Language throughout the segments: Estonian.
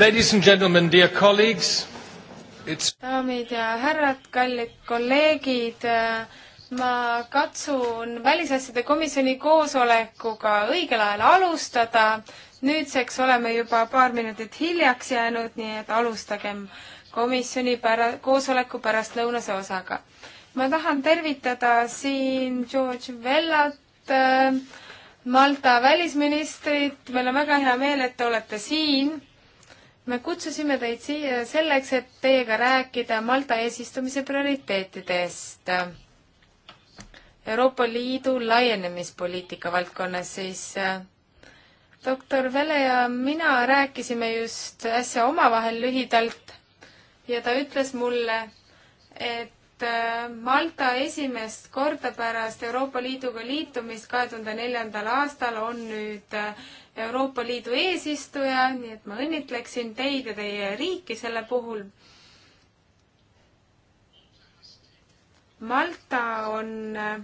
Ladies and gentlemen, dear colleagues, it's daamid ja härrad, kallid kolleegid, äh, ma katsun välisasjade komisjoni koosolekuga õigel ajal alustada. nüüdseks oleme juba paar minutit hiljaks jäänud, nii et alustagem komisjoni pära-, koosoleku pärastlõunase osaga. ma tahan tervitada siin George Vellat äh,, Malta välisministrit, meil on väga hea meel, et te olete siin me kutsusime teid siia selleks, et teiega rääkida Malta eesistumise prioriteetidest Euroopa Liidu laienemispoliitika valdkonnas, siis äh, doktor Vele ja mina rääkisime just äsja omavahel lühidalt ja ta ütles mulle, et äh, Malta esimest korda pärast Euroopa Liiduga liitumist kahe tuhande neljandal aastal on nüüd äh, Euroopa Liidu eesistuja, nii et ma õnnitleksin teid ja teie riiki selle puhul. Malta on äh,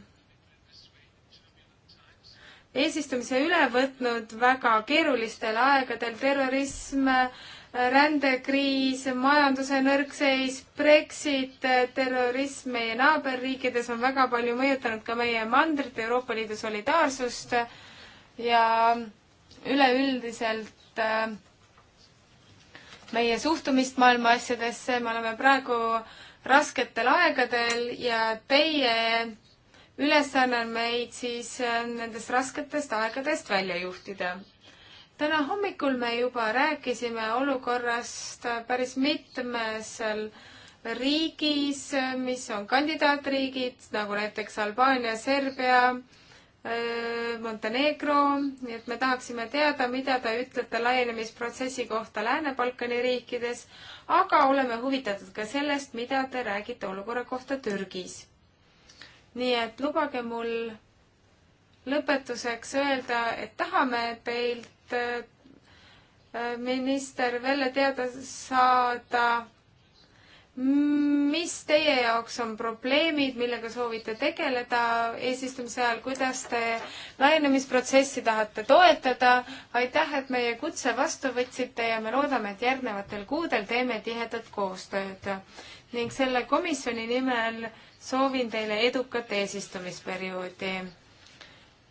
eesistumise üle võtnud väga keerulistel aegadel, terrorism, äh, rändekriis, majanduse nõrkseis, Brexit, äh, terrorism meie naaberriikides on väga palju mõjutanud ka meie mandrit, Euroopa Liidu solidaarsust ja üleüldiselt äh, meie suhtumist maailma asjadesse, me oleme praegu rasketel aegadel ja teie ülesanne on meid siis äh, nendest rasketest aegadest välja juhtida. täna hommikul me juba rääkisime olukorrast päris mitmes riigis, mis on kandidaatriigid, nagu näiteks Albaania, Serbia, Äh, Montenegro, nii et me tahaksime teada, mida te ütlete laienemisprotsessi kohta Lääne-Balkani riikides, aga oleme huvitatud ka sellest, mida te räägite olukorra kohta Türgis. nii et lubage mul lõpetuseks öelda, et tahame teilt äh, minister Velle teada saada mis teie jaoks on probleemid, millega soovite tegeleda eesistumise ajal, kuidas te laienemisprotsessi tahate toetada? aitäh, et meie kutse vastu võtsite ja me loodame, et järgnevatel kuudel teeme tihedat koostööd. ning selle komisjoni nimel soovin teile edukat eesistumisperioodi.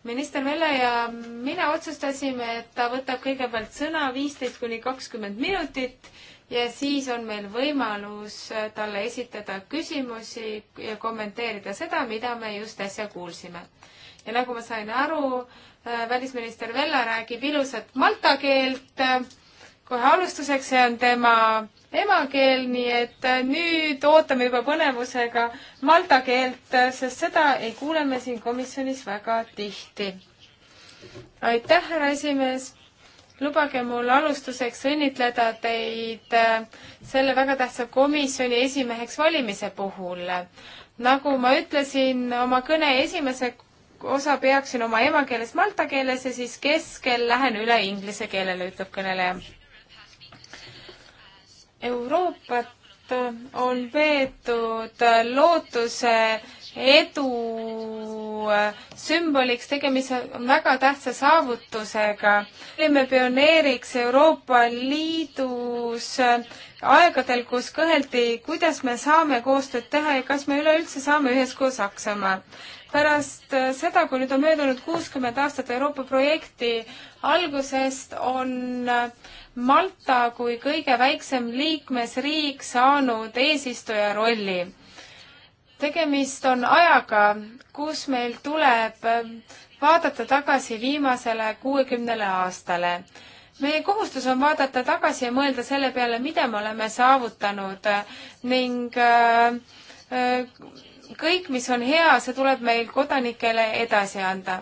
minister Velle ja mina otsustasime, et ta võtab kõigepealt sõna viisteist kuni kakskümmend minutit ja siis on meil võimalus äh, talle esitada küsimusi ja kommenteerida seda, mida me just äsja kuulsime. ja nagu ma sain aru, äh, välisminister Vella räägib ilusat malta keelt kohe alustuseks, see on tema emakeel, nii et äh, nüüd ootame juba põnevusega malta keelt, sest seda ei kuule me siin komisjonis väga tihti. aitäh, härra esimees lubage mul alustuseks õnnitleda teid äh, selle väga tähtsa komisjoni esimeheks valimise puhul. nagu ma ütlesin oma kõne esimese osa peaksin oma emakeeles malta keeles ja siis keskel lähen üle inglise keelele, ütleb kõneleja. Euroopat on peetud lootuse edu sümboliks, tegemist on väga tähtsa saavutusega. olime pioneeriks Euroopa Liidus aegadel, kus kõheldi, kuidas me saame koostööd teha ja kas me üleüldse saame üheskoos hakkama. pärast seda, kui nüüd on möödunud kuuskümmend aastat Euroopa projekti algusest, on Malta kui kõige väiksem liikmesriik saanud eesistuja rolli tegemist on ajaga, kus meil tuleb vaadata tagasi viimasele kuuekümnele aastale. meie kohustus on vaadata tagasi ja mõelda selle peale, mida me oleme saavutanud ning äh, kõik, mis on hea, see tuleb meil kodanikele edasi anda.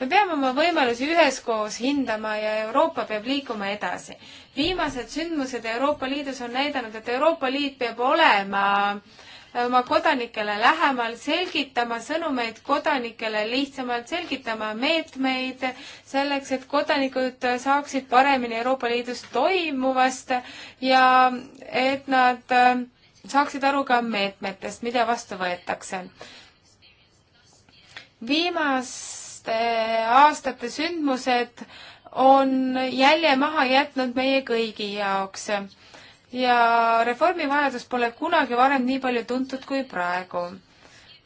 me peame oma võimalusi üheskoos hindama ja Euroopa peab liikuma edasi. viimased sündmused Euroopa Liidus on näidanud, et Euroopa Liit peab olema äh, oma kodanikele lähemal, selgitama sõnumeid kodanikele lihtsamalt, selgitama meetmeid selleks, et kodanikud saaksid paremini Euroopa Liidus toimuvast ja et nad äh, saaksid aru ka meetmetest, mida vastu võetakse. viimaste aastate sündmused on jälje maha jätnud meie kõigi jaoks ja reformi vajadus pole kunagi varem nii palju tuntud kui praegu.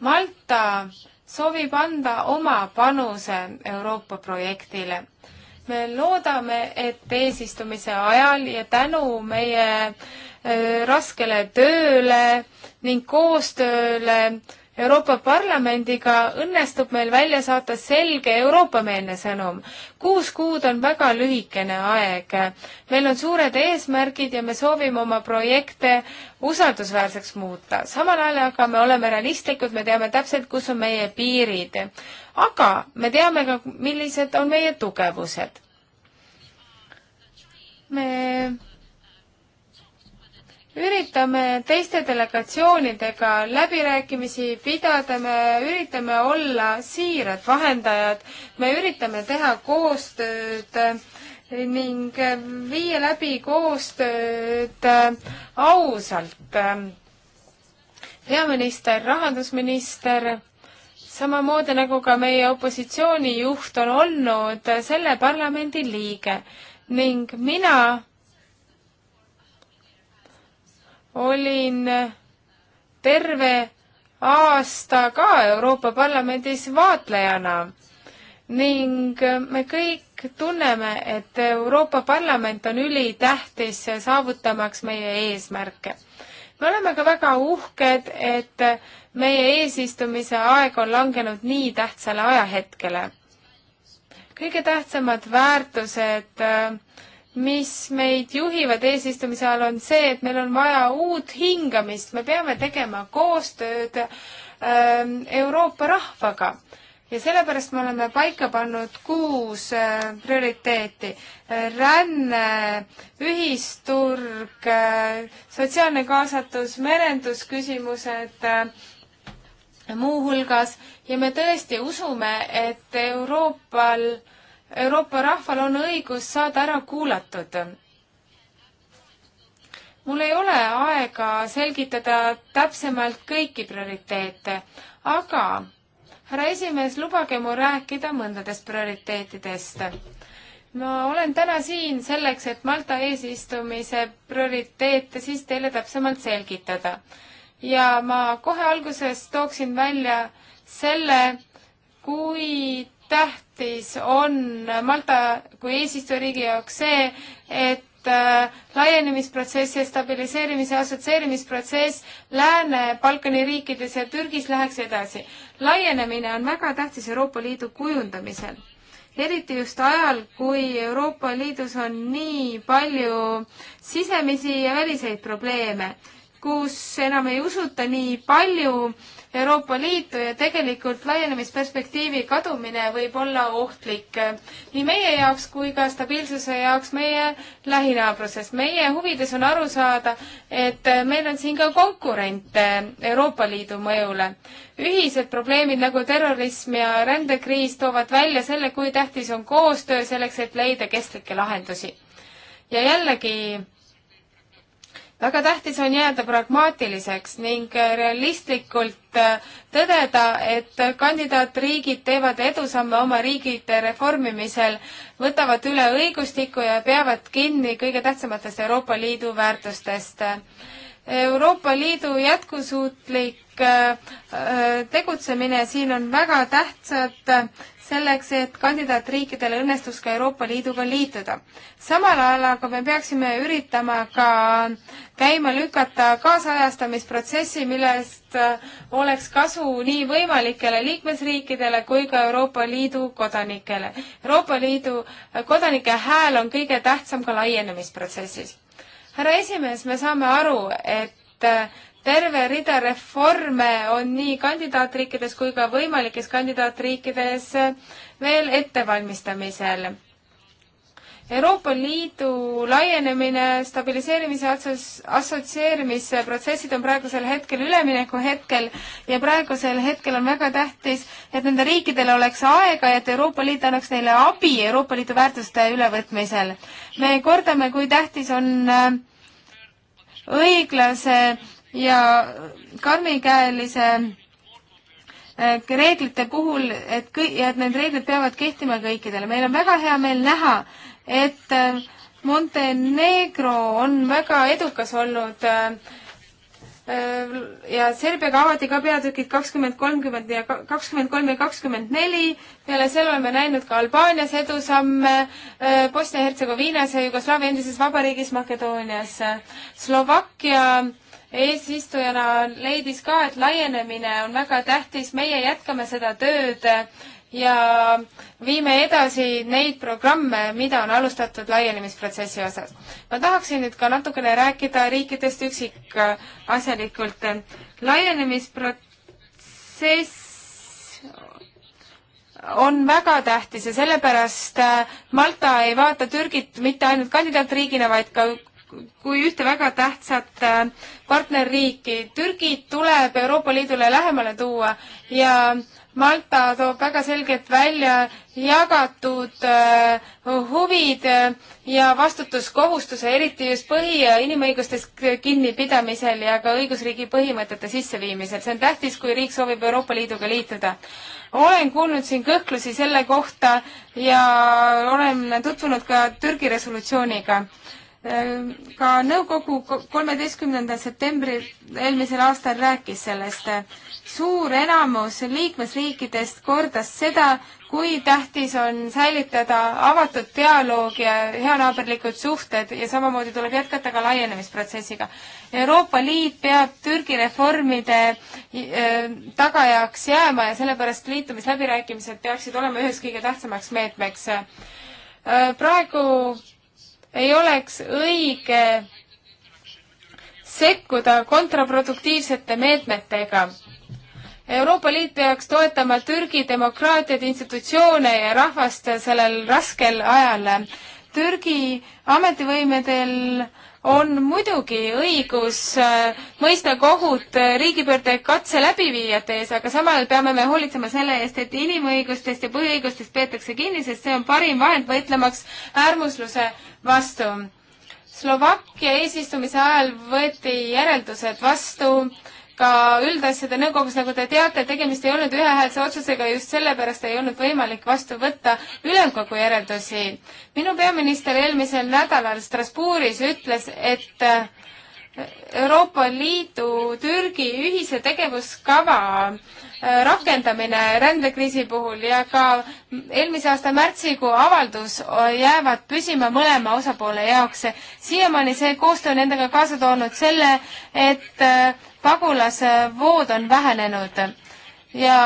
Malta soovib anda oma panuse Euroopa projektile. me loodame, et eesistumise ajal ja tänu meie äh, raskele tööle ning koostööle Euroopa Parlamendiga õnnestub meil välja saata selge Euroopa-meelne sõnum. kuus kuud on väga lühikene aeg. meil on suured eesmärgid ja me soovime oma projekte usaldusväärseks muuta. samal ajal aga me oleme realistlikud, me teame täpselt, kus on meie piirid. aga me teame ka, millised on meie tugevused. me üritame teiste delegatsioonidega läbirääkimisi pidada, me üritame olla siirad vahendajad, me üritame teha koostööd ning viia läbi koostööd ausalt. peaminister, rahandusminister, samamoodi nagu ka meie opositsioonijuht on olnud selle parlamendi liige ning mina olin terve aasta ka Euroopa Parlamendis vaatlejana ning me kõik tunneme, et Euroopa Parlament on ülitähtis saavutamaks meie eesmärke. me oleme ka väga uhked, et meie eesistumise aeg on langenud nii tähtsale ajahetkele. kõige tähtsamad väärtused äh, mis meid juhivad eesistumise ajal, on see, et meil on vaja uut hingamist, me peame tegema koostööd ähm, Euroopa rahvaga ja sellepärast me oleme paika pannud kuus äh, prioriteeti. ränne, ühisturg, äh, sotsiaalne kaasatus, merendusküsimused äh, muuhulgas ja me tõesti usume, et Euroopal äh, Euroopa rahval on õigus saada ära kuulatud. mul ei ole aega selgitada täpsemalt kõiki prioriteete, aga härra esimees, lubage mu rääkida mõndadest prioriteetidest. ma olen täna siin selleks, et Malta eesistumise prioriteete siis teile täpsemalt selgitada. ja ma kohe alguses tooksin välja selle, kui tähtis on Malta kui eesistujariigi jaoks see, et äh, laienemisprotsess ja stabiliseerimise assotsieerimisprotsess Lääne-Balkani riikides ja Türgis läheks edasi. laienemine on väga tähtis Euroopa Liidu kujundamisel. eriti just ajal, kui Euroopa Liidus on nii palju sisemisi ja väliseid probleeme, kus enam ei usuta nii palju äh, Euroopa Liitu ja tegelikult laienemisperspektiivi kadumine võib olla ohtlik eh, nii meie jaoks kui ka stabiilsuse jaoks meie lähinaabruses. meie huvides on aru saada, et eh, meil on siin ka konkurente eh, Euroopa Liidu mõjule. ühised probleemid nagu terrorism ja rändekriis toovad välja selle, kui tähtis on koostöö selleks, et leida kestlikke lahendusi. ja jällegi väga tähtis on jääda pragmaatiliseks ning äh, realistlikult äh, tõdeda, et kandidaatriigid teevad edusamme oma riigide reformimisel, võtavad üle õigustiku ja peavad kinni kõige tähtsamatest Euroopa Liidu väärtustest. Euroopa Liidu jätkusuutlik äh, tegutsemine siin on väga tähtsad selleks, et kandidaatriikidel õnnestus ka Euroopa Liiduga liituda. samal ajal aga me peaksime üritama ka käima lükata kaasajastamisprotsessi, millest äh, oleks kasu nii võimalikele liikmesriikidele kui ka Euroopa Liidu kodanikele. Euroopa Liidu äh, kodanike hääl on kõige tähtsam ka laienemisprotsessis. härra esimees, me saame aru, et äh, terve rida reforme on nii kandidaatriikides kui ka võimalikes kandidaatriikides veel ettevalmistamisel. Euroopa Liidu laienemine, stabiliseerimise assotsieerimisprotsessid on praegusel hetkel ülemineku hetkel ja praegusel hetkel on väga tähtis, et nendel riikidel oleks aega ja et Euroopa Liit annaks neile abi Euroopa Liidu väärtuste ülevõtmisel. me kordame, kui tähtis on äh, õiglase ja karmikäelise eh, reeglite puhul, et kõi-, et need reeglid peavad kehtima kõikidele. meil on väga hea meel näha, et eh, Montenegro on väga edukas olnud eh, ja Serbiaga avati ka peatükid kakskümmend kolmkümmend ja kakskümmend kolm ja kakskümmend neli. peale selle oleme näinud ka Albaanias edusamme, Bosnia-Hertsegoviinas ja Jugoslaavia endises vabariigis Makedoonias. Slovakkia eesistujana leidis ka, et laienemine on väga tähtis, meie jätkame seda tööd ja viime edasi neid programme, mida on alustatud laienemisprotsessi osas. ma tahaksin nüüd ka natukene rääkida riikidest üksikasjalikult. laienemisprotsess on väga tähtis ja sellepärast Malta ei vaata Türgit mitte ainult kandidaatriigina, vaid ka kui ühte väga tähtsat äh, partnerriiki. Türgit tuleb Euroopa Liidule lähemale tuua ja Malta toob väga selgelt välja jagatud äh, huvid äh, ja vastutuskohustuse, eriti just põhi- ja inimõigustest kinnipidamisel ja ka õigusriigi põhimõtete sisseviimisel. see on tähtis, kui riik soovib Euroopa Liiduga liituda. olen kuulnud siin kõhklusi selle kohta ja olen tutvunud ka Türgi resolutsiooniga ka nõukogu kolmeteistkümnendal septembril eelmisel aastal rääkis sellest. suur enamus liikmesriikidest kordas seda, kui tähtis on säilitada avatud dialoog ja heanaaberlikud suhted ja samamoodi tuleb jätkata ka laienemisprotsessiga. Euroopa Liit peab Türgi reformide e, tagajaks jääma ja sellepärast liitumisläbirääkimised peaksid olema üheks kõige tähtsamaks meetmeks. praegu ei oleks õige sekkuda kontraproduktiivsete meetmetega. Euroopa Liit peaks toetama Türgi demokraatiat, institutsioone ja rahvast sellel raskel ajal. Türgi ametivõimedel äh, on muidugi õigus äh, mõista kohut äh, riigipöörde katse läbiviijate ees, aga samal ajal peame me hoolitsema selle eest, et inimõigustest ja põhiõigustest peetakse kinni, sest see on parim vahend võitlemaks äärmusluse vastu. Slovakkia eesistumise ajal võeti järeldused vastu äh, ka üldasjade nõukogus, nagu te teate, tegemist ei olnud ühehäälse otsusega, just sellepärast ei olnud võimalik vastu võtta ülemkogu järeldusi. minu peaminister eelmisel nädalal Strasbourgis ütles, et äh, Euroopa Liidu Türgi ühise tegevuskava Äh, rakendamine rändekriisi puhul ja ka eelmise aasta märtsikuu avaldus äh, jäävad püsima mõlema osapoole jaoks. siiamaani see koostöö on endaga kaasa toonud selle, et äh, pagulasvood on vähenenud ja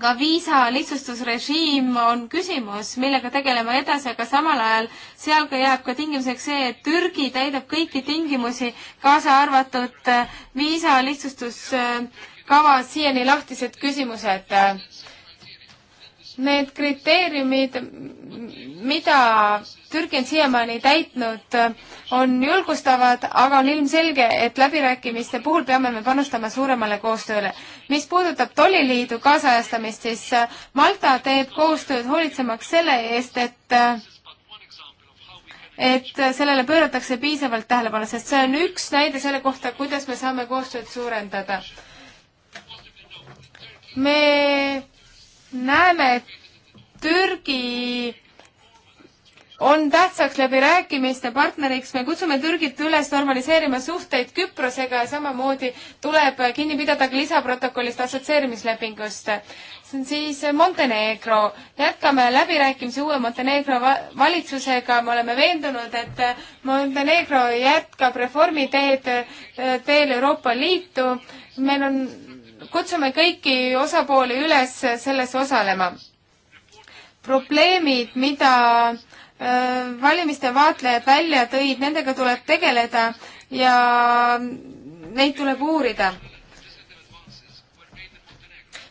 ka viisa lihtsustusrežiim on küsimus, millega tegeleme edasi, aga samal ajal seal ka jääb ka tingimuseks see, et Türgi täidab kõiki tingimusi, kaasa arvatud viisa lihtsustus kavas siiani lahtised küsimused. Need kriteeriumid, mida Türgi on siiamaani täitnud, on julgustavad, aga on ilmselge, et läbirääkimiste puhul peame me panustama suuremale koostööle. mis puudutab tolliliidu kaasajastamist, siis Malta teeb koostööd hoolitsemaks selle eest, et et sellele pööratakse piisavalt tähelepanu, sest see on üks näide selle kohta, kuidas me saame koostööd suurendada me näeme, et Türgi on tähtsaks läbirääkimiste partneriks, me kutsume Türgit üles normaliseerima suhteid Küprosega ja samamoodi tuleb kinni pidada ka lisaprotokollist assotsieerimislepingust. see on siis Montenegro, jätkame läbirääkimisi uue Montenegro valitsusega, me oleme veendunud, et Montenegro jätkab reformiteed eh, teel Euroopa Liitu, meil on kutsume kõiki osapooli üles selles osalema. probleemid, mida äh, valimiste vaatlejad välja tõid, nendega tuleb tegeleda ja neid tuleb uurida.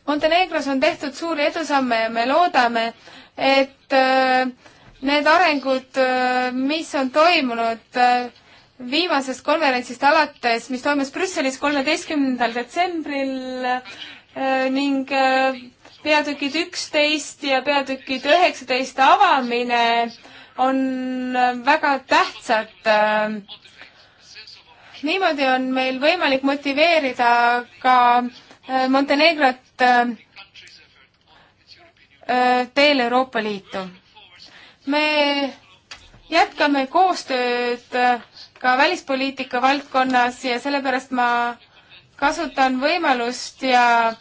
Montenegros on tehtud suuri edusamme ja me loodame, et äh, need arengud, äh, mis on toimunud, viimasest konverentsist alates, mis toimus Brüsselis kolmeteistkümnendal detsembril äh, ning äh, peatükid üksteist ja peatükid üheksateist avamine on äh, väga tähtsad. niimoodi on meil võimalik motiveerida ka Montenegrot teel Euroopa Liitu. me jätkame koostööd ka välispoliitika valdkonnas ja sellepärast ma kasutan võimalust ja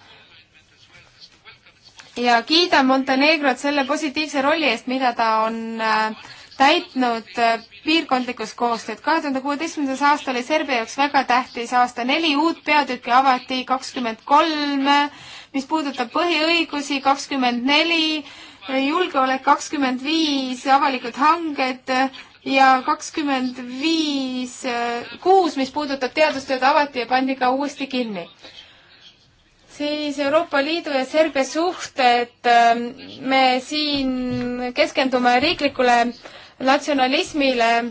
ja kiidan Montenegrot selle positiivse rolli eest, mida ta on äh, täitnud äh, piirkondlikus koostööd. kahe tuhande kuueteistkümnendas aasta oli Serbia jaoks väga tähtis aasta, neli uut peatükki avati, kakskümmend kolm, mis puudutab põhiõigusi, kakskümmend neli, julgeolek kakskümmend viis, avalikud hanged, ja kakskümmend viis, äh, kuus, mis puudutab teadustööd, avati ja pandi ka uuesti kinni. siis Euroopa Liidu ja Serbia suhted, ähm, me siin keskendume riiklikule natsionalismile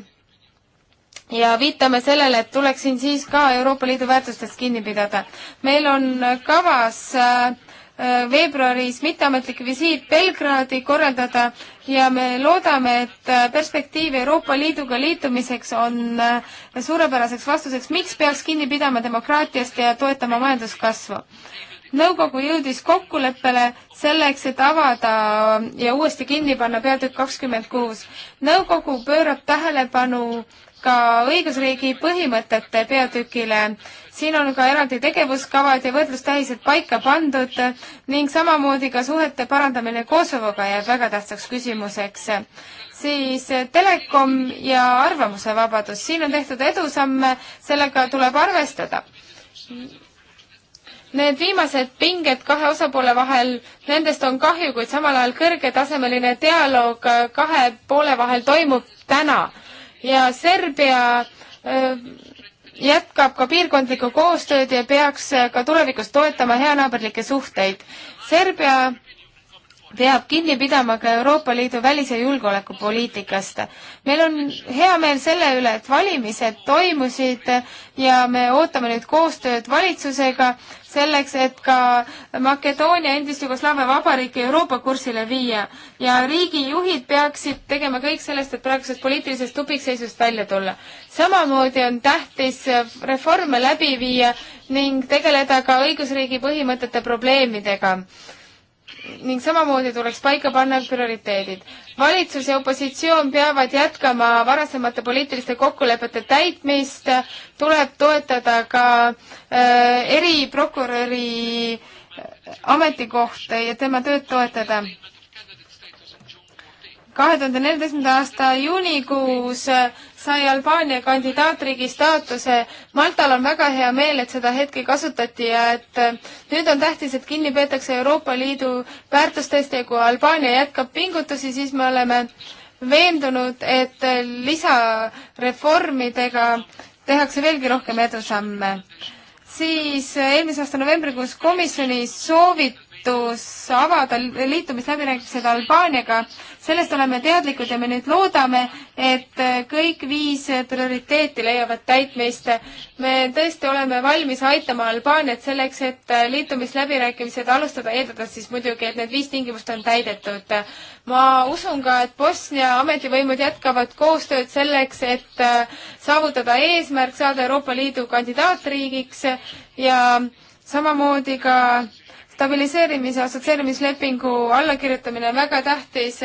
ja viitame sellele, et tuleks siin siis ka Euroopa Liidu väärtustest kinni pidada. meil on kavas äh, äh, veebruaris mitteametlik visiit Belgradi korraldada ja me loodame, et äh, perspektiiv Euroopa Liiduga liitumiseks on äh, suurepäraseks vastuseks, miks peaks kinni pidama demokraatiast ja toetama majanduskasvu. nõukogu jõudis kokkuleppele selleks, et avada ja uuesti kinni panna peatükk kakskümmend kuus. nõukogu pöörab tähelepanu ka õigusriigi põhimõtete peatükile siin on ka eraldi tegevuskavad ja võrdlustähised paika pandud ning samamoodi ka suhete parandamine Kosovoga jääb väga tähtsaks küsimuseks siis telekom ja arvamusevabadus, siin on tehtud edusamme, sellega tuleb arvestada. Need viimased pinged kahe osapoole vahel, nendest on kahju, kuid samal ajal kõrgetasemeline dialoog kahe poole vahel toimub täna ja Serbia öö, jätkab ka piirkondlikku koostööd ja peaks ka tulevikus toetama heanaaberlikke suhteid. Serbia peab kinni pidama ka Euroopa Liidu välis- ja julgeolekupoliitikast. meil on hea meel selle üle, et valimised toimusid ja me ootame nüüd koostööd valitsusega selleks, et ka Makedoonia endist Jugoslaavia vabariiki Euroopa kursile viia. ja riigijuhid peaksid tegema kõik sellest, et praegusest poliitilisest tupikseisust välja tulla. samamoodi on tähtis reforme läbi viia ning tegeleda ka õigusriigi põhimõtete probleemidega ning samamoodi tuleks paika panna prioriteedid. valitsus ja opositsioon peavad jätkama varasemate poliitiliste kokkulepete täitmist, tuleb toetada ka äh, eriprokuröri äh, ametikohta ja tema tööd toetada. kahe tuhande neljateistkümnenda aasta juunikuus äh, sai Albaania kandidaatriigi staatuse. Maltal on väga hea meel, et seda hetke kasutati ja et äh, nüüd on tähtis, et kinni peetakse Euroopa Liidu väärtustest ja kui Albaania jätkab pingutusi, siis me oleme veendunud, et äh, lisareformidega tehakse veelgi rohkem edusamme. siis äh, eelmise aasta novembrikuus komisjoni soovid õnnestus avada liitumisläbirääkimised Albaaniaga. sellest oleme teadlikud ja me nüüd loodame, et kõik viis prioriteeti leiavad täitmist. me tõesti oleme valmis aitama Albaaniat selleks, et liitumisläbirääkimised alustada, eeldades siis muidugi, et need viis tingimust on täidetud. ma usun ka, et Bosnia ametivõimud jätkavad koostööd selleks, et saavutada eesmärk saada Euroopa Liidu kandidaatriigiks ja samamoodi ka stabiliseerimise assotsieerimislepingu allakirjutamine on väga tähtis.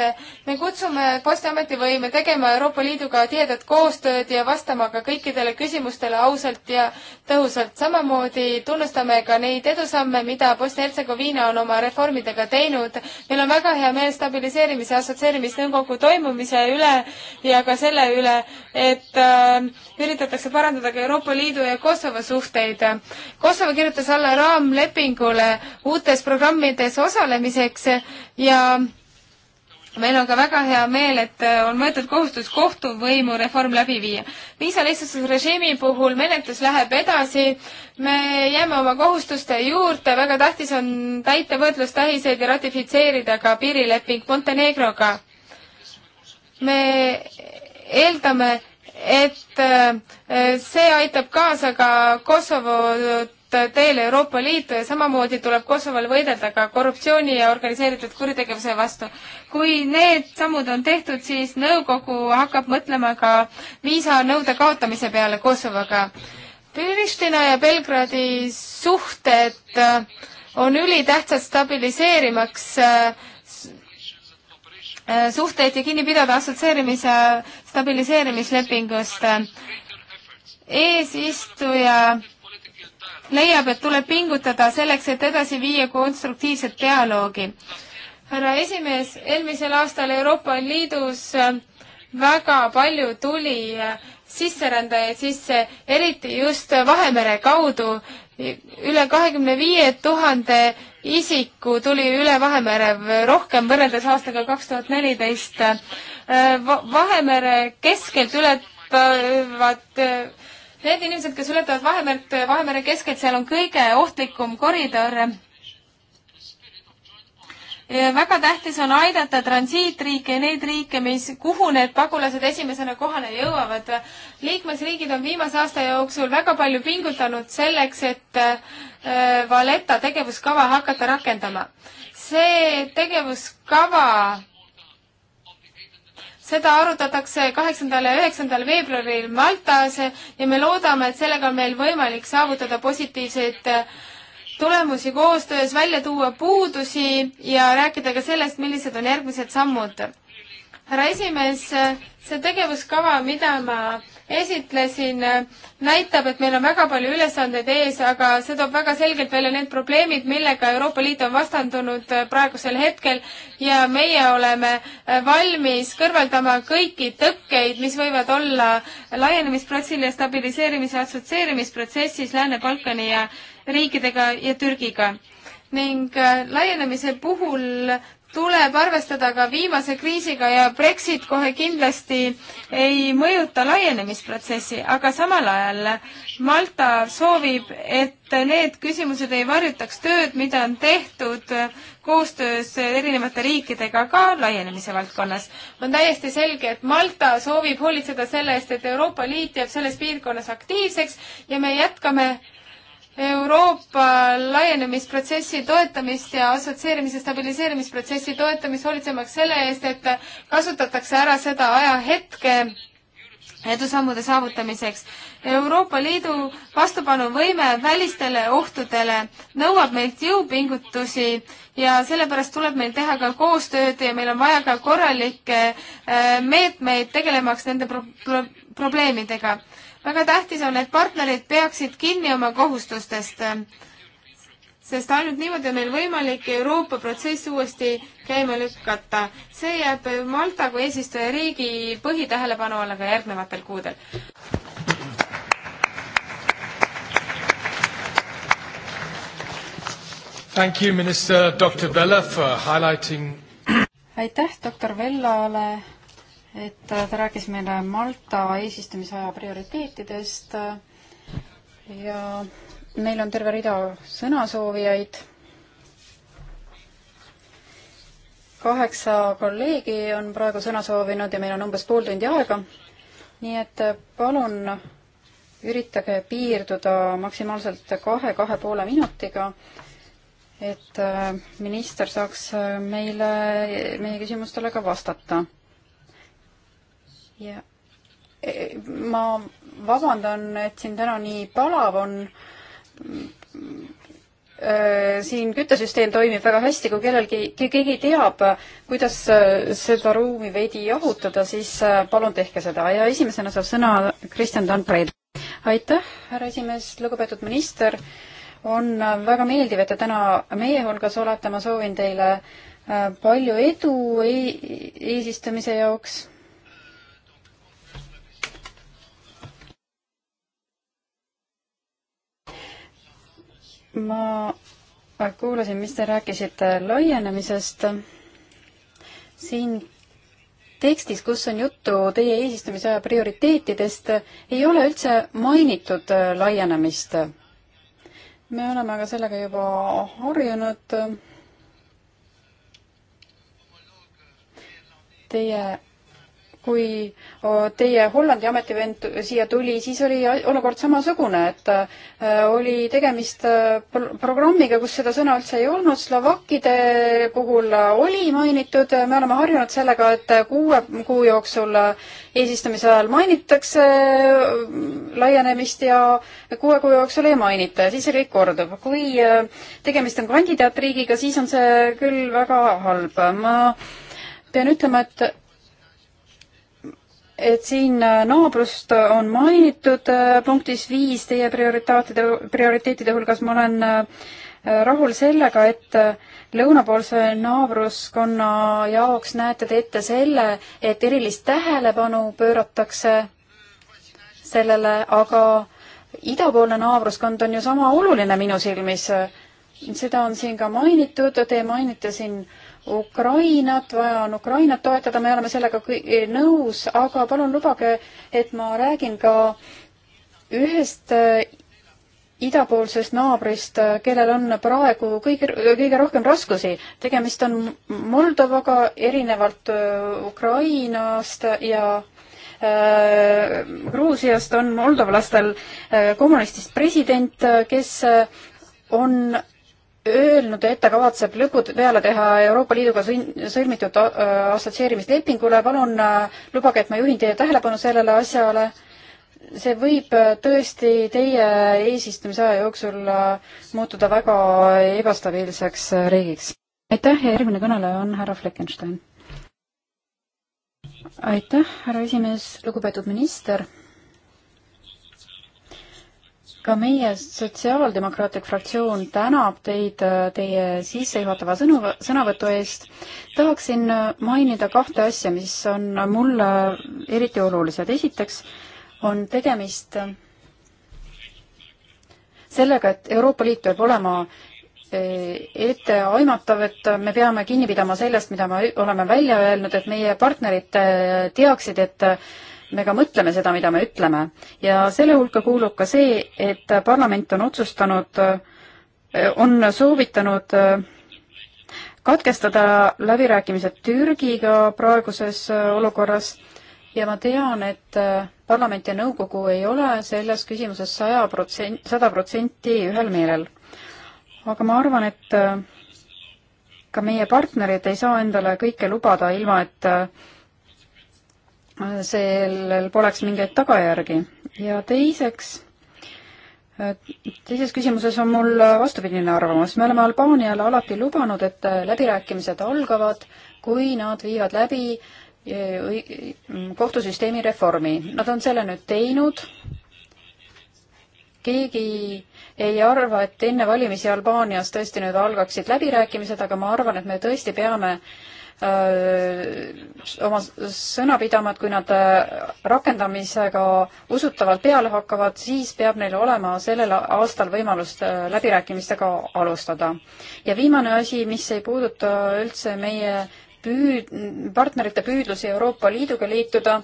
me kutsume Postiameti võime tegema Euroopa Liiduga tihedat koostööd ja vastama ka kõikidele küsimustele ausalt ja tõhusalt. samamoodi tunnustame ka neid edusamme, mida Bosnia-Hertsegoviina on oma reformidega teinud. meil on väga hea meel stabiliseerimise assotsieerimisnõukogu toimumise üle ja ka selle üle, et äh, üritatakse parandada ka Euroopa Liidu ja Kosovo suhteid. Kosovo kirjutas alla raamlepingule uut uutes programmides osalemiseks ja meil on ka väga hea meel, et äh, on võetud kohustus kohtuvõimu reform läbi viia. viisalihtsustusrežiimi puhul menetlus läheb edasi, me jääme oma kohustuste juurde, väga tähtis on täita võrdlustähiseid ja ratifitseerida ka piirileping Montenegroga. me eeldame, et äh, see aitab kaasa ka Kosovo teel Euroopa Liitu ja samamoodi tuleb Kosovol võidelda ka korruptsiooni ja organiseeritud kuritegevuse vastu. kui need sammud on tehtud, siis nõukogu hakkab mõtlema ka viisanõude kaotamise peale Kosovoga. Pristina ja Belgradi suhted on ülitähtsad stabiliseerimaks äh, suhteid ja kinni pidada assotsieerimise stabiliseerimislepingust. eesistuja leiab, et tuleb pingutada selleks, et edasi viia konstruktiivset dialoogi. härra esimees, eelmisel aastal Euroopa Liidus äh, väga palju tuli äh, sisserändajaid sisse, eriti just Vahemere kaudu. üle kahekümne viie tuhande isiku tuli üle Vahemere rohkem võrreldes aastaga kaks tuhat neliteist. Äh, Vahemere keskelt ületavad Need inimesed, kes ületavad Vahemert, Vahemere keskelt, seal on kõige ohtlikum koridor. väga tähtis on aidata transiitriike ja neid riike, mis, kuhu need pagulased esimesena kohale jõuavad. liikmesriigid on viimase aasta jooksul väga palju pingutanud selleks, et äh, Valeta tegevuskava hakata rakendama. see tegevuskava seda arutatakse kaheksandal ja üheksandal veebruaril Maltas ja me loodame, et sellega on meil võimalik saavutada positiivseid äh, tulemusi koostöös, välja tuua puudusi ja rääkida ka sellest, millised on järgmised sammud. härra esimees, äh, see tegevuskava, mida ma esitlesin, näitab, et meil on väga palju ülesandeid ees, aga see toob väga selgelt välja need probleemid, millega Euroopa Liit on vastandunud äh, praegusel hetkel ja meie oleme äh, valmis kõrvaldama kõiki tõkkeid, mis võivad olla laienemisprotsessil ja stabiliseerimise assotsieerimisprotsessis Lääne-Balkani ja riikidega ja Türgiga ning äh, laienemise puhul tuleb arvestada ka viimase kriisiga ja Brexit kohe kindlasti ei mõjuta laienemisprotsessi, aga samal ajal Malta soovib, et need küsimused ei varjutaks tööd, mida on tehtud koostöös erinevate riikidega ka laienemise valdkonnas. on täiesti selge, et Malta soovib hoolitseda selle eest, et Euroopa Liit jääb selles piirkonnas aktiivseks ja me jätkame Euroopa laienemisprotsessi toetamist ja assotsieerimise stabiliseerimisprotsessi toetamist, hoolitsemaks selle eest, et kasutatakse ära seda ajahetke edusammude saavutamiseks. Euroopa Liidu vastupanuvõime välistele ohtudele nõuab meilt jõupingutusi ja sellepärast tuleb meil teha ka koostööd ja meil on vaja ka korralikke äh, meetmeid tegelemaks nende pro pro probleemidega väga tähtis on, et partnerid peaksid kinni oma kohustustest, sest ainult niimoodi on meil võimalik Euroopa protsess uuesti käima lükata. see jääb Malta kui eesistujariigi põhitähelepanu alla ka järgnevatel kuudel. Thank you, minister Dr Vella for highlighting aitäh doktor Vellale et ta rääkis meile Malta eesistumisaja prioriteetidest äh, ja meil on terve rida sõnasoovijaid. kaheksa kolleegi on praegu sõna soovinud ja meil on umbes pool tundi aega. nii et äh, palun üritage piirduda maksimaalselt kahe, kahe poole minutiga, et äh, minister saaks meile, meie küsimustele ka vastata ja e, ma vabandan, et siin täna nii palav on. siin küttesüsteem toimib väga hästi, kui kellelgi, keegi teab, kuidas e, seda ruumi veidi jahutada, siis e, palun tehke seda ja esimesena saab sõna Kristjan Tanpreil. aitäh, härra esimees, lugupeetud minister. on väga meeldiv, et te täna meie hulgas olete, ma soovin teile palju edu eesistumise jaoks ma kuulasin, mis te rääkisite laienemisest. siin tekstis, kus on juttu teie eesistumise aja prioriteetidest, ei ole üldse mainitud äh, laienemist. me oleme aga sellega juba harjunud. Teie kui äh, teie Hollandi ametivend siia tuli, siis oli olukord samasugune, et äh, oli tegemist äh, programmiga, kus seda sõna üldse ei olnud, slovakkide puhul oli mainitud, me oleme harjunud sellega, et kuue kuu jooksul eesistumise ajal mainitakse laienemist ja kuue kuu jooksul ei mainita ja siis see kõik kordub. kui tegemist on kandidaatriigiga, siis on see küll väga halb. ma pean ütlema, et et siin äh, naabrust on mainitud äh, punktis viis teie prioritaatide, prioriteetide hulgas, ma olen äh, rahul sellega, et lõunapoolse naabruskonna jaoks näete te ette selle, et erilist tähelepanu pööratakse sellele, aga idapoolne naabruskond on ju sama oluline minu silmis. seda on siin ka mainitud, te mainite siin äh, Ukrainat, vaja on Ukrainat toetada, me oleme sellega nõus, aga palun lubage, et ma räägin ka ühest äh, idapoolsest naabrist, äh, kellel on praegu kõige, kõige rohkem raskusi. tegemist on Moldovaga, erinevalt äh, Ukrainast ja äh, Gruusiast on moldovlastel äh, kommunistist president, kes on öelnud, et ta kavatseb lõpud peale teha Euroopa Liiduga sõlmitud äh, assotsieerimislepingule. palun äh, lubage, et ma juhin teie tähelepanu sellele asjale. see võib äh, tõesti teie eesistumise aja jooksul muutuda väga ebastabiilseks riigiks. aitäh ja järgmine kõneleja on härra Fleckenstein. aitäh, härra esimees, lugupeetud minister ka meie Sotsiaaldemokraatlik fraktsioon tänab teid äh, teie sissejuhatava sõnu, sõnavõtu eest. tahaksin äh, mainida kahte asja, mis on mulle eriti olulised. esiteks on tegemist äh, sellega, et Euroopa Liit peab olema etteaimatav, et me peame kinni pidama sellest, mida me oleme välja öelnud, et meie partnerid teaksid, et me ka mõtleme seda, mida me ütleme. ja selle hulka kuulub ka see, et parlament on otsustanud, äh, on soovitanud äh, katkestada läbirääkimised Türgiga praeguses äh, olukorras ja ma tean, et parlament ja nõukogu ei ole selles küsimuses saja protsent, sada protsenti ühel meelel. aga ma arvan, et ka meie partnerid ei saa endale kõike lubada, ilma et sellel poleks mingeid tagajärgi. ja teiseks, teises küsimuses on mul vastupidine arvamus. me oleme Albaaniale alati lubanud, et läbirääkimised algavad, kui nad viivad läbi e, kohtusüsteemi reformi. Nad on selle nüüd teinud, keegi ei arva, et enne valimisi Albaanias tõesti nüüd algaksid läbirääkimised, aga ma arvan, et me tõesti peame äh, Äh, oma sõna pidama, et kui nad äh, rakendamisega usutavalt peale hakkavad, siis peab neil olema sellel aastal võimalus äh, läbirääkimistega alustada. ja viimane asi, mis ei puuduta üldse meie püüd-, partnerite püüdlusi Euroopa Liiduga liituda,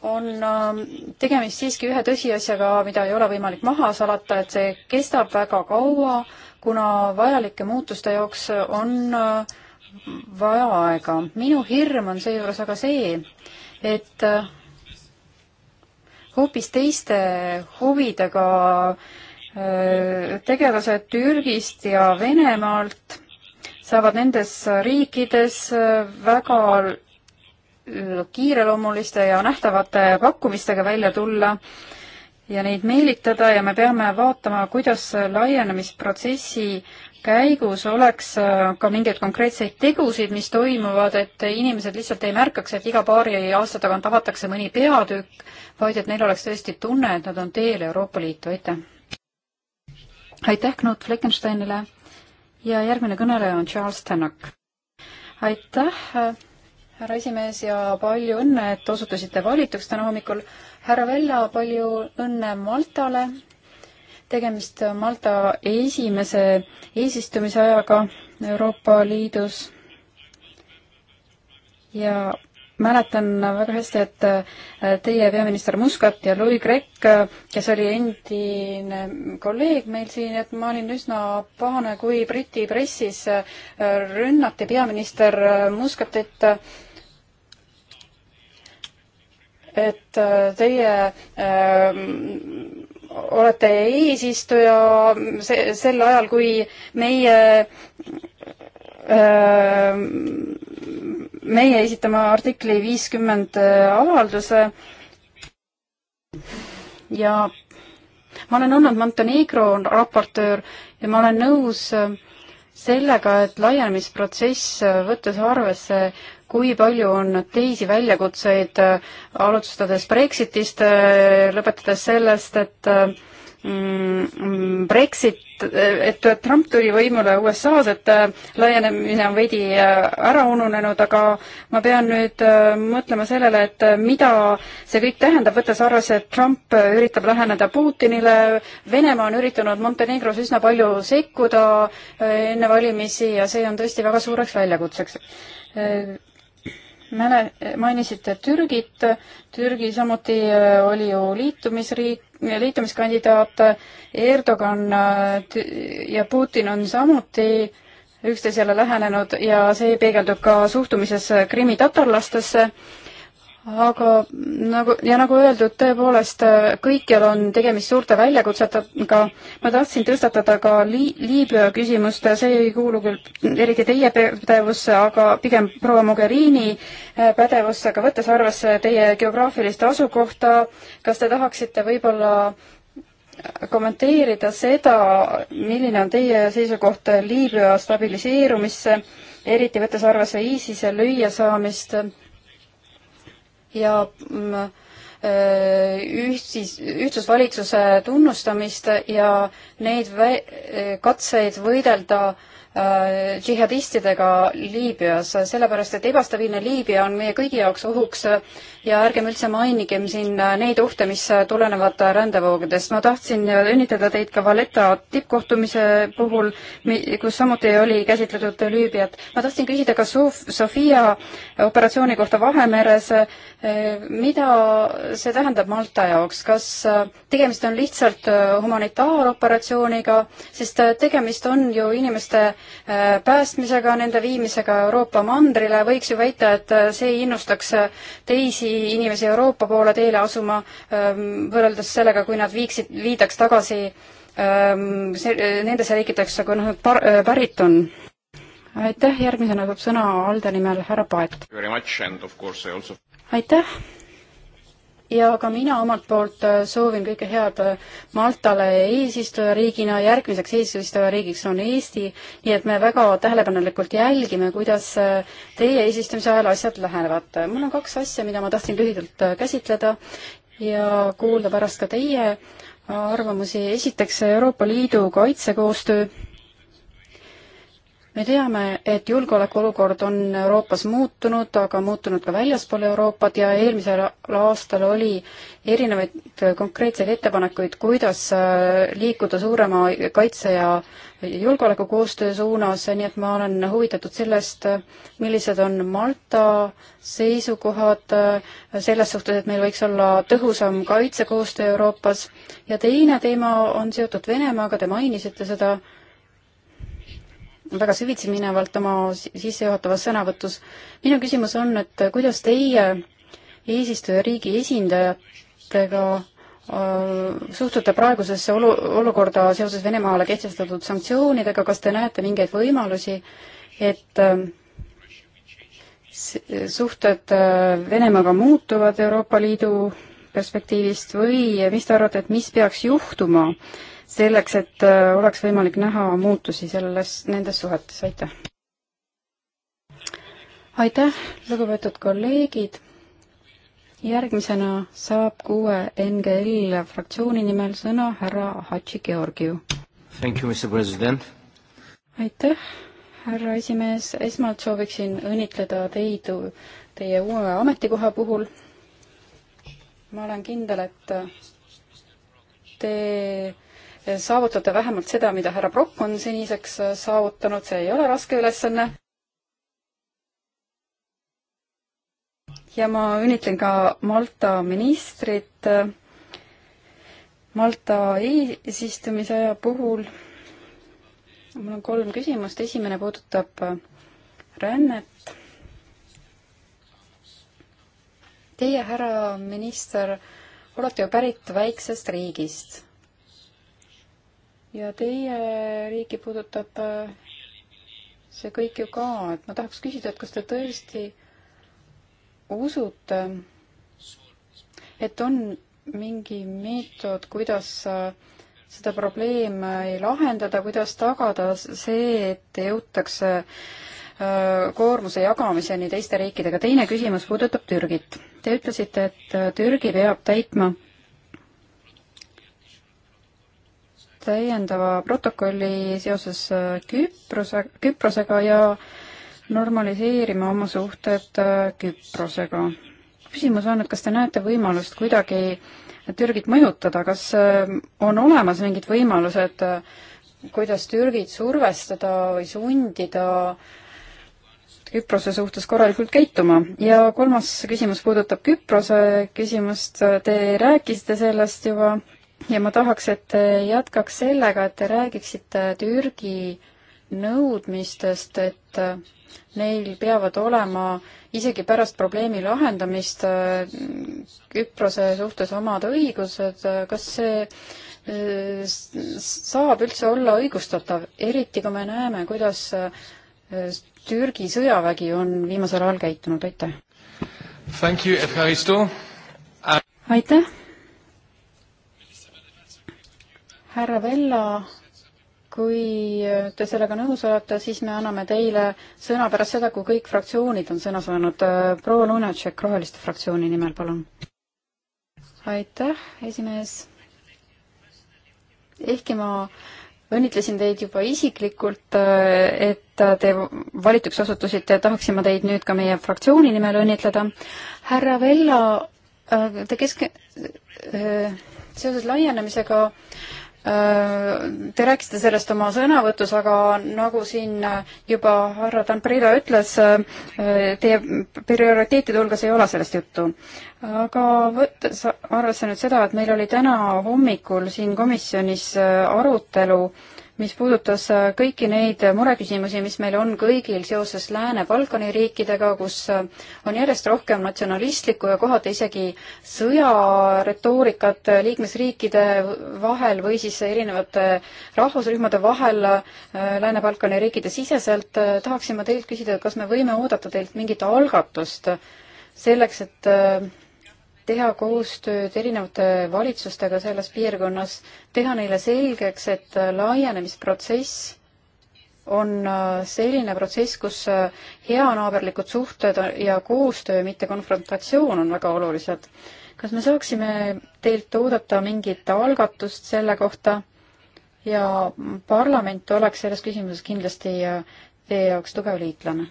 on ähm, tegemist siiski ühe tõsiasjaga, mida ei ole võimalik maha salata, et see kestab väga kaua, kuna vajalike muutuste jaoks on äh, vaja aega. minu hirm on seejuures aga see, et hoopis teiste huvidega äh, tegelased Türgist ja Venemaalt saavad nendes riikides äh, väga kiireloomuliste ja nähtavate pakkumistega välja tulla ja neid meelitada ja me peame vaatama, kuidas laienemisprotsessi käigus oleks äh, ka mingeid konkreetseid tegusid, mis toimuvad, et inimesed lihtsalt ei märkaks, et iga paari aasta tagant avatakse mõni peatükk, vaid et neil oleks tõesti tunne, et nad on teel Euroopa Liitu, aitäh! aitäh Knut Fleckensteinile ja järgmine kõneleja on Charles Tannock. aitäh, härra esimees ja palju õnne, et osutusite valituks täna hommikul. härra Vella, palju õnne Maltale tegemist Malta esimese eesistumise ajaga Euroopa Liidus ja mäletan väga hästi, et äh, teie peaminister Muscat ja Louis Gregg, kes oli endine kolleeg meil siin, et ma olin üsna pahane, kui Briti pressis äh, rünnati peaminister äh, Muscatit et teie äh, olete eesistuja se, sel ajal, kui meie meie esitame artikli viiskümmend avalduse ja ma olen olnud Montenegro raportöör ja ma olen nõus sellega, et laienemisprotsess, võttes arvesse kui palju on teisi väljakutseid, äh, alustades Brexitist, äh, lõpetades sellest, et äh, mm, Brexit, et Trump tuli võimule USA-s, et laienemine on veidi ära ununenud, aga ma pean nüüd mõtlema sellele, et mida see kõik tähendab, võttes arvesse, et Trump üritab läheneda Putinile, Venemaa on üritanud Montenegros üsna palju sekkuda enne valimisi ja see on tõesti väga suureks väljakutseks mäle-, mainisite Türgit, Türgi samuti äh, oli ju liitumisriik, liitumiskandidaat, Erdogan äh, ja Putin on samuti üksteisele lähenenud ja see peegeldub ka suhtumises krimmitatarlastesse aga nagu ja nagu öeldud, tõepoolest kõikjal on tegemist suurte väljakutsetega. ma tahtsin tõstatada ka Li Liibüa küsimust, see ei kuulu küll eriti teie pädevusse, aga pigem proua Mogherini äh, pädevusse, aga võttes arvesse teie geograafilist asukohta, kas te tahaksite võib-olla äh, kommenteerida seda, milline on teie seisukoht Liibüa stabiliseerumisse, eriti võttes arvesse ISISe lüüasaamist? ja mm, äh, ühtsis, ühtsusvalitsuse tunnustamist ja neid vä-, katseid võidelda äh, Äh, džihadistidega Liibüas, sellepärast et ebastabiilne Liibüa on meie kõigi jaoks ohuks ja ärgem üldse mainigem siin neid ohte, mis tulenevad rändevoogudest. ma tahtsin õnnitleda teid ka Valletta tippkohtumise puhul, kus samuti oli käsitletud Liibüat. ma tahtsin küsida ka Sof-, Sofia operatsiooni kohta Vahemeres, äh, mida see tähendab Malta jaoks, kas äh, tegemist on lihtsalt humanitaaroperatsiooniga, sest tegemist on ju inimeste Äh, päästmisega, nende viimisega Euroopa mandrile, võiks ju väita, et äh, see innustaks äh, teisi inimesi Euroopa poole teele asuma, ähm, võrreldes sellega, kui nad viiksid, viidaks tagasi ähm, see, nendesse riikidesse, kui nad noh, par-, pärit on aitäh, järgmisena saab sõna Alde nimel härra Paet. aitäh ja ka mina omalt poolt äh, soovin kõike head äh, Maltale eesistujariigina, järgmiseks eesistujariigiks on Eesti, nii et me väga tähelepanelikult jälgime, kuidas äh, teie eesistumise ajal asjad lähenevad. mul on kaks asja, mida ma tahtsin lühidalt käsitleda ja kuulda pärast ka teie arvamusi. esiteks Euroopa Liidu kaitsekoostöö me teame, et julgeolekuolukord on Euroopas muutunud, aga muutunud ka väljaspool Euroopat ja eelmisel aastal oli erinevaid konkreetseid ettepanekuid, kuidas äh, liikuda suurema kaitse ja julgeolekukoostöö suunas, nii et ma olen huvitatud sellest, millised on Malta seisukohad äh, selles suhtes, et meil võiks olla tõhusam kaitsekoostöö Euroopas ja teine teema on seotud Venemaaga, te mainisite seda väga süvitsi minevalt oma sissejuhatavas sõnavõtus. minu küsimus on, et kuidas teie eesistujariigi esindajatega äh, suhtute praegusesse olu, olukorda seoses Venemaale kehtestatud sanktsioonidega, kas te näete mingeid võimalusi, et äh, suhted äh, Venemaaga muutuvad Euroopa Liidu perspektiivist või mis te arvate, et mis peaks juhtuma, selleks, et äh, oleks võimalik näha muutusi selles, nendes suhetes, aitäh! aitäh, lugupeetud kolleegid! järgmisena saab kuue NGL fraktsiooni nimel sõna härra Hadži Georgiu. aitäh! härra esimees, esmalt sooviksin õnnitleda teid teie uue ametikoha puhul. ma olen kindel, et te saavutate vähemalt seda, mida härra Brock on seniseks äh, saavutanud, see ei ole raske ülesanne. ja ma õnnitlen ka Malta ministrit äh, Malta eesistumise aja puhul. mul on kolm küsimust, esimene puudutab äh, rännet. Teie, härra minister, olete ju pärit väiksest riigist ja teie riiki puudutab äh, see kõik ju ka, et ma tahaks küsida, et kas te tõesti usute, et on mingi meetod, kuidas äh, seda probleemi lahendada, kuidas tagada see, et jõutakse äh, koormuse jagamiseni teiste riikidega. teine küsimus puudutab Türgit. Te ütlesite, et Türgi peab täitma täiendava protokolli seoses äh, Küprose, Küprosega ja normaliseerima oma suhted äh, Küprosega. küsimus on, et kas te näete võimalust kuidagi Türgit mõjutada, kas äh, on olemas mingid võimalused, kuidas Türgit survestada või sundida Küprose suhtes korralikult käituma. ja kolmas küsimus puudutab Küprose küsimust, te rääkisite sellest juba, ja ma tahaks, et te jätkaks sellega, et te räägiksite Türgi nõudmistest, et neil peavad olema isegi pärast probleemi lahendamist äh, Küprose suhtes omad õigused, kas see äh, saab üldse olla õigustatav, eriti kui me näeme, kuidas äh, Türgi sõjavägi on viimasel ajal käitunud, aitäh! aitäh! härra Vella, kui te sellega nõus olete, siis me anname teile sõna pärast seda, kui kõik fraktsioonid on sõna saanud. proua Lunatšek Roheliste fraktsiooni nimel, palun. aitäh, esimees. ehkki ma õnnitlesin teid juba isiklikult, et te valituks osutusite, tahaksin ma teid nüüd ka meie fraktsiooni nimel õnnitleda. härra Vella, te kesk-, seoses laienemisega äh, Äh, te rääkisite sellest oma sõnavõtus, aga nagu siin äh, juba härra Tampreda ütles, äh, teie prioriteetide hulgas ei ole sellest juttu. aga võttes arvesse nüüd seda, et meil oli täna hommikul siin komisjonis arutelu mis puudutas äh, kõiki neid mureküsimusi, mis meil on kõigil seoses Lääne-Balkani riikidega, kus äh, on järjest rohkem natsionalistlikku ja kohati isegi sõjaretoorikat liikmesriikide vahel või siis erinevate rahvusrühmade vahel äh, Lääne-Balkani riikide siseselt, tahaksin ma teilt küsida, kas me võime oodata teilt mingit algatust selleks, et teha koostööd erinevate valitsustega selles piirkonnas, teha neile selgeks, et laienemisprotsess on äh, selline protsess, kus äh, heanaaberlikud suhted ja koostöö, mitte konfrontatsioon on väga olulised. kas me saaksime teilt oodata mingit algatust selle kohta ja parlament oleks selles küsimuses kindlasti äh, teie jaoks tugev liitlane?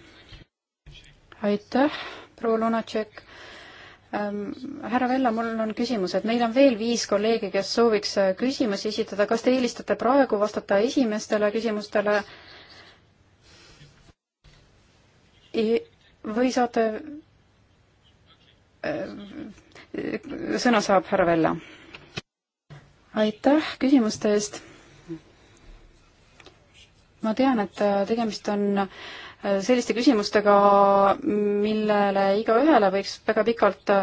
aitäh, proua Lunatšek Ehm, härra Vella, mul on küsimus, et meil on veel viis kolleegi, kes sooviks äh, küsimusi esitada, kas te eelistate praegu vastata esimestele küsimustele või saate, äh, sõna saab härra Vella. aitäh küsimuste eest. ma tean, et äh, tegemist on äh, selliste küsimustega, millele igaühele võiks väga pikalt äh,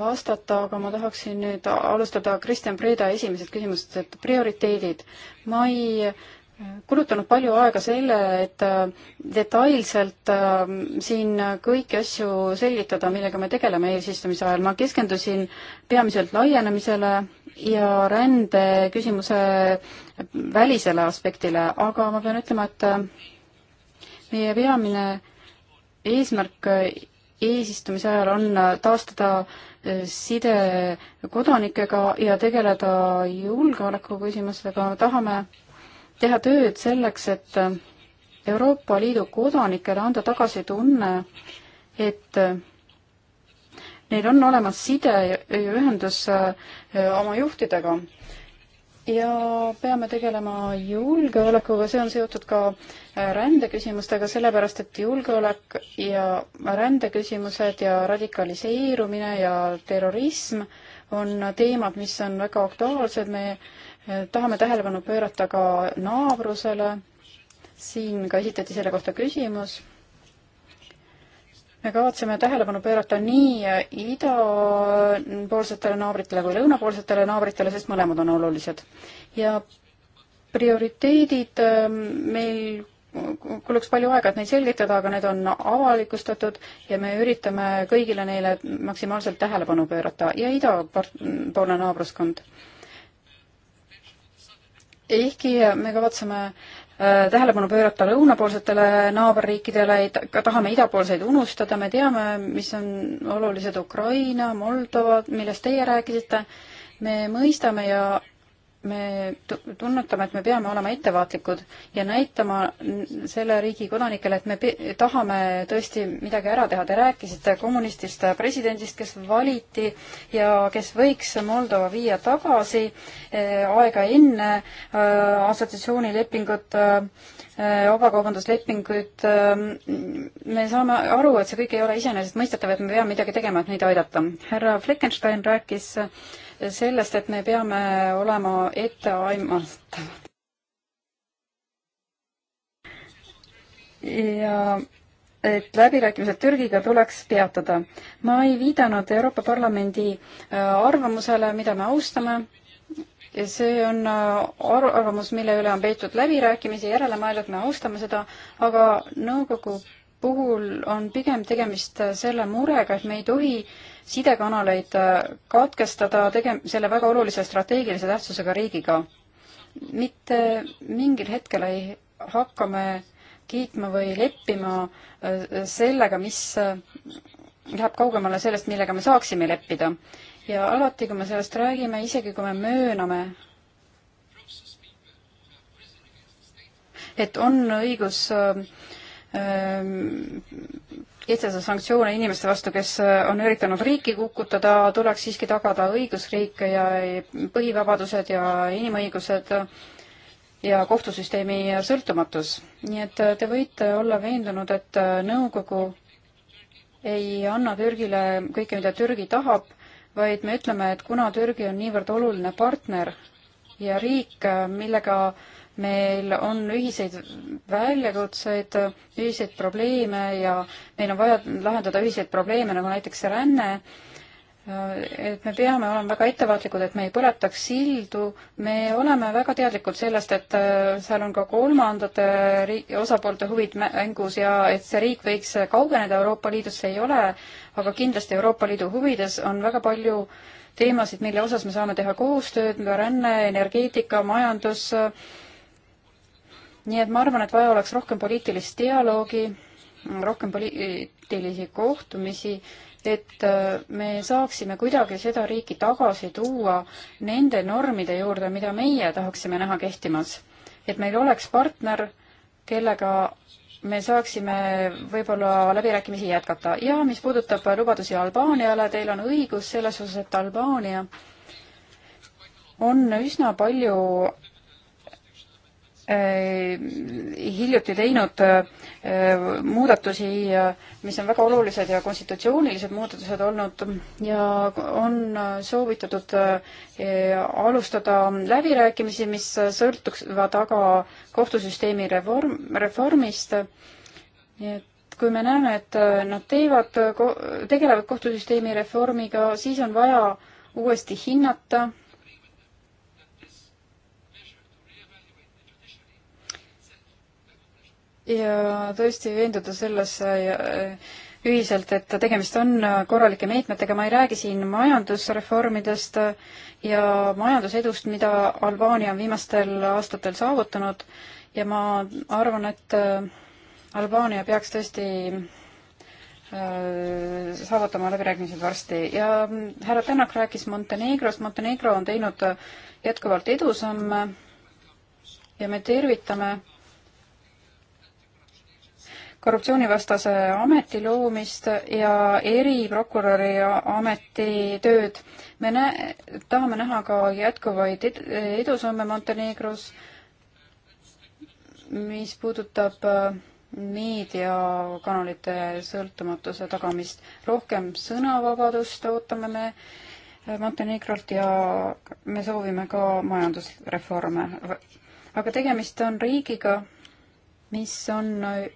vastata, aga ma tahaksin nüüd alustada Kristjan Preda esimesest küsimusest, et prioriteedid. ma ei äh, kulutanud palju aega selle, et äh, detailselt siin kõiki asju selgitada, millega me tegeleme eesistumise ajal. ma keskendusin peamiselt laienemisele ja rände küsimuse välisele aspektile, aga ma pean ütlema, et meie peamine eesmärk eesistumise ajal on taastada äh, side kodanikega ja tegeleda julgeoleku küsimustega, tahame teha tööd selleks, et äh, Euroopa Liidu kodanikele anda tagasi tunne, et äh, neil on olemas side ja ühendus oma juhtidega ja peame tegelema julgeolekuga, see on seotud ka äh, rändeküsimustega, sellepärast et julgeolek ja rändeküsimused ja radikaliseerumine ja terrorism on teemad, mis on väga aktuaalsed, me äh, tahame tähelepanu pöörata ka naabrusele, siin ka esitati selle kohta küsimus me kavatseme tähelepanu pöörata nii idapoolsetele naabritele kui lõunapoolsetele naabritele, sest mõlemad on olulised. ja prioriteedid ähm, meil kuluks palju aega, et neid selgitada, aga need on avalikustatud ja me üritame kõigile neile maksimaalselt tähelepanu pöörata ja idapoolne naabruskond. ehkki me kavatseme äh, Äh, tähelepanu pöörata lõunapoolsetele naaberriikidele, ei tahame idapoolseid unustada, me teame, mis on olulised Ukraina, Moldova, millest teie rääkisite, me mõistame ja me tunnetame, et me peame olema ettevaatlikud ja näitama selle riigi kodanikele, et me tahame tõesti midagi ära teha. Te rääkisite kommunistist presidendist, kes valiti ja kes võiks Moldova viia tagasi eh, aega enne eh, assotsiatsioonilepingut, eh, vabakaubanduslepinguid. me saame aru, et see kõik ei ole iseenesestmõistetav, et me peame midagi tegema, et neid aidata. härra Fleckenstein rääkis sellest, et me peame olema etteaimatavad. ja et läbirääkimised Türgiga tuleks peatada. ma ei viidanud Euroopa Parlamendi äh, arvamusele, mida me austame. see on äh, arvamus, mille üle on peetud läbirääkimisi, järele mõeldud, me austame seda, aga nõukogu puhul on pigem tegemist äh, selle murega, et me ei tohi äh, sidekanaleid äh, katkestada tege-, selle väga olulise strateegilise tähtsusega riigiga. mitte mingil hetkel ei hakka me kiitma või leppima äh, sellega, mis äh, läheb kaugemale sellest, millega me saaksime leppida. ja alati, kui me sellest räägime, isegi kui me mööname, et on õigus äh, ähm, kehtestada sanktsioone inimeste vastu, kes äh, on üritanud riiki kukutada, tuleks siiski tagada õigusriik ja põhivabadused ja inimõigused ja kohtusüsteemi sõltumatus. nii et äh, te võite olla veendunud, et äh, nõukogu ei anna Türgile kõike, mida Türgi tahab, vaid me ütleme, et kuna Türgi on niivõrd oluline partner ja riik, millega äh, meil on ühiseid väljakutseid, ühiseid probleeme ja meil on vaja lahendada ühiseid probleeme, nagu näiteks ränne, et me peame olema väga ettevaatlikud, et me ei põletaks sildu, me oleme väga teadlikud sellest, et äh, seal on ka kolmandate osapoolte huvid mängus ja et see riik võiks kaugeneda Euroopa Liidust, see ei ole, aga kindlasti Euroopa Liidu huvides on väga palju teemasid, mille osas me saame teha koostööd, ka ränne, energeetika, majandus äh,, nii et ma arvan, et vaja oleks rohkem poliitilist dialoogi, rohkem poliitilisi kohtumisi, et äh, me saaksime kuidagi seda riiki tagasi tuua nende normide juurde, mida meie tahaksime näha kehtimas. et meil oleks partner, kellega me saaksime võib-olla läbirääkimisi jätkata. ja mis puudutab lubadusi Albaaniale, teil on õigus selles osas, et Albaania on üsna palju Äh, hiljuti teinud äh, muudatusi, äh, mis on väga olulised ja konstitutsioonilised muudatused olnud ja on soovitatud alustada läbirääkimisi, mis sõltuvad aga kohtusüsteemi reform, reformist. nii et kui me näeme, et nad teevad, tegelevad kohtusüsteemi reformiga, siis on vaja uuesti hinnata ja tõesti veenduda selles äh, ühiselt, et tegemist on äh, korralike meetmetega, ma ei räägi siin majandusreformidest äh, ja majandusedust, mida Albaania on viimastel aastatel saavutanud ja ma arvan, et Albaania peaks tõesti saavutama läbirääkimised varsti ja mm, härra Tänak rääkis Montenegrost, Montenegro on teinud jätkuvalt edusamme ja me tervitame äh, korruptsioonivastase ameti loomist ja eriprokuröri ameti tööd. me näe-, tahame näha ka jätkuvaid ed-, edusamme Montenegros, mis puudutab äh, meediakanalite sõltumatuse tagamist. rohkem sõnavabadust ootame me äh, Montenegrolt ja me soovime ka majandusreforme. aga tegemist on riigiga, mis on äh,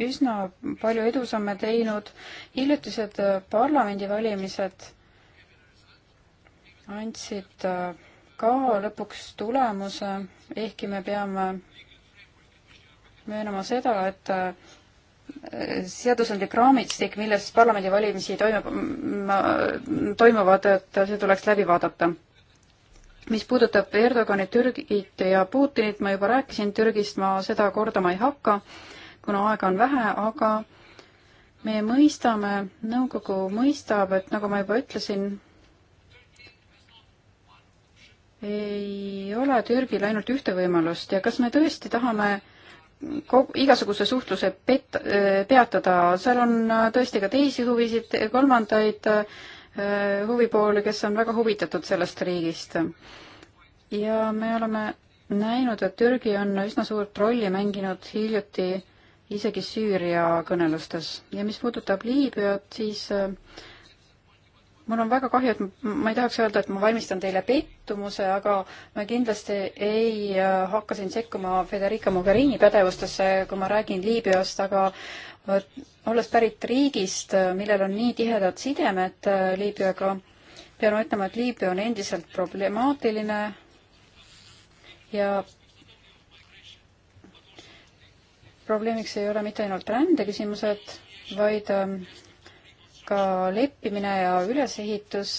üsna palju edusamme teinud. hiljutised äh, parlamendivalimised andsid äh, ka lõpuks tulemuse, ehkki me peame möönama seda, et äh, seadusandlik raamistik, milles parlamendivalimisi toimub, toimuvad, et see tuleks läbi vaadata. mis puudutab Erdoganit, Türgit ja Putinit, ma juba rääkisin Türgist, ma seda kordama ei hakka kuna aega on vähe, aga me mõistame, nõukogu mõistab, et nagu ma juba ütlesin, ei ole Türgil ainult ühte võimalust ja kas me tõesti tahame kogu, igasuguse suhtluse pet-, peatada, seal on äh, tõesti ka teisi huvisid, kolmandaid äh, huvipooli, kes on väga huvitatud sellest riigist. ja me oleme näinud, et Türgi on üsna suurt rolli mänginud hiljuti isegi Süüria kõnelustes. ja mis puudutab Liibüat, siis äh, mul on väga kahju, et ma ei tahaks öelda, et ma valmistan teile pettumuse, aga ma kindlasti ei äh, hakka siin sekkuma Federica Mogherini pädevustesse, kui ma räägin Liibüast, aga äh, olles pärit riigist, millel on nii tihedad sidemed Liibüaga, pean ütlema, et Liibüa on endiselt problemaatiline ja probleemiks ei ole mitte ainult rändeküsimused, vaid ähm, ka leppimine ja ülesehitus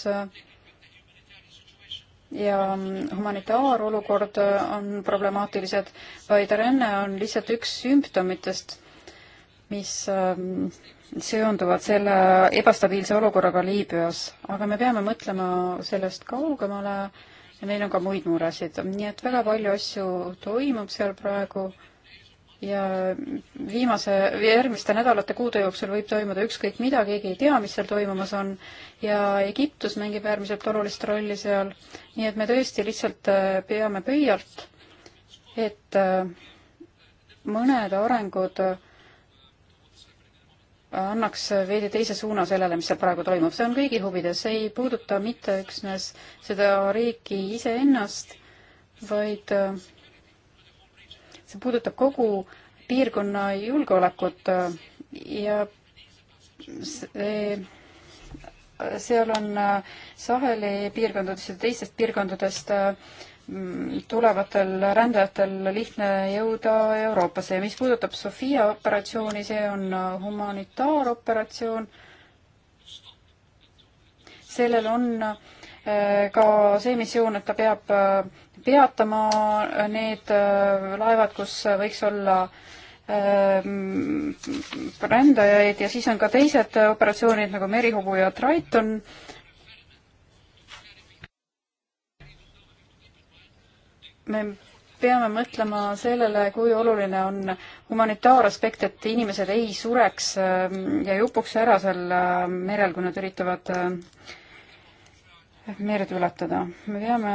ja ähm, humanitaarolukord äh, on problemaatilised, vaid ränne on lihtsalt üks sümptomitest, mis ähm, seonduvad selle ebastabiilse olukorraga Liibüas. aga me peame mõtlema sellest kaugemale ja meil on ka muid muresid, nii et väga palju asju toimub seal praegu ja viimase, järgmiste nädalate, kuude jooksul võib toimuda ükskõik mida, keegi ei tea, mis seal toimumas on ja Egiptus mängib äärmiselt olulist rolli seal, nii et me tõesti lihtsalt äh, peame pöialt, et äh, mõned arengud äh, annaks veidi teise suuna sellele, mis seal praegu toimub. see on kõigi huvides, see ei puuduta mitte üksnes seda riiki iseennast, vaid äh, see puudutab kogu piirkonna julgeolekut äh, ja see äh, seal on äh, Saheli piirkondadest ja teistest piirkondadest tulevatel rändajatel lihtne jõuda Euroopasse ja mis puudutab Sofia operatsiooni, see on humanitaaroperatsioon. sellel on ka see missioon, et ta peab peatama need äh, laevad, kus võiks olla ähm, rändajaid ja siis on ka teised operatsioonid nagu Merihubu ja Triton. me peame mõtlema sellele, kui oluline on humanitaaraspekt, et inimesed ei sureks ähm, ja ei upuks ära seal äh, merel, kui nad üritavad äh, merd ületada. me peame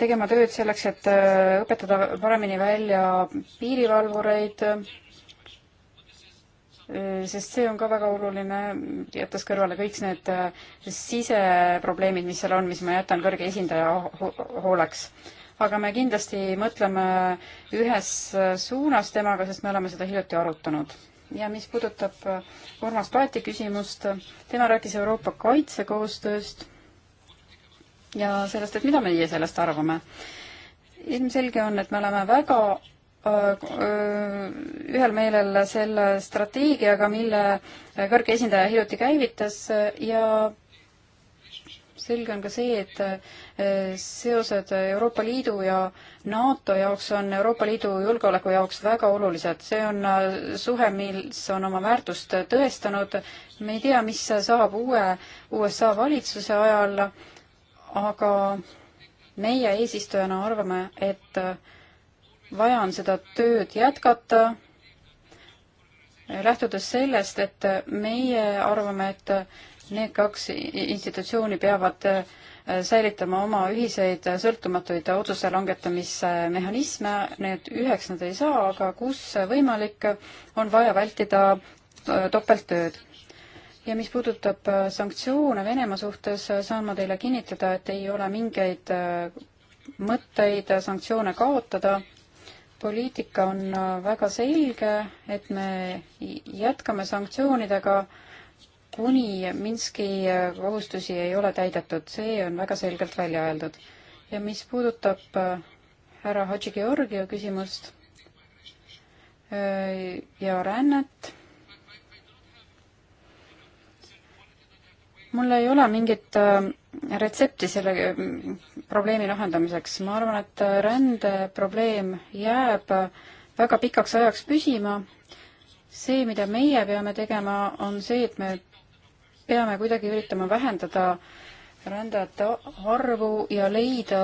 tegema tööd selleks, et äh, õpetada paremini välja piirivalvureid, äh, sest see on ka väga oluline, jättes kõrvale kõik need äh, siseprobleemid, mis seal on, mis ma jätan kõrge esindaja ho hooleks. aga me kindlasti mõtleme ühes suunas temaga, sest me oleme seda hiljuti arutanud. ja mis puudutab Urmas Paeti küsimust, tema rääkis Euroopa kaitsekoostööst ja sellest, et mida meie sellest arvame. ilmselge on, et me oleme väga äh, äh, ühel meelel selle strateegiaga, mille kõrge esindaja hiljuti käivitas äh, ja selge on ka see, et seosed Euroopa Liidu ja NATO jaoks on Euroopa Liidu julgeoleku jaoks väga olulised. see on suhe, mis on oma väärtust tõestanud. me ei tea, mis saab uue USA valitsuse ajal aga meie eesistujana arvame, et vaja on seda tööd jätkata, lähtudes sellest, et meie arvame, et need kaks institutsiooni peavad äh, säilitama oma ühiseid sõltumatuid otsuse langetamise mehhanisme, need üheks nad ei saa, aga kus võimalik, on vaja vältida äh, topelttööd ja mis puudutab äh, sanktsioone Venemaa suhtes, äh, saan ma teile kinnitada, et ei ole mingeid äh, mõtteid sanktsioone kaotada. poliitika on väga selge, et me jätkame sanktsioonidega, kuni Minski kohustusi ei ole täidetud, see on väga selgelt välja öeldud. ja mis puudutab härra Hadži Georgiev küsimust ja rännet mul ei ole mingit äh, retsepti selle äh, probleemi lahendamiseks. ma arvan, et äh, rändeprobleem jääb väga pikaks ajaks püsima. see, mida meie peame tegema, on see, et me peame kuidagi üritama vähendada rändajate arvu ja leida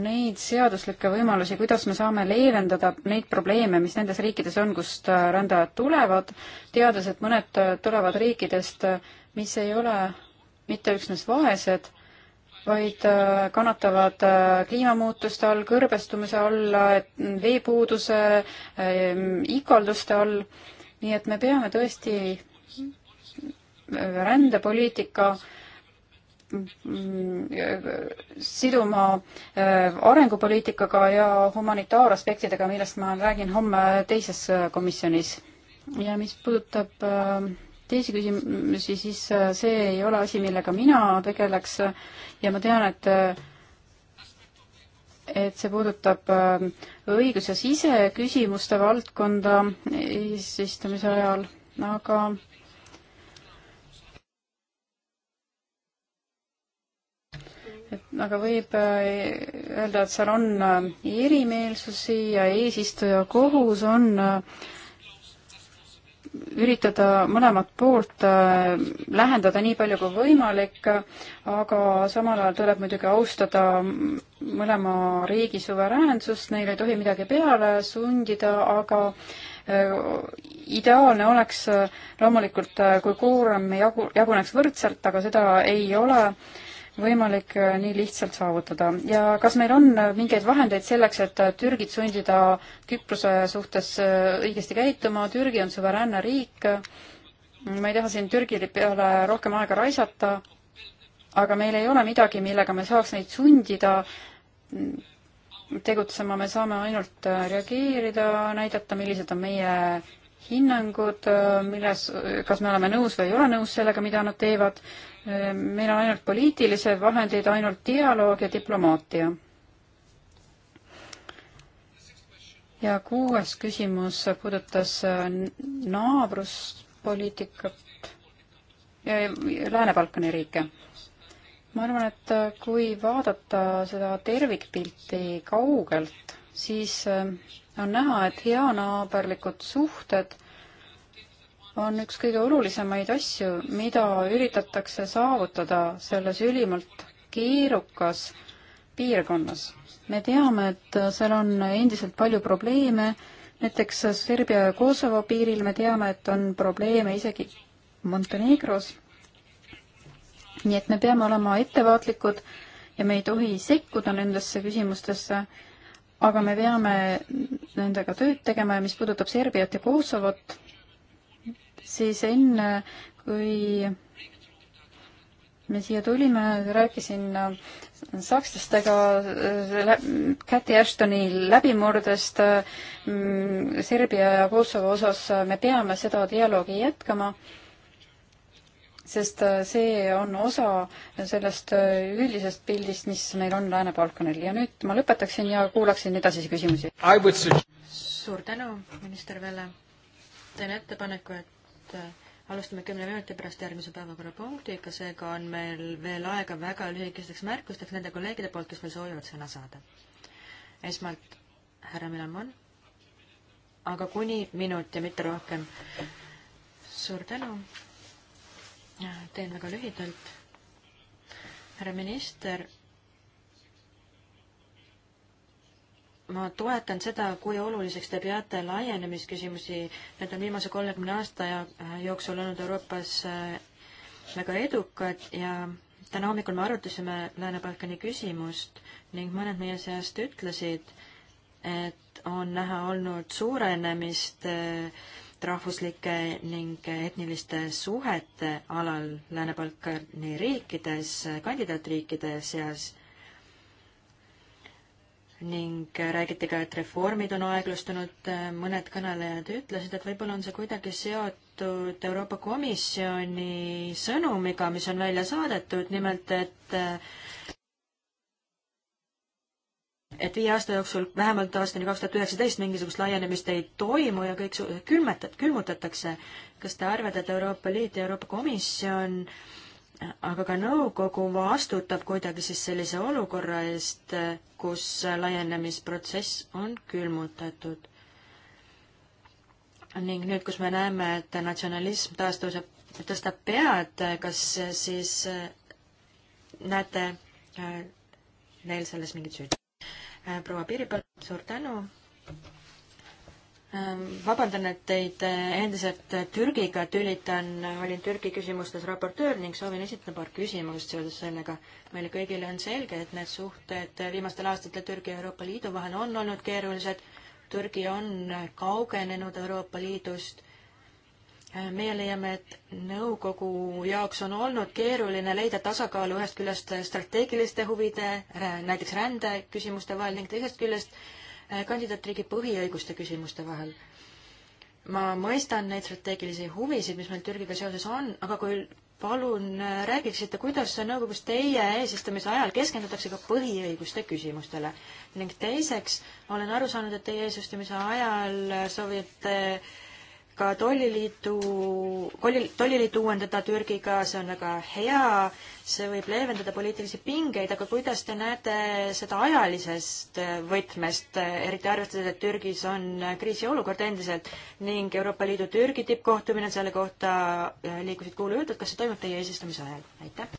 neid seaduslikke võimalusi, kuidas me saame leevendada neid probleeme, mis nendes riikides on, kust äh, rändajad tulevad, teades, et mõned äh, tulevad riikidest, äh, mis ei ole mitte üksnes vaesed, vaid kannatavad kliimamuutuste all, kõrbestumise all, mm, veepuuduse, ähm, ikalduste all, nii et me peame tõesti rändepoliitika äh, Mm, siduma äh, arengupoliitikaga ja humanitaaraspektidega, millest ma räägin homme teises äh, komisjonis. ja mis puudutab äh, teisi küsimusi, siis see ei ole asi, millega mina tegeleks ja ma tean, et et see puudutab õigus- ja siseküsimuste valdkonda eesistumise ajal, aga et aga võib äh, öelda, et seal on äh, erimeelsusi ja eesistuja kohus on äh, üritada mõlemat poolt lähendada nii palju kui võimalik, aga samal ajal tuleb muidugi austada mõlema riigi suveräänsust, neil ei tohi midagi peale sundida, aga ideaalne oleks loomulikult, kui koorem jagu, jaguneks võrdselt, aga seda ei ole võimalik äh, nii lihtsalt saavutada. ja kas meil on äh, mingeid vahendeid selleks, et äh, Türgit sundida Küprose suhtes õigesti käituma, Türgi on suveräänne riik, ma ei taha siin Türgi peale rohkem aega raisata, aga meil ei ole midagi, millega me saaks neid sundida tegutsema, me saame ainult reageerida, näidata, millised on meie hinnangud, milles, kas me oleme nõus või ei ole nõus sellega, mida nad teevad meil on ainult poliitilised vahendid, ainult dialoog ja diplomaatia. ja kuues küsimus puudutas äh, naabruspoliitikat ja Lääne-Balkani riike ma arvan, et äh, kui vaadata seda tervikpilti kaugelt, siis äh, on näha, et heanaaberlikud suhted on üks kõige olulisemaid asju, mida üritatakse saavutada selles ülimalt keerukas piirkonnas. me teame, et seal on endiselt palju probleeme, näiteks Serbia ja Kosovo piiril me teame, et on probleeme isegi Montenegros. nii et me peame olema ettevaatlikud ja me ei tohi sekkuda nendesse küsimustesse, aga me peame nendega tööd tegema ja mis puudutab Serbiat ja Kosovot, siis enne, kui me siia tulime, rääkisin äh, sakslastega Käti äh, Ashtoni läbimurdest mm, Serbia ja Kosovo osas. Äh, me peame seda dialoogi jätkama sest see on osa sellest üldisest pildist, mis meil on Lääne-Balkanil ja nüüd ma lõpetaksin ja kuulaksin edasisi küsimusi. suur tänu, minister Velle. teen ettepaneku, et et äh, alustame kümne minuti pärast järgmise päevakorrapunktiga, seega on meil veel aega väga lühikesteks märkusteks nende kolleegide poolt, kes veel soovivad sõna saada. esmalt härra Milamon, aga kuni minut ja mitte rohkem. suur tänu. Äh, teen väga lühidalt. härra minister ma toetan seda, kui oluliseks te peate laienemisküsimusi. Need on viimase kolmekümne aasta jooksul olnud Euroopas äh, väga edukad ja täna hommikul me arutasime Lääne-Balkani küsimust ning mõned meie seast ütlesid, et on näha olnud suurenemist äh, rahvuslike ning etniliste suhete alal Lääne-Balkani riikides, kandidaatriikide seas ning räägiti ka, et reformid on aeglustunud, mõned kõnelejad ütlesid, et võib-olla on see kuidagi seotud Euroopa Komisjoni sõnumiga, mis on välja saadetud, nimelt et et viie aasta jooksul, vähemalt aastani kaks tuhat üheksateist, mingisugust laienemist ei toimu ja kõik külmetat-, külmutatakse. kas te arvate, et Euroopa Liit ja Euroopa Komisjon äh, aga ka nõukogu vastutab kuidagi siis sellise olukorra eest, kus laienemisprotsess on külmutatud. ning nüüd, kus me näeme, et natsionalism taas tõuseb, tõstab pead, kas siis äh, näete äh, neil selles mingit süüd? Äh, proua Piiripõld, suur tänu! Ähm, vabandan, et teid äh, endiselt äh, Türgiga tülitan, olin Türgi küsimustes raportöör ning soovin esitada paar küsimust seoses sellega. meile kõigile on selge, et need suhted äh, viimastel aastatel Türgi ja Euroopa Liidu vahel on olnud keerulised. Türgi on kaugenenud Euroopa Liidust. meie leiame, et nõukogu jaoks on olnud keeruline leida tasakaalu ühest küljest strateegiliste huvide, näiteks rände küsimuste vahel ning teisest küljest Äh, kandidaatriigi põhiõiguste küsimuste vahel. ma mõistan neid strateegilisi huvisid, mis meil Türgiga seoses on, aga kui palun äh, räägiksite, kuidas nõukogus teie eesistumise ajal keskendutakse ka põhiõiguste küsimustele ning teiseks olen aru saanud, et teie eesistumise ajal äh, soovite ka tolliliitu, tolliliitu uuendada Türgiga, see on väga hea, see võib leevendada poliitilisi pingeid, aga kuidas te näete seda ajalisest võtmest, eriti arvestades, et Türgis on kriisiolukord endiselt ning Euroopa Liidu Türgi tippkohtumine, selle kohta äh, liikusid kuulujutud, kas see toimub teie eesistumise ajal? aitäh!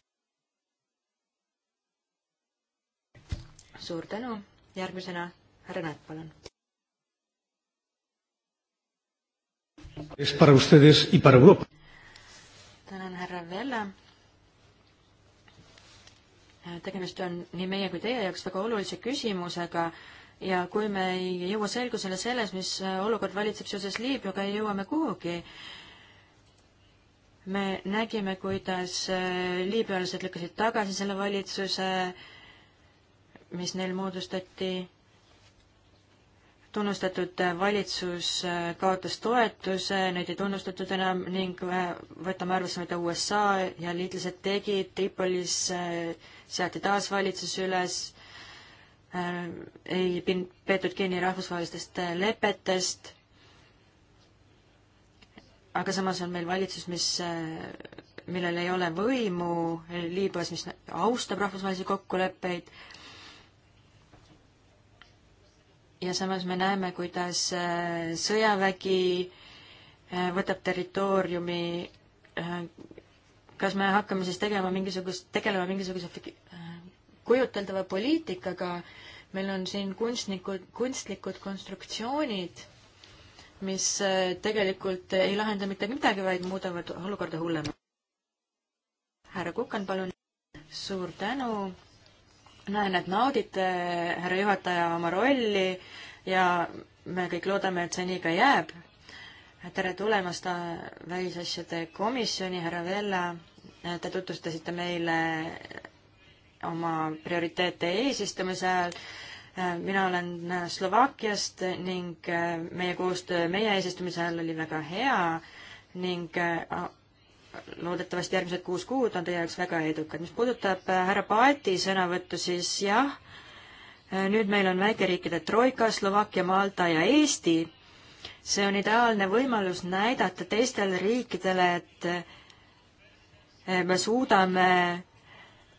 suur tänu, järgmisena härra Näpp, palun! tänan, härra Velle. Äh, tegemist on nii meie kui teie jaoks väga olulise küsimusega ja kui me ei jõua selgusele selles, mis äh, olukord valitseb seoses Liibüaga, ei jõua me kuhugi. me nägime, kuidas äh, liibüalased lükkasid tagasi selle valitsuse, mis neil moodustati tunnustatud valitsus kaotas toetuse, neid ei tunnustatud enam ning võtame arvesse, mida USA ja liitlased tegid, Tripolis äh, seati taas valitsus üles, äh, ei pin-, peetud kinni rahvusvahelistest äh, lepetest, aga samas on meil valitsus, mis, millel ei ole võimu Liibüas, mis austab rahvusvahelisi kokkuleppeid ja samas me näeme, kuidas äh, sõjavägi äh, võtab territooriumi, äh, kas me hakkame siis tegema mingisugust, tegelema mingisuguse kujuteldava poliitikaga, meil on siin kunstnikud, kunstlikud konstruktsioonid, mis tegelikult ei lahenda mitte midagi, vaid muudavad olukorda hullemaks. härra Kukan, palun. suur tänu näen, et naudite, härra juhataja, oma rolli ja me kõik loodame, et see nii ka jääb. tere tulemast äh, välisasjade komisjoni, härra Vella. Te tutvustasite meile oma prioriteete eesistumise ajal äh, mina olen äh, Slovakkiast ning meie koostöö meie eesistumise ajal oli väga hea ning loodetavasti järgmised kuus kuud on teie jaoks väga edukad. mis puudutab äh, härra Paeti sõnavõttu, siis jah, äh, nüüd meil on väikeriikide Troika, Slovakkia, Malta ja Eesti. see on ideaalne võimalus näidata teistele riikidele, et äh, me suudame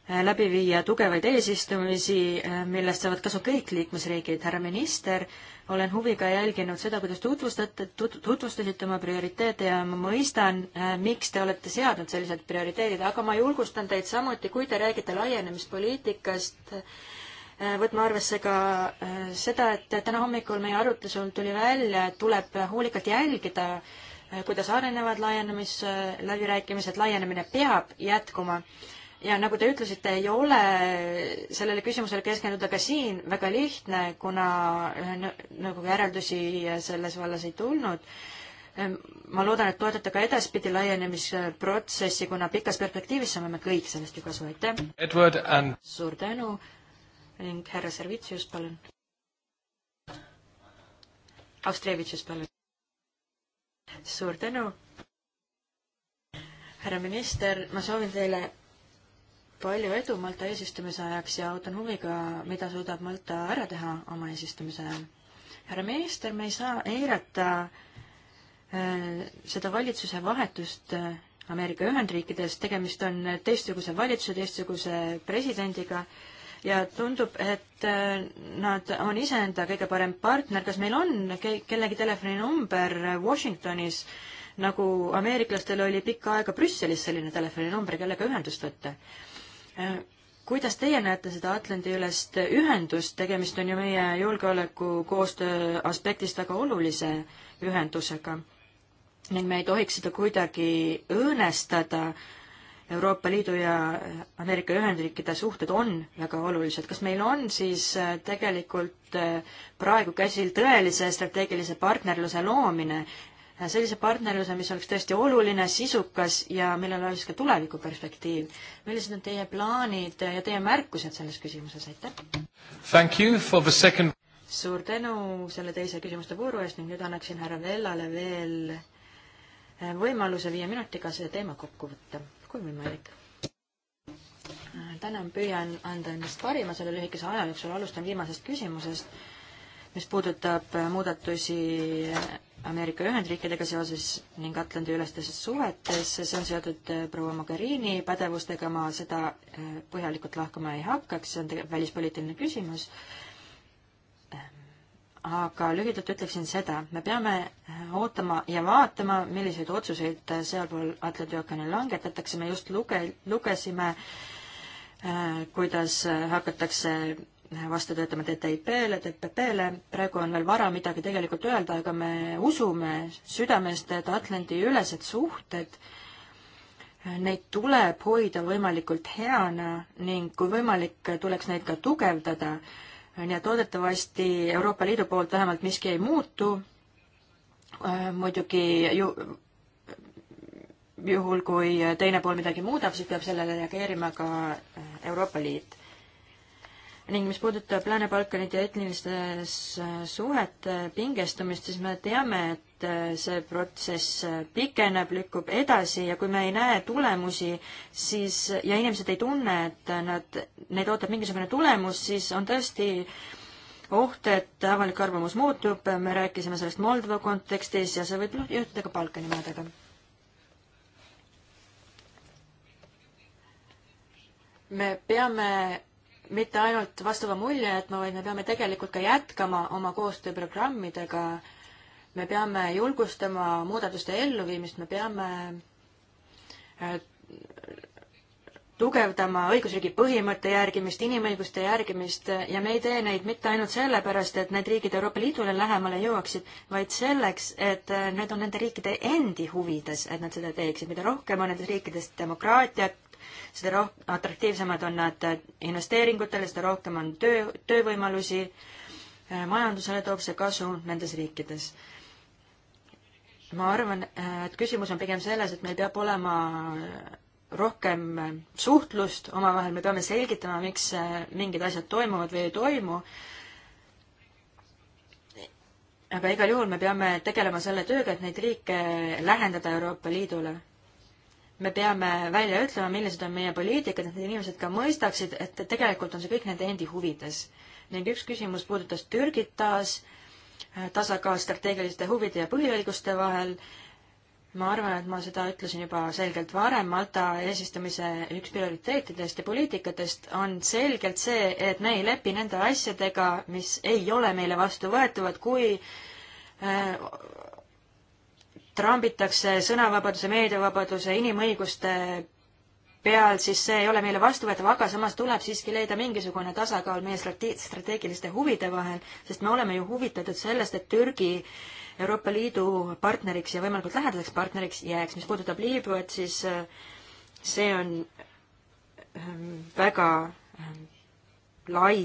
Äh, läbi viia tugevaid eesistumisi, äh, millest saavad kasu kõik liikmesriigid. härra minister, olen huviga jälginud seda, kuidas tutvustate tut,, tutvustasite oma prioriteete ja ma mõistan, äh, miks te olete seadnud sellised prioriteedid, aga ma julgustan teid samuti, kui te räägite laienemispoliitikast, võtma arvesse ka seda, et täna hommikul meie arutlusel tuli välja, et tuleb hoolikalt jälgida, kuidas arenevad laienemis, läbirääkimised, laienemine peab jätkuma ja nagu te ütlesite, ei ole sellele küsimusele keskenduda ka siin väga lihtne, kuna äh, nõukogu järeldusi selles vallas ei tulnud. Ähm, ma loodan, et toetate ka edaspidi laienemisprotsessi, kuna pikas perspektiivis saame me kõik sellest ju kasu, aitäh! Edward and suur tänu ning härra Servitsius, palun! Austrevitšus, palun! suur tänu! härra minister, ma soovin teile palju edu Malta eesistumise ajaks ja ootan huviga, mida suudab Malta ära teha oma eesistumise ajal. härra minister, me ei saa eirata eh, seda valitsuse vahetust eh, Ameerika Ühendriikides, tegemist on teistsuguse valitsuse, teistsuguse presidendiga ja tundub, et eh, nad on iseenda kõige parem partner. kas meil on ke-, kellegi telefoninumber Washingtonis, nagu ameeriklastel oli pikka aega Brüsselis selline telefoninumber, kellega ühendust võtta? Äh, kuidas teie näete seda Atlandi-ülest ühendust, tegemist on ju meie julgeolekukoostöö aspektist väga olulise ühendusega ning me ei tohiks seda kuidagi õõnestada. Euroopa Liidu ja Ameerika Ühendriikide suhted on väga olulised. kas meil on siis äh, tegelikult äh, praegu käsil tõelise strateegilise partnerluse loomine sellise partnerluse, mis oleks tõesti oluline, sisukas ja millel oleks ka tulevikuperspektiiv. millised on teie plaanid ja teie märkused selles küsimuses, aitäh! Second... suur tänu selle teise küsimuste vooru eest ning nüüd annaksin härra Vellale veel eh, võimaluse viie minutiga see teema kokku võtta, kui võimalik. täna püüan anda endast parima selle lühikese aja jooksul, alustan viimasest küsimusest mis puudutab äh, muudatusi Ameerika Ühendriikidega seoses ning Atlandi-ülestes suhetes, see on seotud äh, proua Mogherini pädevustega, ma seda äh, põhjalikult lahkama ei hakkaks, see on tegelikult välispoliitiline küsimus. aga lühidalt ütleksin seda, me peame ootama ja vaatama, milliseid otsuseid sealpool Atlandi ookeanil langetatakse, me just luge-, lugesime kuidas hakatakse vastu töötama TTIP-le, TPP-le, praegu on veel vara midagi tegelikult öelda, aga me usume südamest, et Atlandi-ülesed suhted, neid tuleb hoida võimalikult heana ning kui võimalik, tuleks neid ka tugevdada. nii et loodetavasti Euroopa Liidu poolt vähemalt miski ei muutu, äh, muidugi ju juhul, kui teine pool midagi muudab, siis peab sellele reageerima ka Euroopa Liit ning mis puudutab Lääne-Balkanit ja etnilistes äh, suhete pingestumist, siis me teame, et äh, see protsess äh, pikeneb, lükkub edasi ja kui me ei näe tulemusi, siis, ja inimesed ei tunne, et nad, neid ootab mingisugune tulemus, siis on tõesti oht, et avalik arvamus muutub, me rääkisime sellest Moldova kontekstis ja see võib noh, juhtuda ka Balkani maadega. me peame mitte ainult vastava mulje jätma, vaid me peame tegelikult ka jätkama oma koostööprogrammidega. me peame julgustama muudatuste elluviimist, me peame äh, tugevdama õigusriigi põhimõtte järgimist, inimõiguste järgimist ja me ei tee neid mitte ainult sellepärast, et need riigid Euroopa Liidule lähemale jõuaksid, vaid selleks, et äh, need on nende riikide endi huvides, et nad seda teeksid. mida rohkem on nendes riikides demokraatiat, seda roh-, atraktiivsemad on nad investeeringutele, seda rohkem on töö, töövõimalusi, äh, majandusele toob see kasu nendes riikides. ma arvan, äh, et küsimus on pigem selles, et meil peab olema rohkem suhtlust omavahel, me peame selgitama, miks äh, mingid asjad toimuvad või ei toimu aga igal juhul me peame tegelema selle tööga, et neid riike lähendada Euroopa Liidule me peame välja ütlema, millised on meie poliitikad, et need inimesed ka mõistaksid, et tegelikult on see kõik nende endi huvides. ning üks küsimus puudutas Türgit taas, äh, tasakaal strateegiliste huvide ja põhiõiguste vahel. ma arvan, et ma seda ütlesin juba selgelt varem, Malta eesistumise üks prioriteetidest ja poliitikatest on selgelt see, et me ei lepi nende asjadega, mis ei ole meile vastuvõetavad, kui äh, trambitakse sõnavabaduse, meediavabaduse, inimõiguste peal, siis see ei ole meile vastuvõetav, aga samas tuleb siiski leida mingisugune tasakaal meie strate-, strateegiliste huvide vahel, sest me oleme ju huvitatud sellest, et Türgi Euroopa Liidu partneriks ja võimalikult lähedaseks partneriks jääks. mis puudutab Liibüat, siis äh, see on ähm, väga ähm, lai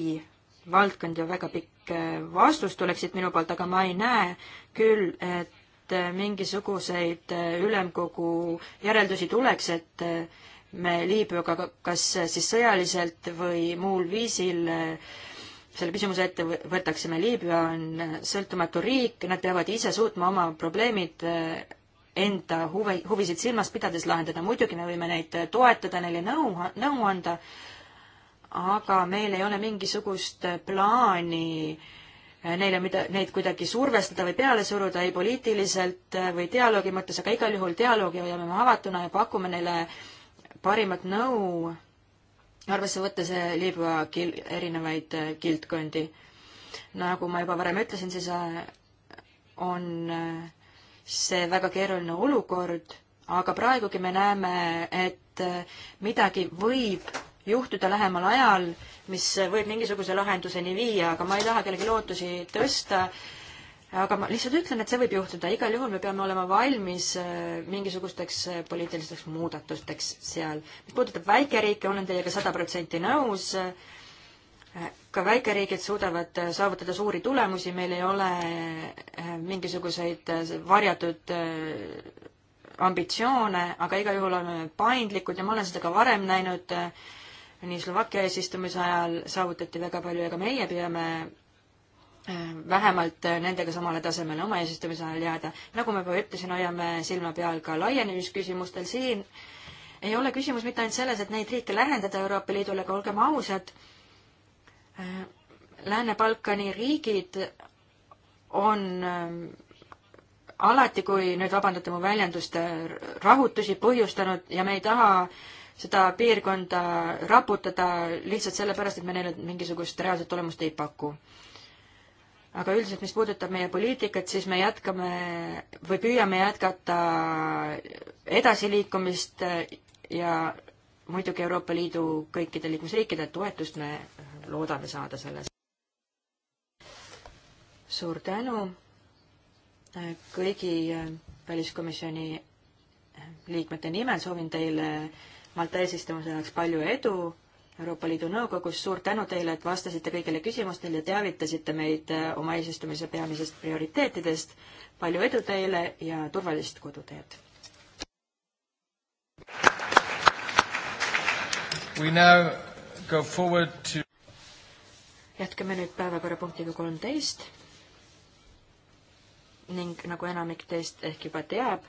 valdkond ja väga pikk äh, vastus tuleksid minu poolt, aga ma ei näe küll, et et äh, mingisuguseid äh, ülemkogu järeldusi tuleks, et äh, me Liibüaga kas siis sõjaliselt või muul viisil selle küsimuse ette võtaksime. Liibüa on sõltumatu riik, nad peavad ise suutma oma probleemid enda huve, huvisid silmas pidades lahendada. muidugi me võime neid toetada, neile nõu, nõu anda, aga meil ei ole mingisugust plaani äh, Äh, neile mida, neid kuidagi survestada või peale suruda, ei poliitiliselt äh, või dialoogi mõttes, aga igal juhul dialoogi hoiame me avatuna ja pakume neile parimat nõu, arvesse võttes äh, Liibüa kil-, erinevaid kildkondi. nagu ma juba varem ütlesin, siis on see väga keeruline olukord, aga praegugi me näeme, et midagi võib juhtuda lähemal ajal, mis võib mingisuguse lahenduseni viia, aga ma ei taha kellegi lootusi tõsta. aga ma lihtsalt ütlen, et see võib juhtuda, igal juhul me peame olema valmis äh, mingisugusteks äh, poliitilisteks muudatusteks seal. mis puudutab väikeriike, olen teiega sada protsenti nõus. Äh, ka väikeriigid suudavad saavutada suuri tulemusi, meil ei ole mingisuguseid varjatud ambitsioone, aga igal juhul oleme paindlikud ja ma olen seda ka varem näinud äh, nii Slovakkia eesistumise ajal saavutati väga palju ja ka meie peame äh, vähemalt nendega samale tasemele oma eesistumise ajal jääda. nagu ma juba ütlesin, hoiame silma peal ka laienemisküsimustel. siin ei ole küsimus mitte ainult selles, et neid riike lähendada Euroopa Liidule, aga olgem ausad, äh, Lääne-Balkani riigid on äh, alati, kui nüüd vabandate mu väljendust, rahutusi põhjustanud ja me ei taha äh, seda piirkonda raputada lihtsalt sellepärast, et me neile mingisugust reaalset tulemust ei paku. aga üldiselt, mis puudutab meie poliitikat, siis me jätkame või püüame jätkata edasiliikumist ja muidugi Euroopa Liidu kõikide liikmesriikide toetust me loodame saada selles. suur tänu kõigi väliskomisjoni liikmete nimel soovin teile Malta eesistumisel oleks palju edu Euroopa Liidu Nõukogus, suur tänu teile, et vastasite kõigile küsimustele ja teavitasite meid äh, oma eesistumise peamisest prioriteetidest. palju edu teile ja turvalist koduteed! We now go forward to jätkame nüüd päevakorrapunktiga kolmteist ning nagu enamik teist ehk juba teab,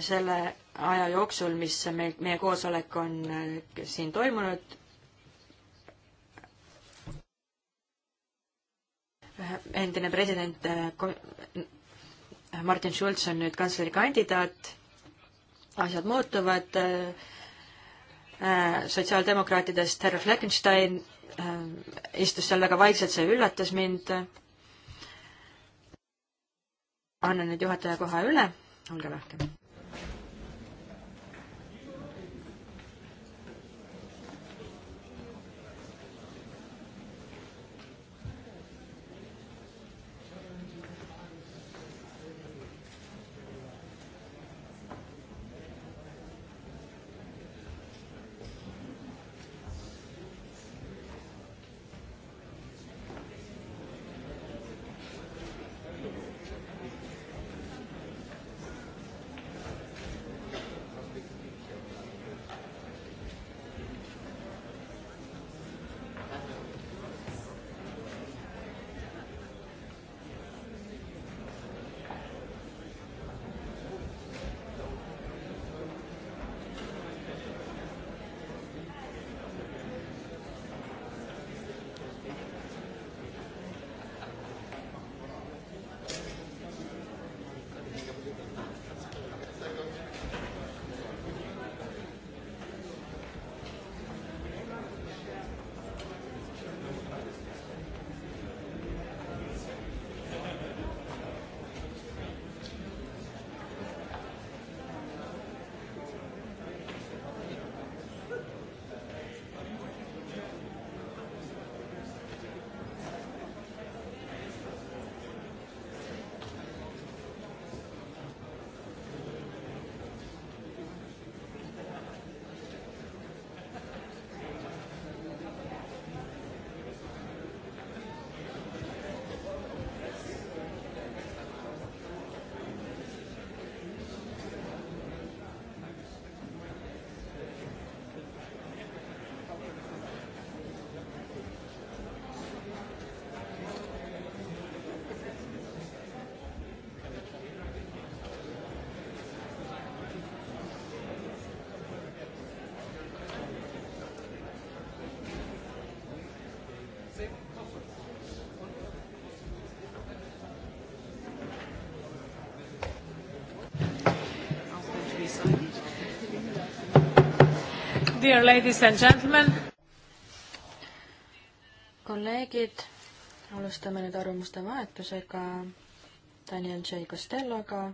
selle aja jooksul, mis meil, meie koosolek on äh, siin toimunud, endine president äh, äh, Martin Schulz on nüüd kanslerikandidaat, asjad muutuvad, sotsiaaldemokraatidest härra Fleckenstein istus seal väga vaikselt, see üllatas mind. annan nüüd juhataja koha üle, olge lahked Dear ladies and gentlemen. kolleegid, alustame nüüd arvamuste vahetusega Daniel J. Costelloga,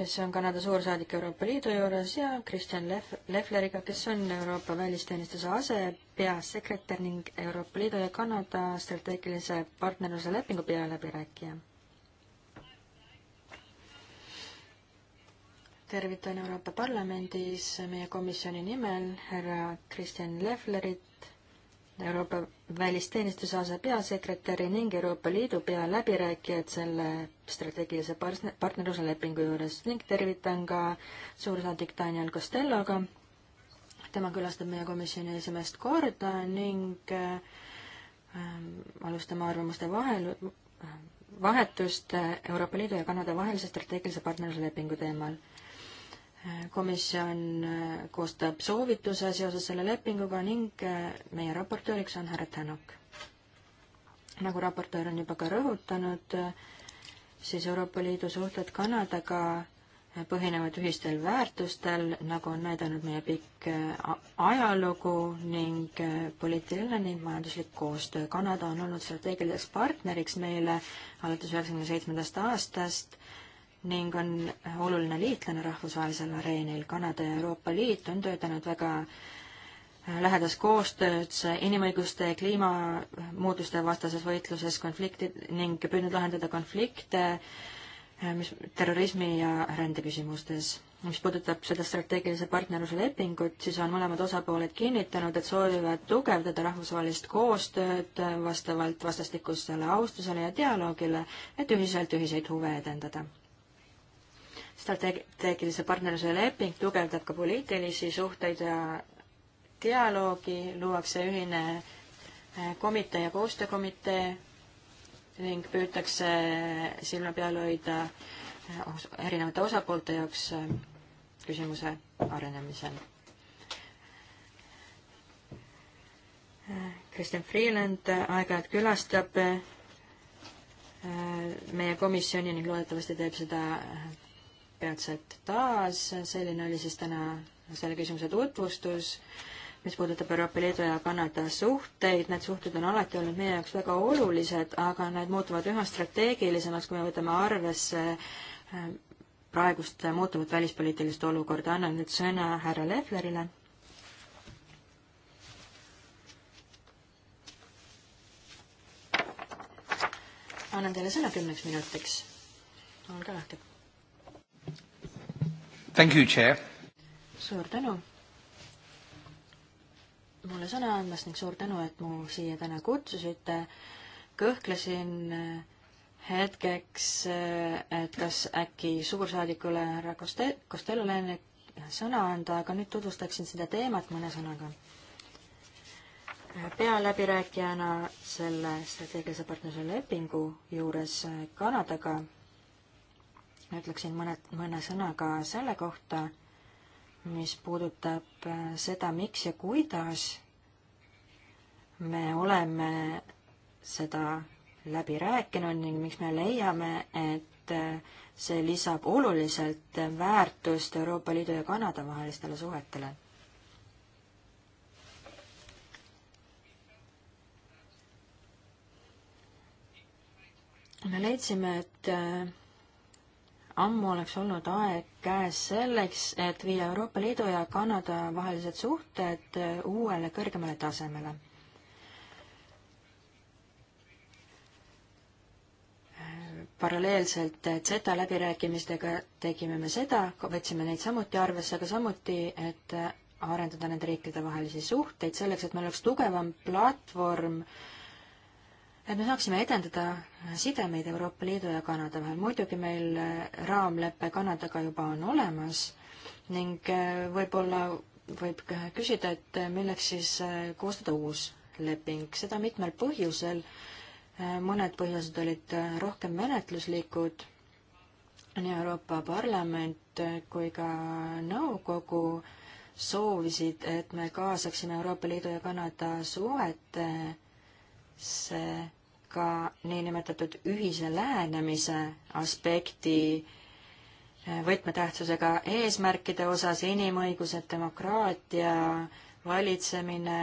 kes on Kanada suursaadik Euroopa Liidu juures ja Kristjan Lef-, Lefleriga, kes on Euroopa välisteenistuse asepeasekretär ning Euroopa Liidu ja Kanada strateegilise partnerluse lepingu pealäbirääkija tervitan Euroopa Parlamendis meie komisjoni nimel härra Kristjan Leflerit, Euroopa välisteenistuse asepeasekretäri ning Euroopa Liidu pealäbirääkijad selle strateegilise partnerluse lepingu juures ning tervitan ka suursaadik Daniel Costelloga. tema külastab meie komisjoni esimest korda ning äh, alustame arvamuste vahel vahetust Euroopa Liidu ja Kanada vahelise strateegilise partnerluslepingu teemal komisjon äh, koostab soovituse seoses selle lepinguga ning äh, meie raportööriks on härra Tänak. nagu raportöör on juba ka rõhutanud, äh, siis Euroopa Liidu suhted Kanadaga põhinevad ühistel väärtustel, nagu on näidanud meie pikk ajalugu ning poliitiline ning majanduslik koostöö. Kanada on olnud strateegiliseks partneriks meile alates üheksakümne seitsmendast aastast ning on oluline liitlane rahvusvahelisel areenil. Kanada ja Euroopa Liit on töötanud väga äh, lähedas koostöös inimõiguste ja kliimamuutuste vastases võitluses konflikti ning püüdnud lahendada konflikte, äh, mis terrorismi ja rändeküsimustes. mis puudutab seda strateegilise partnerluse lepingut, siis on mõlemad osapooled kinnitanud, et soovivad tugevdada rahvusvahelist koostööd äh, vastavalt vastastikustele austusele ja dialoogile, et ühiselt ühiseid huve edendada strateegilise partnerluse leping tugevdab ka poliitilisi suhteid ja dialoogi, luuakse ühine eh, komitee ja koostöökomitee ning püütakse eh, silma peal hoida eh, erinevate osapoolte jaoks küsimuse arenemisel. Kristjan Freeland aeg-ajalt külastab meie komisjoni ning loodetavasti teeb seda peatselt taas, selline oli siis täna selle küsimuse tutvustus mis puudutab Euroopa Liidu ja Kanada suhteid, need suhted on alati olnud meie jaoks väga olulised, aga need muutuvad üha strateegilisemaks, kui me võtame arvesse ähm, praegust muutuvat välispoliitilist olukorda. annan nüüd sõna härra Lehlerile. annan teile sõna kümneks minutiks. olge lahked Thank you, chair. suur tänu mulle sõna andmast ning suur tänu, et mu siia täna kutsusite. kõhklesin äh, hetkeks, äh, et kas äkki suursaadikule härra Koste-, Kostelole enne sõna anda, aga nüüd tutvustaksin seda teemat mõne sõnaga. pealäbirääkijana selle strateegilise partnerluse lepingu juures Kanadaga ütleksin mõne, mõne sõnaga selle kohta, mis puudutab äh, seda, miks ja kuidas me oleme seda läbi rääkinud ning miks me leiame, et äh, see lisab oluliselt väärtust Euroopa Liidu ja Kanada vahelistele suhetele. me leidsime, et äh, ammu oleks olnud aeg käes selleks, et viia Euroopa Liidu ja Kanada vahelised suhted äh, uuele kõrgemale tasemele. paralleelselt Zeta äh, läbirääkimistega tegime me seda, võtsime neid samuti arvesse, aga samuti, et äh, arendada nende riikide vahelisi suhteid selleks, et meil oleks tugevam platvorm äh, et me saaksime edendada sidemeid Euroopa Liidu ja Kanada vahel. muidugi meil äh, raamlepe Kanadaga juba on olemas ning äh, võib-olla võib küsida, et äh, milleks siis koostada uus leping, seda mitmel põhjusel. mõned põhjused olid rohkem menetluslikud, nii Euroopa Parlament kui ka nõukogu soovisid, et me kaasaksime Euroopa Liidu ja Kanada suhetesse ka niinimetatud ühise lähenemise aspekti eh, võtmetähtsusega eesmärkide osas inimõigused, demokraatia, valitsemine,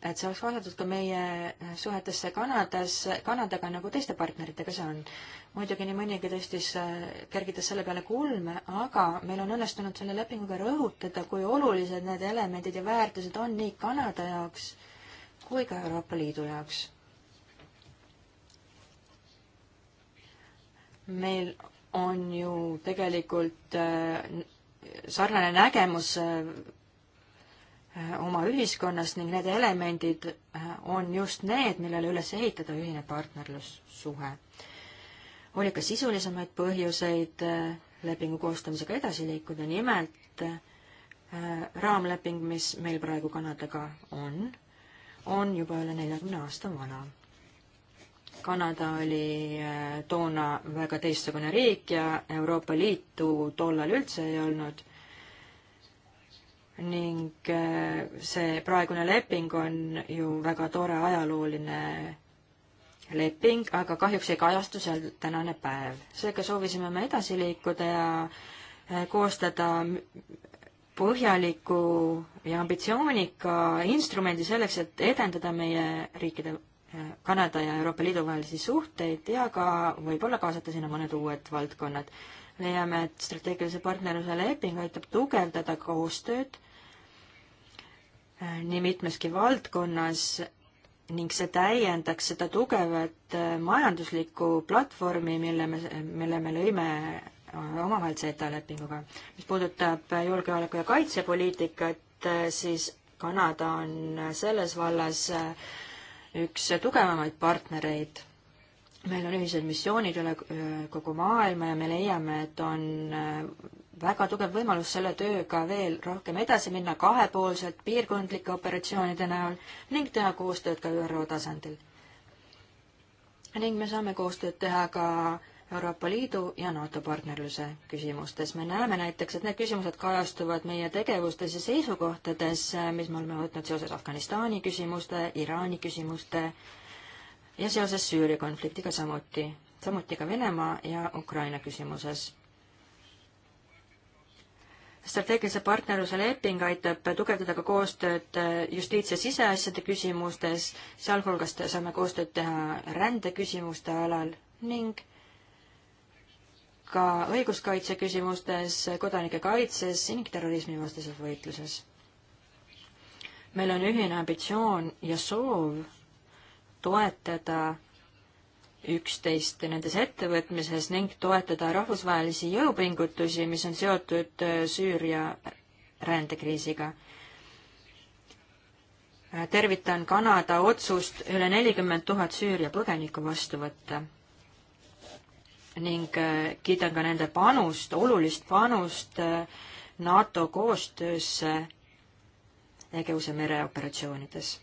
et see oleks kaasatud ka meie suhetesse Kanadas, Kanadaga, nagu teiste partneritega see on. muidugi nii mõnigi tõstis, eh, kergitas selle peale kulme, aga meil on õnnestunud selle lepinguga rõhutada, kui olulised need elemendid ja väärtused on nii Kanada jaoks kui ka Euroopa Liidu jaoks. meil on ju tegelikult äh, sarnane nägemus äh, oma ühiskonnast ning need elemendid äh, on just need, millele üles ehitada ühine partnerlussuhe. oli ka sisulisemaid põhjuseid lepingu koostamisega edasi liikuda, nimelt raamleping, mis meil praegu Kanadaga on on juba üle neljakümne aasta vana. Kanada oli äh, toona väga teistsugune riik ja Euroopa Liitu tollal üldse ei olnud ning äh, see praegune leping on ju väga tore ajalooline leping, aga kahjuks ei kajastu seal tänane päev. seega soovisime me edasi liikuda ja äh, koostada põhjaliku ja ambitsioonika instrumendi selleks, et edendada meie riikide, äh, Kanada ja Euroopa Liidu vahelisi suhteid ja ka võib-olla kaasata sinna mõned uued valdkonnad. leiame, et strateegilise partnerluse leping aitab tugevdada koostööd äh, nii mitmeski valdkonnas ning see täiendaks seda tugevat äh, majanduslikku platvormi, mille me, mille me lõime omavahel CETA lepinguga. mis puudutab julgeoleku- ja kaitsepoliitikat, siis Kanada on selles vallas äh, üks tugevamaid partnereid. meil on ühised missioonid üle äh, kogu maailma ja me leiame, et on äh, väga tugev võimalus selle tööga veel rohkem edasi minna kahepoolselt piirkondlike operatsioonide näol ning teha koostööd ka ÜRO tasandil. ning me saame koostööd teha ka Euroopa Liidu ja NATO partnerluse küsimustes. me näeme näiteks, et need küsimused kajastuvad meie tegevustes ja seisukohtades, mis me oleme võtnud seoses Afganistani küsimuste, Iraani küsimuste ja seoses Süüria konfliktiga samuti, samuti ka Venemaa ja Ukraina küsimuses. strateegilise partnerluse leping aitab tugevdada ka koostööd justiits- ja siseasjade küsimustes, sealhulgas saame koostööd teha rändeküsimuste alal ning ka õiguskaitse küsimustes, kodanike kaitses ning terrorismivastases võitluses. meil on ühine ambitsioon ja soov toetada üksteist nendes ettevõtmises ning toetada rahvusvahelisi jõupingutusi, mis on seotud äh, Süüria rändekriisiga. Äh, tervitan Kanada otsust üle nelikümmend tuhat Süüria põgenikku vastu võtta ning äh, kiidan ka nende panust, olulist panust äh, NATO koostöösse Egeuse mere operatsioonides.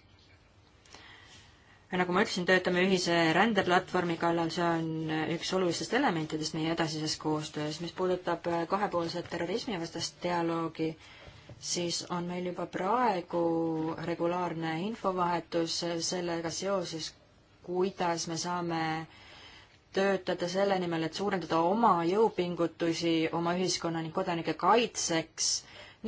nagu ma ütlesin, töötame ühise rändeplatvormi kallal, see on äh, üks olulistest elementidest meie edasises koostöös. mis puudutab kahepoolset terrorismivastast dialoogi, siis on meil juba praegu regulaarne infovahetus sellega seoses, kuidas me saame äh, töötada selle nimel, et suurendada oma jõupingutusi oma ühiskonna ning kodanike kaitseks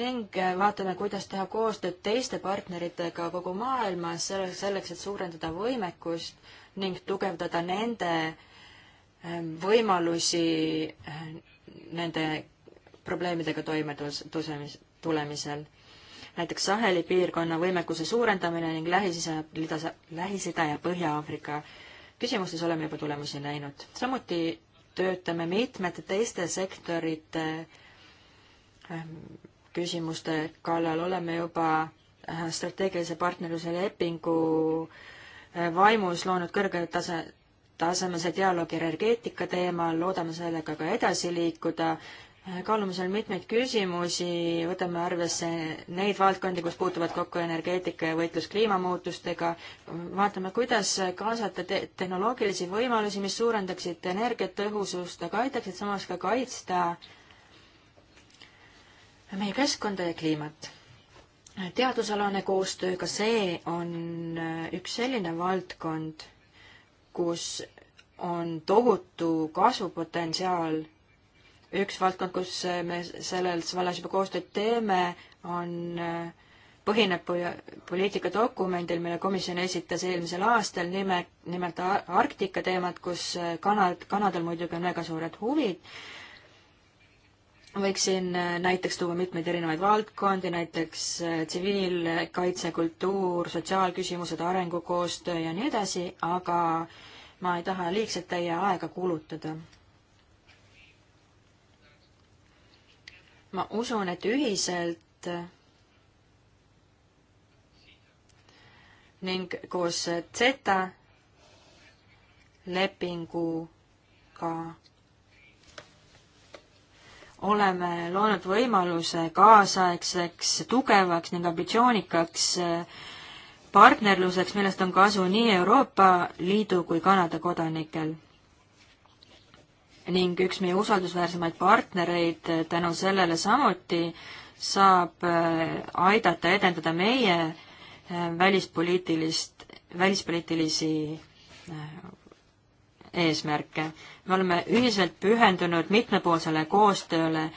ning äh, vaatame, kuidas teha koostööd teiste partneritega kogu maailmas selleks, et suurendada võimekust ning tugevdada nende ähm, võimalusi äh, nende probleemidega toime tulemisel. näiteks Saheli piirkonna võimekuse suurendamine ning Lähis-Ida, Lähis-Ida ja Põhja-Aafrika küsimustes oleme juba tulemusi näinud. samuti töötame mitmete teiste sektorite ähm, küsimuste kallal, oleme juba äh, strateegilise partnerluse lepingu äh, vaimus loonud kõrge tase, tasemese dialoogi energeetika teemal, loodame sellega ka edasi liikuda, kaalumisel mitmeid küsimusi, võtame arvesse neid valdkondi, kus puutuvad kokku energeetika ja võitlus kliimamuutustega, vaatame, kuidas kaasata te tehnoloogilisi võimalusi, mis suurendaksid energiatõhusust, aga aitaksid samas ka kaitsta meie keskkonda ja kliimat. teadusalane koostöö, ka see on üks selline valdkond, kus on tohutu kasvupotentsiaal üks valdkond, kus me selles vallas juba koostööd teeme, on, põhineb poliitikadokumendil, mille komisjon esitas eelmisel aastal, nime, nimelt Arktika teemad, kus Kanad, Kanadal muidugi on väga suured huvid. võiksin näiteks tuua mitmeid erinevaid valdkondi, näiteks tsiviilkaitse, kultuur, sotsiaalküsimused, arengukoostöö ja nii edasi, aga ma ei taha liigselt teie aega kulutada ma usun, et ühiselt ning koos Z lepinguga oleme loonud võimaluse kaasaegseks, tugevaks ning ambitsioonikaks partnerluseks, millest on kasu nii Euroopa Liidu kui Kanada kodanikel ning üks meie usaldusväärsemaid partnereid eh, tänu sellele samuti saab eh, aidata edendada meie eh, välispoliitilist, välispoliitilisi eesmärke. me oleme ühiselt pühendunud mitmepoolsele koostööle,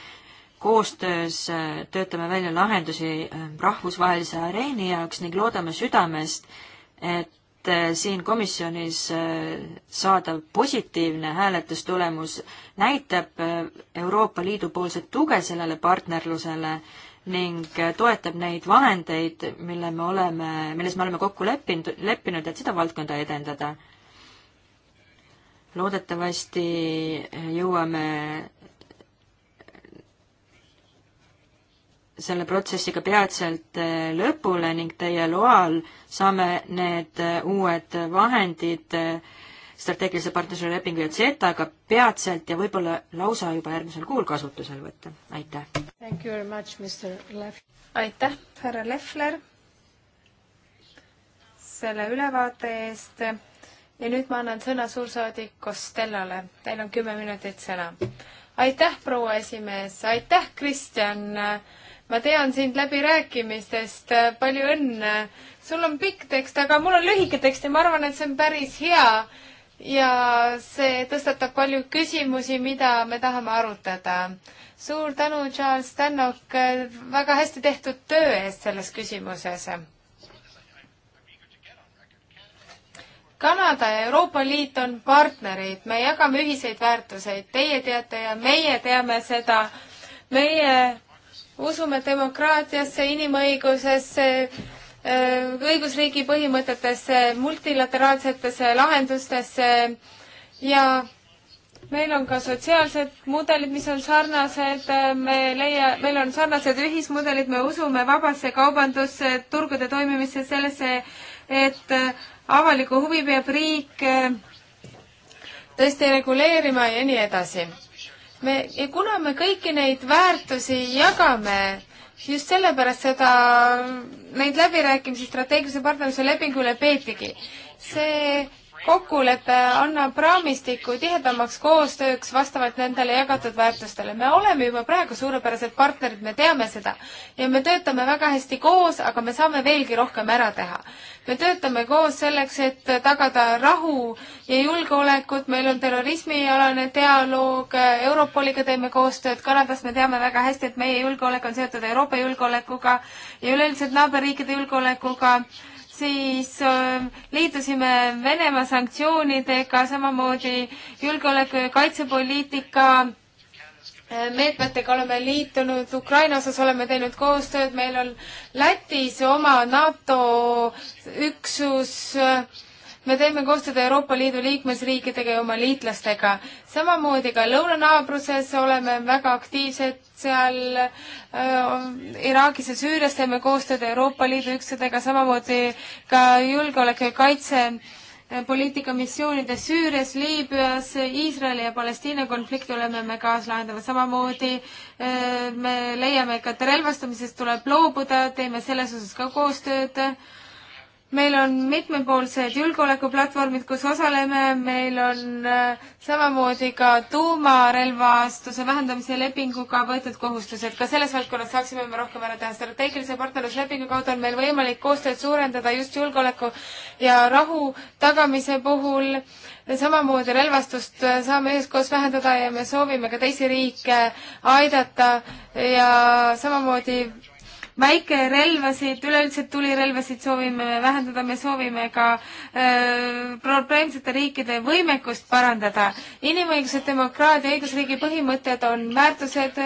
koostöös töötame välja lahendusi rahvusvahelise areeni jaoks ning loodame südamest, et et äh, siin komisjonis äh, saadav positiivne hääletustulemus näitab äh, Euroopa Liidu poolset tuge sellele partnerlusele ning toetab neid vahendeid, mille me oleme, milles me oleme kokku leppinud, leppinud, et seda valdkonda edendada. loodetavasti jõuame selle protsessiga peatselt äh, lõpule ning teie loal saame need äh, uued vahendid äh, strateegilise partnerluse lepingu ja CETA-ga peatselt ja võib-olla lausa juba järgmisel kuul kasutusele võtta. aitäh! aitäh, härra Lehler, selle ülevaate eest ja nüüd ma annan sõna suursaadik Costellale. Teil on kümme minutit sõna. aitäh, proua esimees, aitäh, Kristjan äh, ma tean sind läbirääkimistest, äh, palju õnne. sul on pikk tekst, aga mul on lühike tekst ja ma arvan, et see on päris hea. ja see tõstatab palju küsimusi, mida me tahame arutada. suur tänu, Charles Stanok, äh, väga hästi tehtud töö eest selles küsimuses. Kanada ja Euroopa Liit on partnerid, me jagame ühiseid väärtuseid, teie teate ja meie teame seda. meie usume demokraatiasse, inimõigusesse, äh, õigusriigi põhimõtetesse, multilateraalsetesse lahendustesse ja meil on ka sotsiaalsed mudelid, mis on sarnased, äh, me leia-, meil on sarnased ühismudelid, me usume vabasse kaubandusse, turgude toimimisse, sellesse, et äh, avaliku huvi peab riik tõesti reguleerima ja nii edasi me, kuna me kõiki neid väärtusi jagame, just sellepärast seda, neid läbirääkimisi strateegilise partnerluse lepingule peetigi. see kokkulepe annab raamistiku tihedamaks koostööks vastavalt nendele jagatud väärtustele. me oleme juba praegu suurepärased partnerid, me teame seda ja me töötame väga hästi koos, aga me saame veelgi rohkem ära teha. me töötame koos selleks, et tagada rahu ja julgeolekut, meil on terrorismialane dialoog, Europoliga teeme koostööd, Kanadas me teame väga hästi, et meie julgeolek on seotud Euroopa julgeolekuga ja üleüldiselt naaberriikide julgeolekuga siis ähm, liitusime Venemaa sanktsioonidega, samamoodi julgeoleku ja kaitsepoliitika äh, meetmetega oleme liitunud, Ukraina osas oleme teinud koostööd, meil on Lätis oma NATO üksus äh, me teeme koostööd Euroopa Liidu liikmesriikidega ja oma liitlastega. samamoodi ka lõunanaabruses oleme väga aktiivsed, seal äh, Iraagis ja Süürias teeme koostööd Euroopa Liidu üksusega, samamoodi ka julgeolek ja kaitse äh, poliitika missioonide Süürias, Liibüas, Iisraeli ja Palestiina konflikti oleme me kaaslahendama, samamoodi äh, me leiame ka, et relvastamisest tuleb loobuda, teeme selles osas ka koostööd meil on mitmepoolsed julgeolekuplatvormid, kus osaleme, meil on äh, samamoodi ka tuumarelvastuse vähendamise lepinguga võetud kohustused, ka selles valdkonnas saaksime me rohkem ära teha. strateegilise partnerluslepingu kaudu on meil võimalik koostööd suurendada just julgeoleku ja rahu tagamise puhul. samamoodi relvastust äh, saame üheskoos vähendada ja me soovime ka teisi riike aidata ja samamoodi väikerelvasid, üleüldiselt tulirelvasid soovime me vähendada, me soovime ka öö, probleemsete riikide võimekust parandada. inimõigused, demokraatia, õigusriigi põhimõtted on väärtused,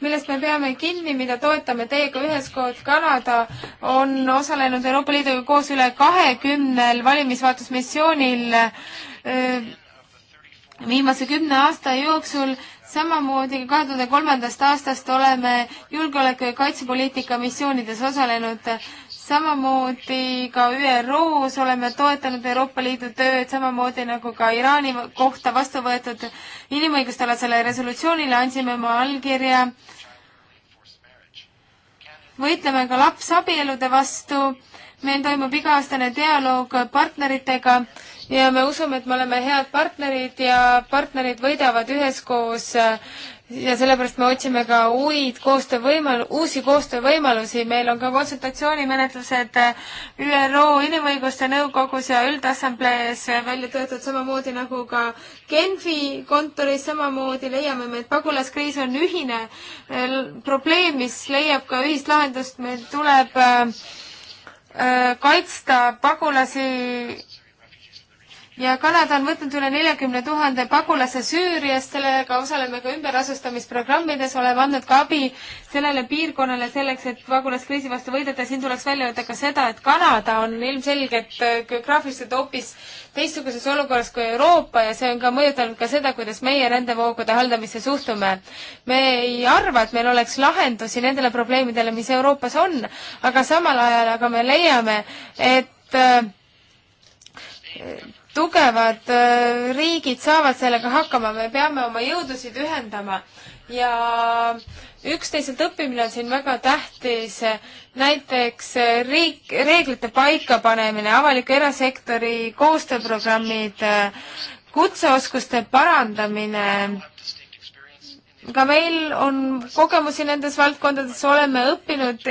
millest me peame kinni, mida toetame teiega üheskoos. Kanada on osalenud Euroopa Liiduga koos üle kahekümnel valimisvaatlusmissioonil öö, viimase kümne aasta jooksul samamoodi kahe tuhande kolmandast aastast oleme julgeoleku ja kaitsepoliitika missioonides osalenud, samamoodi ka ÜRO-s oleme toetanud Euroopa Liidu tööd, samamoodi nagu ka Iraani kohta vastu võetud inimõiguste alasele resolutsioonile andsime oma allkirja. võitleme ka lapsabielude vastu, meil toimub iga-aastane dialoog partneritega ja me usume, et me oleme head partnerid ja partnerid võidavad üheskoos äh, ja sellepärast me otsime ka uid koostöövõimal-, uusi koostöövõimalusi, meil on ka konsultatsioonimenetlused äh, ÜRO Inimõiguste Nõukogus ja Üldassamblees äh, välja töötatud, samamoodi nagu ka Genfi kontoris, samamoodi leiame me, et pagulaskriis on ühine probleem, mis leiab ka ühist lahendust, meil tuleb kaitsta pagulasi ja Kanada on võtnud üle neljakümne tuhande pagulase Süüriast, sellega osaleme ka ümberasustamisprogrammides, oleme andnud ka abi sellele piirkonnale selleks, et pagulaskriisi vastu võidelda, siin tuleks välja öelda ka seda, et Kanada on ilmselgelt geograafiliselt hoopis teistsuguses olukorras kui Euroopa ja see on ka mõjutanud ka seda, kuidas meie rändevoogude haldamisse suhtume. me ei arva, et meil oleks lahendusi nendele probleemidele, mis Euroopas on, aga samal ajal aga me leiame, et tugevad äh, riigid saavad sellega hakkama, me peame oma jõudusid ühendama ja üksteiselt õppimine on siin väga tähtis. näiteks äh, riik, reeglite paikapanemine, avaliku erasektori koostööprogrammid, äh, kutseoskuste parandamine. ka meil on kogemusi nendes valdkondades, oleme õppinud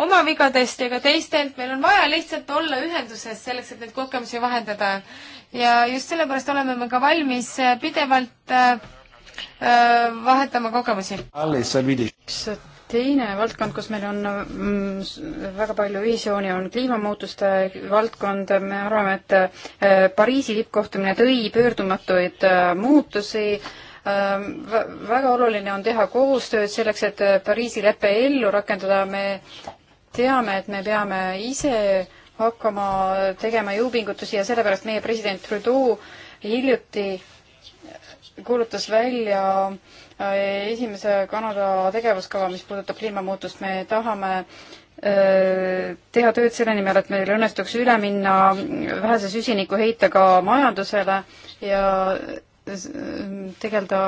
oma vigadest ja ka teistelt, meil on vaja lihtsalt olla ühenduses selleks, et neid kogemusi vahendada. ja just sellepärast oleme me ka valmis äh, pidevalt äh, äh, vahetama kogemusi. üks teine valdkond, kus meil on mm, väga palju ühisjooni, on kliimamuutuste valdkond. me arvame, et Pariisi tippkohtumine tõi pöördumatuid muutusi. Ähm, väga oluline on teha koostööd selleks, et Pariisi lepe ellu rakendada. me teame, et me peame ise hakkama tegema jõupingutusi ja sellepärast meie president Trudeau hiljuti kuulutas välja äh, esimese Kanada tegevuskava, mis puudutab kliimamuutust. me tahame äh, teha tööd selle nimel, et meil õnnestuks üle minna vähese süsinikuheitega majandusele ja äh, tegeleda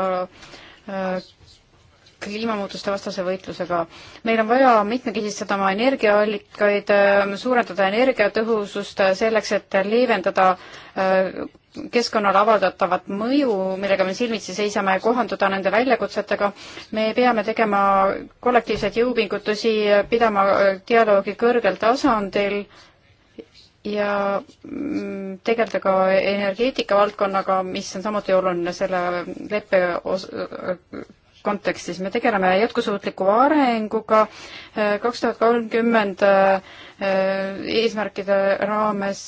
kliimamuutuste vastase võitlusega. meil on vaja mitmekesistada oma energiaallikaid, ähm, suurendada energiatõhusust selleks, et leevendada äh, keskkonnale avaldatavat mõju, millega me silmitsi seisame, kohanduda nende väljakutsetega. me peame tegema kollektiivseid jõupingutusi, pidama äh, dialoogi kõrgel tasandil ja mm, tegeleda ka energeetika valdkonnaga, mis on samuti oluline selle leppe os-, kontekstis, me tegeleme jätkusuutliku arenguga eh, kaks tuhat kolmkümmend eh, eh, eesmärkide raames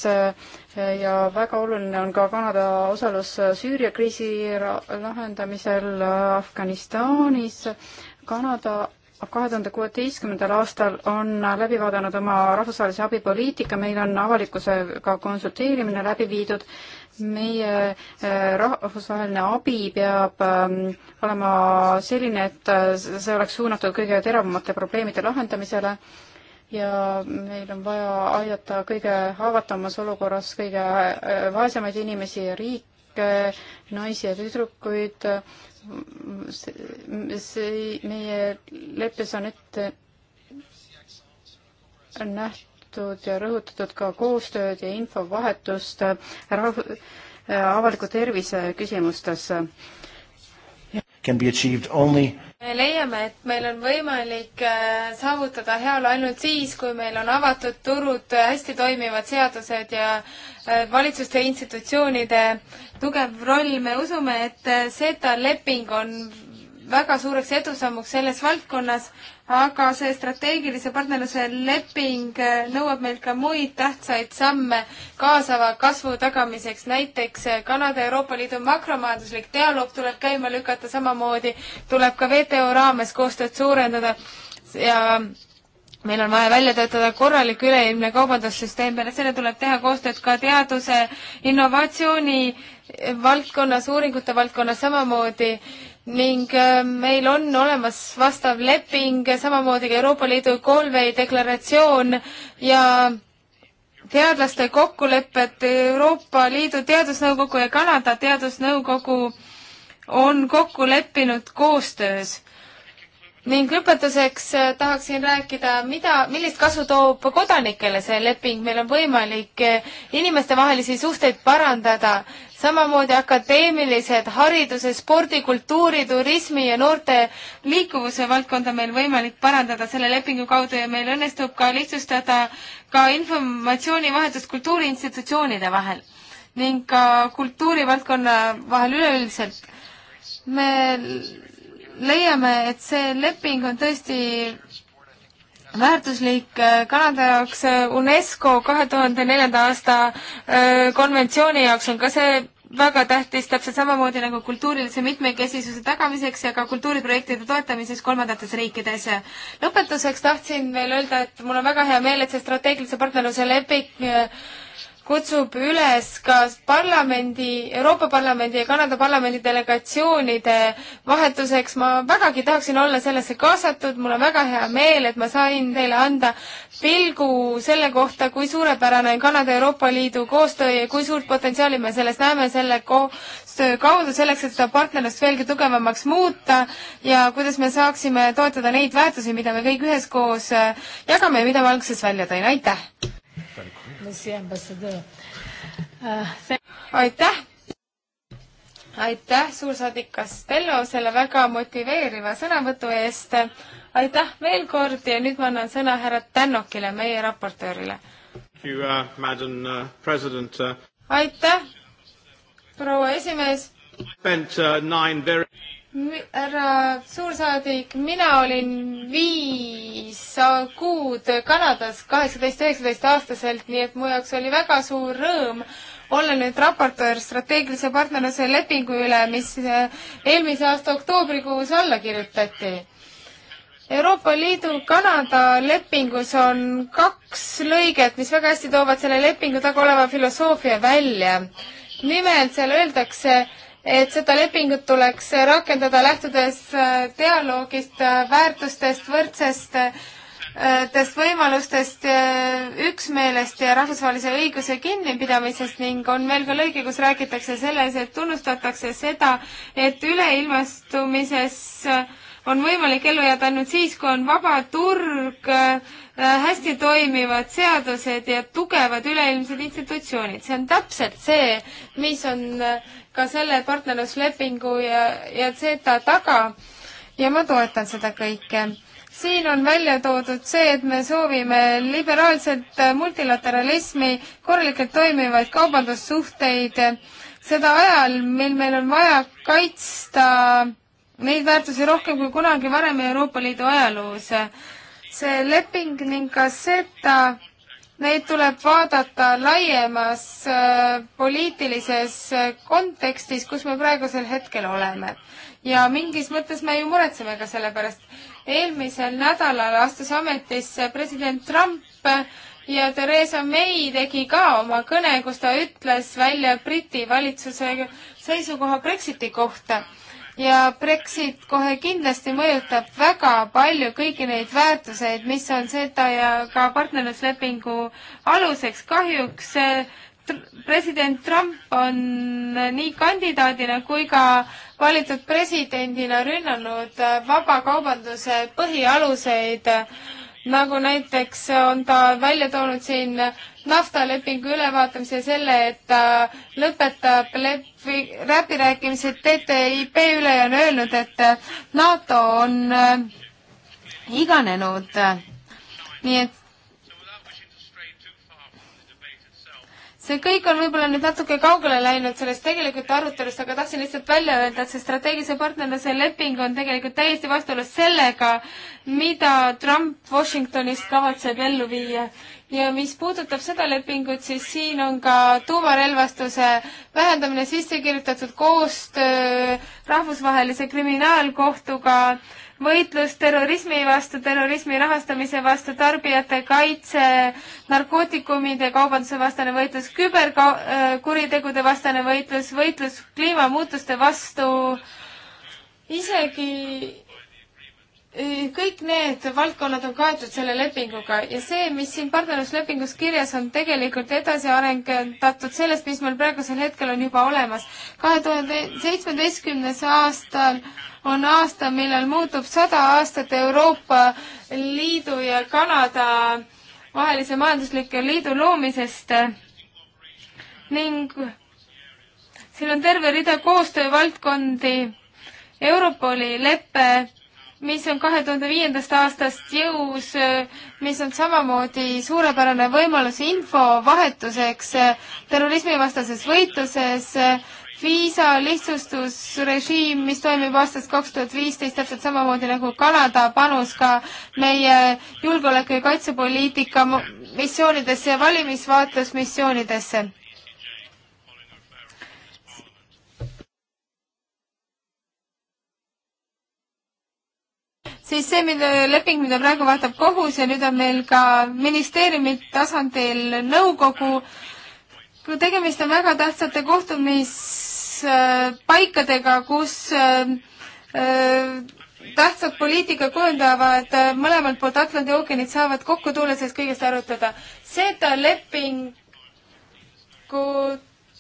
ja väga oluline on ka Kanada osalus Süüria kriisi lahendamisel Afganistanis. Kanada kahe tuhande kuueteistkümnendal aastal on läbi vaadanud oma rahvusvahelise abipoliitika, meil on avalikkusega konsulteerimine läbi viidud meie äh, rahvusvaheline abi peab ähm, olema selline, et äh, see oleks suunatud kõige teravamate probleemide lahendamisele ja meil on vaja aidata kõige haavatavamas olukorras kõige äh, vaesemaid inimesi ja riike, naisi ja tüdrukuid. see, meie leppes on ette näht-, rõhutatud ja rõhutatud ka koostööd ja infovahetust rahu-, avaliku tervise küsimustes. Can be achieved only me leiame, et meil on võimalik äh, saavutada heaolu ainult siis, kui meil on avatud turud, äh, hästi toimivad seadused ja äh, valitsuste institutsioonide tugev roll. me usume, et CETA leping on väga suureks edusammuks selles valdkonnas, aga see strateegilise partnerluse leping äh, nõuab meilt ka muid tähtsaid samme kaasava kasvu tagamiseks. näiteks äh, Kanada Euroopa Liidu makromajanduslik dialoog tuleb käima lükata, samamoodi tuleb ka WTO raames koostööd suurendada ja meil on vaja välja töötada korralik üleilmne kaubandussüsteem, peale selle tuleb teha koostööd ka teaduse, innovatsiooni valdkonnas, uuringute valdkonnas samamoodi ning äh, meil on olemas vastav leping, samamoodi ka Euroopa Liidu kolvei deklaratsioon ja teadlaste kokkulepped Euroopa Liidu Teadusnõukogu ja Kanada Teadusnõukogu on kokku leppinud koostöös. ning lõpetuseks äh, tahaksin rääkida, mida, millist kasu toob kodanikele see leping, meil on võimalik äh, inimestevahelisi suhteid parandada samamoodi akadeemilised hariduse, spordi, kultuuri, turismi ja noorte liikuvuse valdkonda meil võimalik parandada selle lepingu kaudu ja meil õnnestub ka lihtsustada ka informatsioonivahetust kultuuriinstitutsioonide vahel ning ka kultuurivaldkonna vahel üleüldiselt. me leiame, et see leping on tõesti väärtuslik äh, Kanada jaoks. Äh, UNESCO kahe tuhande neljanda aasta äh, konventsiooni jaoks on ka see väga tähtis, täpselt samamoodi nagu kultuurilise mitmekesisuse tagamiseks ja ka kultuuriprojektide toetamises kolmandates riikides. lõpetuseks tahtsin veel öelda, et mul on väga hea meel, et see strateegilise partnerluse leping kutsub üles ka parlamendi, Euroopa Parlamendi ja Kanada Parlamendi delegatsioonide vahetuseks. ma vägagi tahaksin olla sellesse kaasatud, mul on väga hea meel, et ma sain teile anda pilgu selle kohta, kui suurepärane on Kanada Euroopa Liidu koostöö ja kui suurt potentsiaali me selles näeme selle koostöö kaudu selleks, et seda partnerlust veelgi tugevamaks muuta ja kuidas me saaksime toetada neid väärtusi, mida me kõik üheskoos äh, jagame ja mida ma alguses välja tõin. aitäh! aitäh, aitäh, suursaadik Castello selle väga motiveeriva sõnavõtu eest. aitäh veel kord ja nüüd ma annan sõna härra Tännokile, meie raportöörile. Uh, uh, uh. aitäh, proua esimees härra suursaadik, mina olin viis kuud Kanadas kaheksateist, üheksateist aastaselt, nii et mu jaoks oli väga suur rõõm olla nüüd raportöör strateegilise partnerluse lepingu üle, mis eh, eelmise aasta oktoobrikuus alla kirjutati Euroopa Liidu Kanada lepingus on kaks lõiget, mis väga hästi toovad selle lepingu taga oleva filosoofia välja. nimelt seal öeldakse, et seda lepingut tuleks rakendada lähtudes äh, dialoogist, äh, väärtustest, võrdsest äh, test võimalustest, üksmeelest ja rahvusvahelise õiguse kinnipidamisest ning on veel ka lõige, kus räägitakse selles, et tunnustatakse seda, et üleilmastumises äh, on võimalik ellu jääda ainult siis, kui on vaba turg, äh, hästi toimivad seadused ja tugevad üleilmsed institutsioonid. see on täpselt see, mis on äh, ka selle partnerluslepingu ja, ja CETA taga ja ma toetan seda kõike siin on välja toodud see, et me soovime liberaalset äh, multilateralismi, korralikult toimivaid kaubandussuhteid, seda ajal, mil meil on vaja kaitsta neid väärtusi rohkem kui kunagi varem Euroopa Liidu ajaloos. see leping ning ka seda, neid tuleb vaadata laiemas äh, poliitilises äh, kontekstis, kus me praegusel hetkel oleme. ja mingis mõttes me ju muretseme ka selle pärast. eelmisel nädalal astus ametisse president Trump äh, ja Theresa May tegi ka oma kõne, kus ta ütles välja Briti valitsuse seisukoha Brexiti kohta ja Brexit kohe kindlasti mõjutab väga palju kõiki neid väärtuseid, mis on seda ja ka partnerluslepingu aluseks. kahjuks eh, president Trump on nii kandidaadina kui ka valitud presidendina rünnanud vabakaubanduse põhialuseid nagu näiteks on ta välja toonud siin naftalepingu ülevaatamise selle, et ta äh, lõpetab lepi, läbirääkimised TTIP üle ja on öelnud, et äh, NATO on äh, iganenud. nii et see kõik on võib-olla nüüd natuke kaugele läinud sellest tegelikult arutelust, aga tahtsin lihtsalt välja öelda, et see strateegilise partnerluse leping on tegelikult täiesti vastuolus sellega, mida Trump Washingtonis kavatseb ellu viia. ja mis puudutab seda lepingut, siis siin on ka tuumarelvastuse vähendamine sisse kirjutatud koostöö rahvusvahelise kriminaalkohtuga äh, võitlus terrorismi vastu, terrorismi rahastamise vastu, tarbijate kaitse, narkootikumide kaubanduse vastane võitlus, küberkuritegude äh, vastane võitlus, võitlus kliimamuutuste vastu, isegi kõik need valdkonnad on kaetud selle lepinguga ja see, mis siin partnerluslepingus kirjas on, tegelikult edasiarendatud sellest, mis meil praegusel hetkel on juba olemas. kahe tuhande seitsmeteistkümnes aastal on aasta, millal muutub sada aastat Euroopa Liidu ja Kanada vahelise majandusliku liidu loomisest ning siin on terve rida koostöövaldkondi, Europoli lepe mis on kahe tuhande viiendast aastast jõus, mis on samamoodi suurepärane võimalus infovahetuseks terrorismivastases võitluses, viisa lihtsustusrežiim, mis toimib aastast kaks tuhat viisteist, täpselt samamoodi nagu Kanada panus ka meie julgeoleku- ja kaitsepoliitika missioonidesse ja valimisvaatlusmissioonidesse siis see, mida leping, mida praegu vaatab kohus ja nüüd on meil ka ministeeriumi tasandil nõukogu, kui tegemist on väga tähtsate kohtumispaikadega, kus äh, äh, tähtsad poliitika kujundavad, äh, mõlemalt poolt Atlandi ookeanid saavad kokku tulla, sellest kõigest arutada. seda lepingut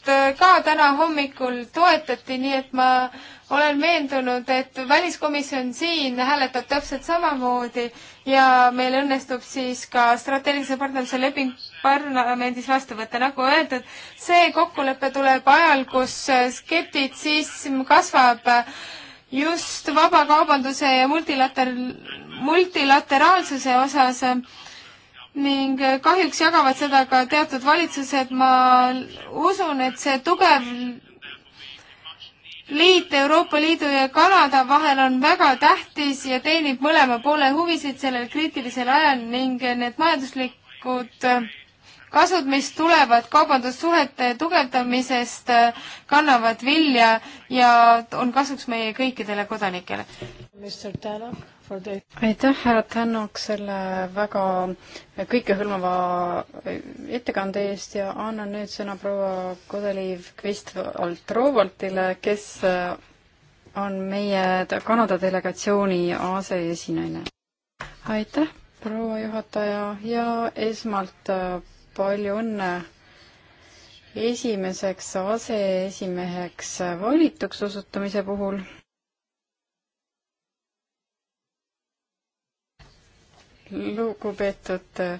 Äh, ka täna hommikul toetati, nii et ma olen veendunud, et väliskomisjon siin hääletab täpselt samamoodi ja meil õnnestub siis ka strateegilise partnerluse leping parlamendis vastu võtta. nagu öeldud, see kokkulepe tuleb ajal, kus skeptitsism kasvab just vabakaubanduse ja multilater-, multilateraalsuse osas ning äh, kahjuks jagavad seda ka teatud valitsused, ma usun, et see tugev liit Euroopa Liidu ja Kanada vahel on väga tähtis ja teenib mõlema poole huvisid sellel kriitilisel ajal ning need majanduslikud äh, kasud, mis tulevad kaubandussuhete tugevdamisest, äh, kannavad vilja ja on kasuks meie kõikidele kodanikele. Mr Tanok aitäh, härra Tänak, selle väga kõikehõlmava ettekande eest ja annan nüüd sõna proua Kodeliiv Kvist-Alt Roovaltile, kes on meie Kanada delegatsiooni aseesinaine. aitäh, proua juhataja ja esmalt palju õnne esimeseks aseesimeheks valituks osutumise puhul lugupeetud eh,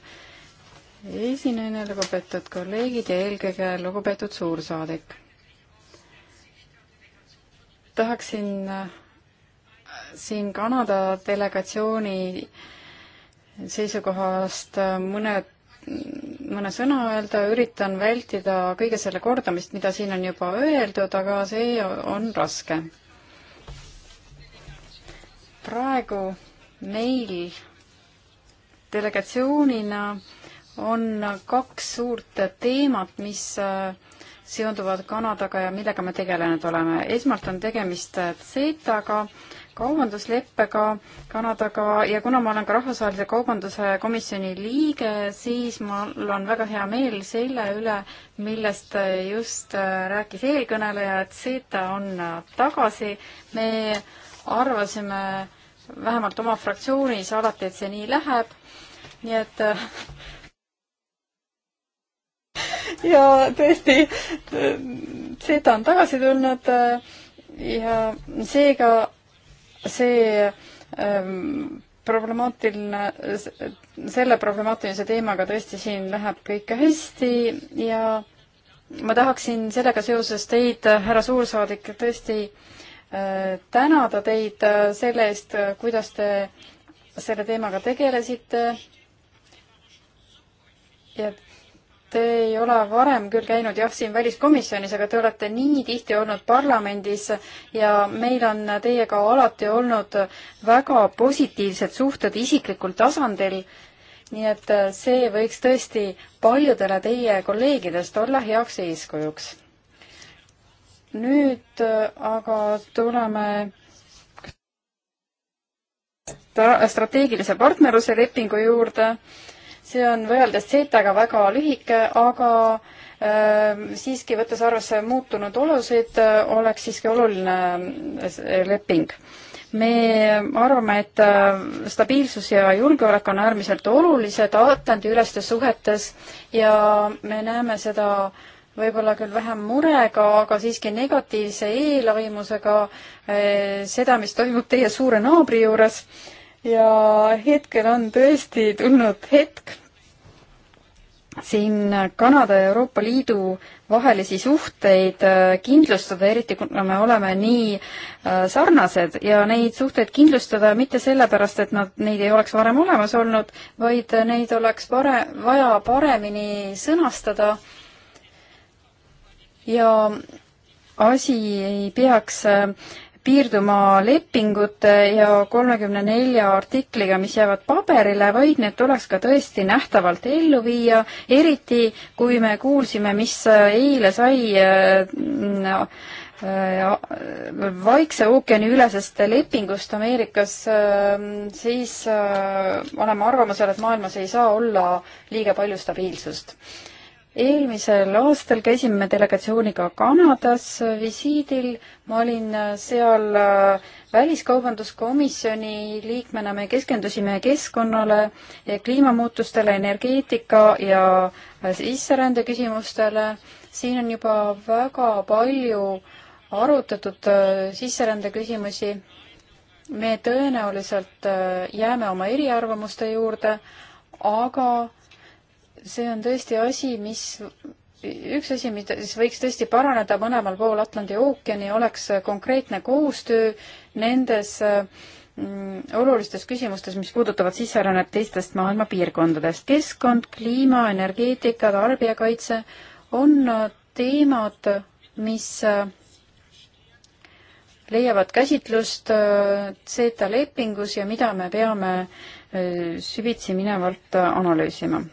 esinejana, lugupeetud kolleegid ja eelkõige lugupeetud suursaadik. tahaksin eh, siin Kanada delegatsiooni seisukohast eh, mõned mõne sõna öelda, üritan vältida kõige selle kordamist, mida siin on juba öeldud, aga see on raske. praegu meil delegatsioonina on kaks suurt teemat, mis äh, seonduvad Kanadaga ja millega me tegelenud oleme. esmalt on tegemist äh, CETA-ga, kaubandusleppega Kanadaga ja kuna ma olen ka Rahvusvahelise Kaubanduse Komisjoni liige, siis mul on väga hea meel selle üle, millest äh, just rääkis eelkõneleja, et CETA on tagasi. me arvasime vähemalt oma fraktsioonis alati, et see nii läheb nii et äh, ja tõesti, Zeta äh, on tagasi tulnud äh, ja seega see ähm, problemaatiline, selle problemaatilise teemaga tõesti siin läheb kõik hästi ja ma tahaksin sellega seoses teid, härra suursaadik, tõesti äh, tänada teid selle eest, kuidas te selle teemaga tegelesite ja te ei ole varem küll käinud jah, siin väliskomisjonis, aga te olete nii tihti olnud parlamendis ja meil on teiega alati olnud väga positiivsed suhted isiklikul tasandil. nii et äh, see võiks tõesti paljudele teie kolleegidest olla heaks eeskujuks. nüüd äh, aga tuleme strateegilise partnerluse lepingu juurde see on võrreldes Z-ga väga lühike, aga ähm, siiski, võttes arvesse muutunud olusid, äh, oleks siiski oluline äh, leping. me arvame, et äh, stabiilsus ja julgeolek on äärmiselt olulised Atlandi-ülestes suhetes ja me näeme seda võib-olla küll vähem murega, aga siiski negatiivse eelaimusega seda, mis toimub teie suure naabri juures ja hetkel on tõesti tulnud hetk siin Kanada ja Euroopa Liidu vahelisi suhteid äh, kindlustada, eriti kuna me oleme nii äh, sarnased ja neid suhteid kindlustada mitte sellepärast, et nad, neid ei oleks varem olemas olnud, vaid neid oleks pare-, vaja paremini sõnastada ja asi ei peaks äh, piirduma lepingute ja kolmekümne nelja artikliga, mis jäävad paberile, vaid need tuleks ka tõesti nähtavalt ellu viia, eriti kui me kuulsime, mis eile sai no, äh, äh, Vaikse ookeani ülesest lepingust Ameerikas, äh, siis oleme arvamusel, et maailmas ei saa olla liiga palju stabiilsust eelmisel aastal käisime delegatsiooniga Kanadas visiidil, ma olin seal äh, väliskaubanduskomisjoni liikmena, me keskendusime keskkonnale, kliimamuutustele, energeetika ja äh, sisserände küsimustele. siin on juba väga palju arutatud äh, sisserände küsimusi. me tõenäoliselt jääme oma eriarvamuste juurde, aga see on tõesti asi, mis, üks asi, mis võiks tõesti paraneda mõlemal pool Atlandi ookeani, oleks konkreetne koostöö nendes mm, olulistes küsimustes, mis puudutavad sisserännet teistest maailma piirkondadest. keskkond, kliima, energeetika, tarbijakaitse on teemad, mis leiavad käsitlust äh, CETA lepingus ja mida me peame äh, süvitsi minevalt äh, analüüsima.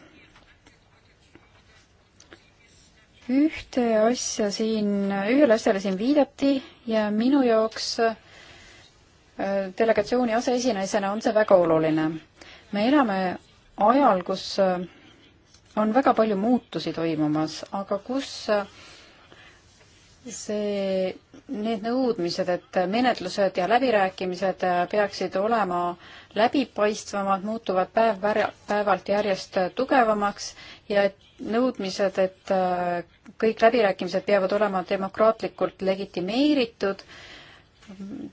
ühte asja siin, ühele asjale siin viidati ja minu jaoks äh, delegatsiooni aseesinaisena on see väga oluline. me elame ajal, kus äh, on väga palju muutusi toimumas, aga kus äh, see, need nõudmised, et menetlused ja läbirääkimised peaksid olema läbipaistvamad, muutuvad päev päevalt järjest tugevamaks ja et nõudmised, et äh, kõik läbirääkimised peavad olema demokraatlikult legitimeeritud.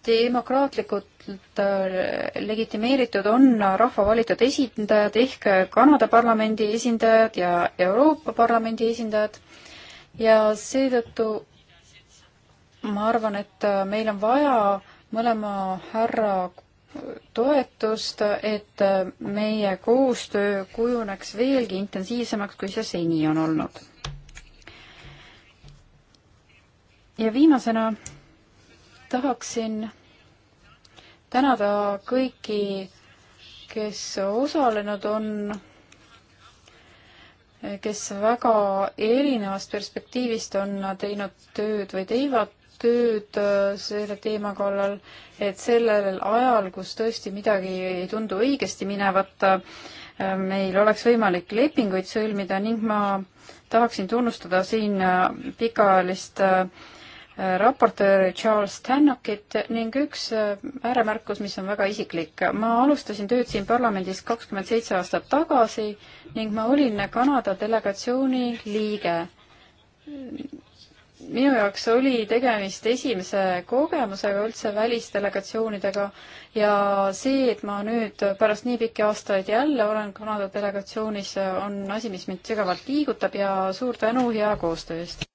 demokraatlikult äh, legitimeeritud on rahva valitud esindajad ehk Kanada parlamendi esindajad ja Euroopa Parlamendi esindajad ja seetõttu ma arvan, et äh, meil on vaja mõlema härra toetust, et meie koostöö kujuneks veelgi intensiivsemaks, kui see seni on olnud. ja viimasena tahaksin tänada kõiki, kes osalenud on, kes väga erinevast perspektiivist on teinud tööd või teivad tööd äh, selle teema kallal, et sellel ajal, kus tõesti midagi ei tundu õigesti minevat, äh, meil oleks võimalik lepinguid sõlmida ning ma tahaksin tunnustada siin äh, pikaajalist raportööri Charles Tannockit ning üks ääremärkus, mis on väga isiklik. ma alustasin tööd siin parlamendis kakskümmend seitse aastat tagasi ning ma olin Kanada delegatsiooni liige minu jaoks oli tegemist esimese kogemusega üldse välisdelegatsioonidega ja see, et ma nüüd pärast nii pikki aastaid jälle olen Kanada delegatsioonis, on asi, mis mind sügavalt liigutab ja suur tänu hea koostöö eest!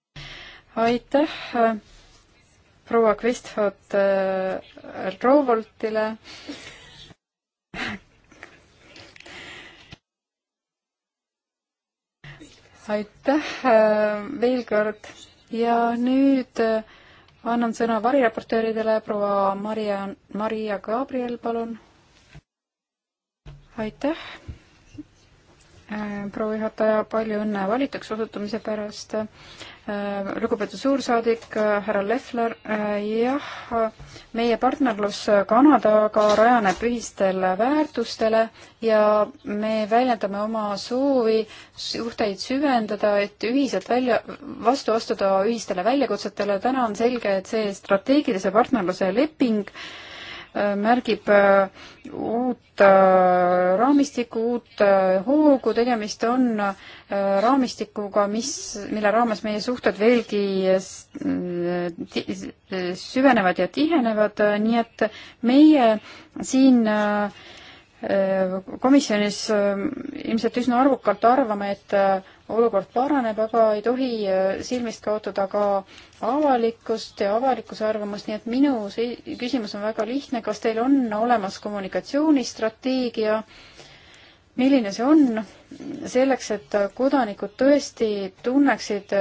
aitäh proua Kvistfot äh, Rovoltile aitäh äh, veel kord ja nüüd äh, annan sõna variraportööridele, proua Maria, Maria Gabriel, palun. aitäh, äh, proua juhataja, palju õnne valituks osutumise pärast. Äh, lugupeetud suursaadik äh, härra Lefler, äh, jah, meie partnerlus Kanadaga rajaneb ühistel väärtustele ja me väljendame oma soovi suhteid süvendada, et ühiselt välja, vastu astuda ühistele väljakutsetele. täna on selge, et see strateegilise partnerluse leping äh, Äh, märgib äh, uut äh, raamistikku, uut hoogu, tegemist on raamistikuga, mis, mille raames meie suhted veelgi süvenevad ja tihenevad, nii et meie siin komisjonis ilmselt üsna arvukalt arvame, et olukord paraneb, aga ei tohi äh, silmist kaotada ka avalikkust ja avalikkuse arvamust, nii et minu küsimus on väga lihtne, kas teil on olemas kommunikatsioonistrateegia, milline see on, selleks, et kodanikud tõesti tunneksid,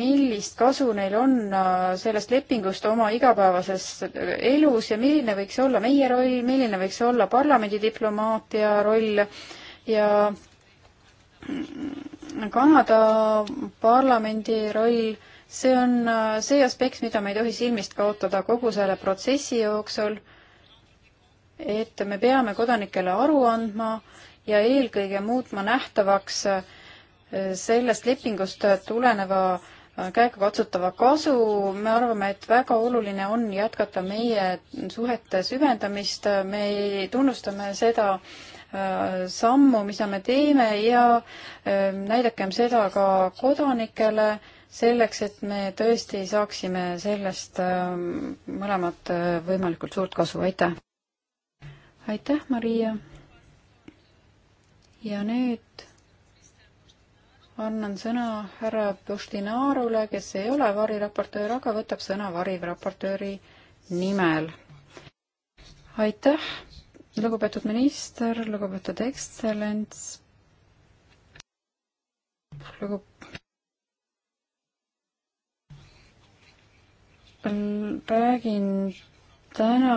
millist kasu neil on äh, sellest lepingust oma igapäevases äh, elus ja milline võiks olla meie roll, milline võiks olla parlamendi diplomaatia roll ja Kanada parlamendi roll, see on see aspekt, mida me ei tohi silmist kaotada kogu selle protsessi jooksul, et me peame kodanikele aru andma ja eelkõige muutma nähtavaks eh, sellest lepingust tuleneva eh, käegakatsutava kasu, me arvame, et väga oluline on jätkata meie suhete süvendamist, me tunnustame seda äh, Äh, sammu, mida me teeme ja äh, näidakem seda ka kodanikele, selleks, et me tõesti saaksime sellest äh, mõlemat võimalikult suurt kasu, aitäh! aitäh, Maria! ja nüüd annan sõna härra Puštinaarule, kes ei ole variraportöör, aga võtab sõna variraportööri nimel. aitäh! lugupeetud minister, lugupeetud ekstsellents, lugu-, räägin täna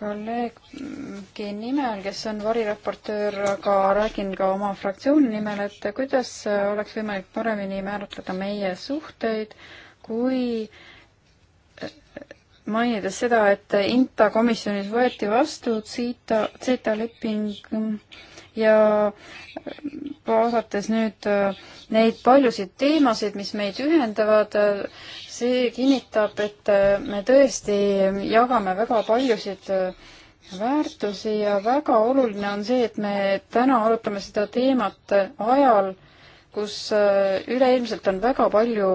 kolleegi nimel, kes on variraportöör, aga räägin ka oma fraktsiooni nimel, et kuidas oleks võimalik paremini määratleda meie suhteid, kui mainides seda, et INTA komisjonis võeti vastu CETA, CETA leping mm, ja vaadates nüüd äh, neid paljusid teemasid, mis meid ühendavad, äh, see kinnitab, et äh, me tõesti jagame väga paljusid väärtusi ja väga oluline on see, et me täna arutame seda teemat ajal, kus üleilmselt on väga palju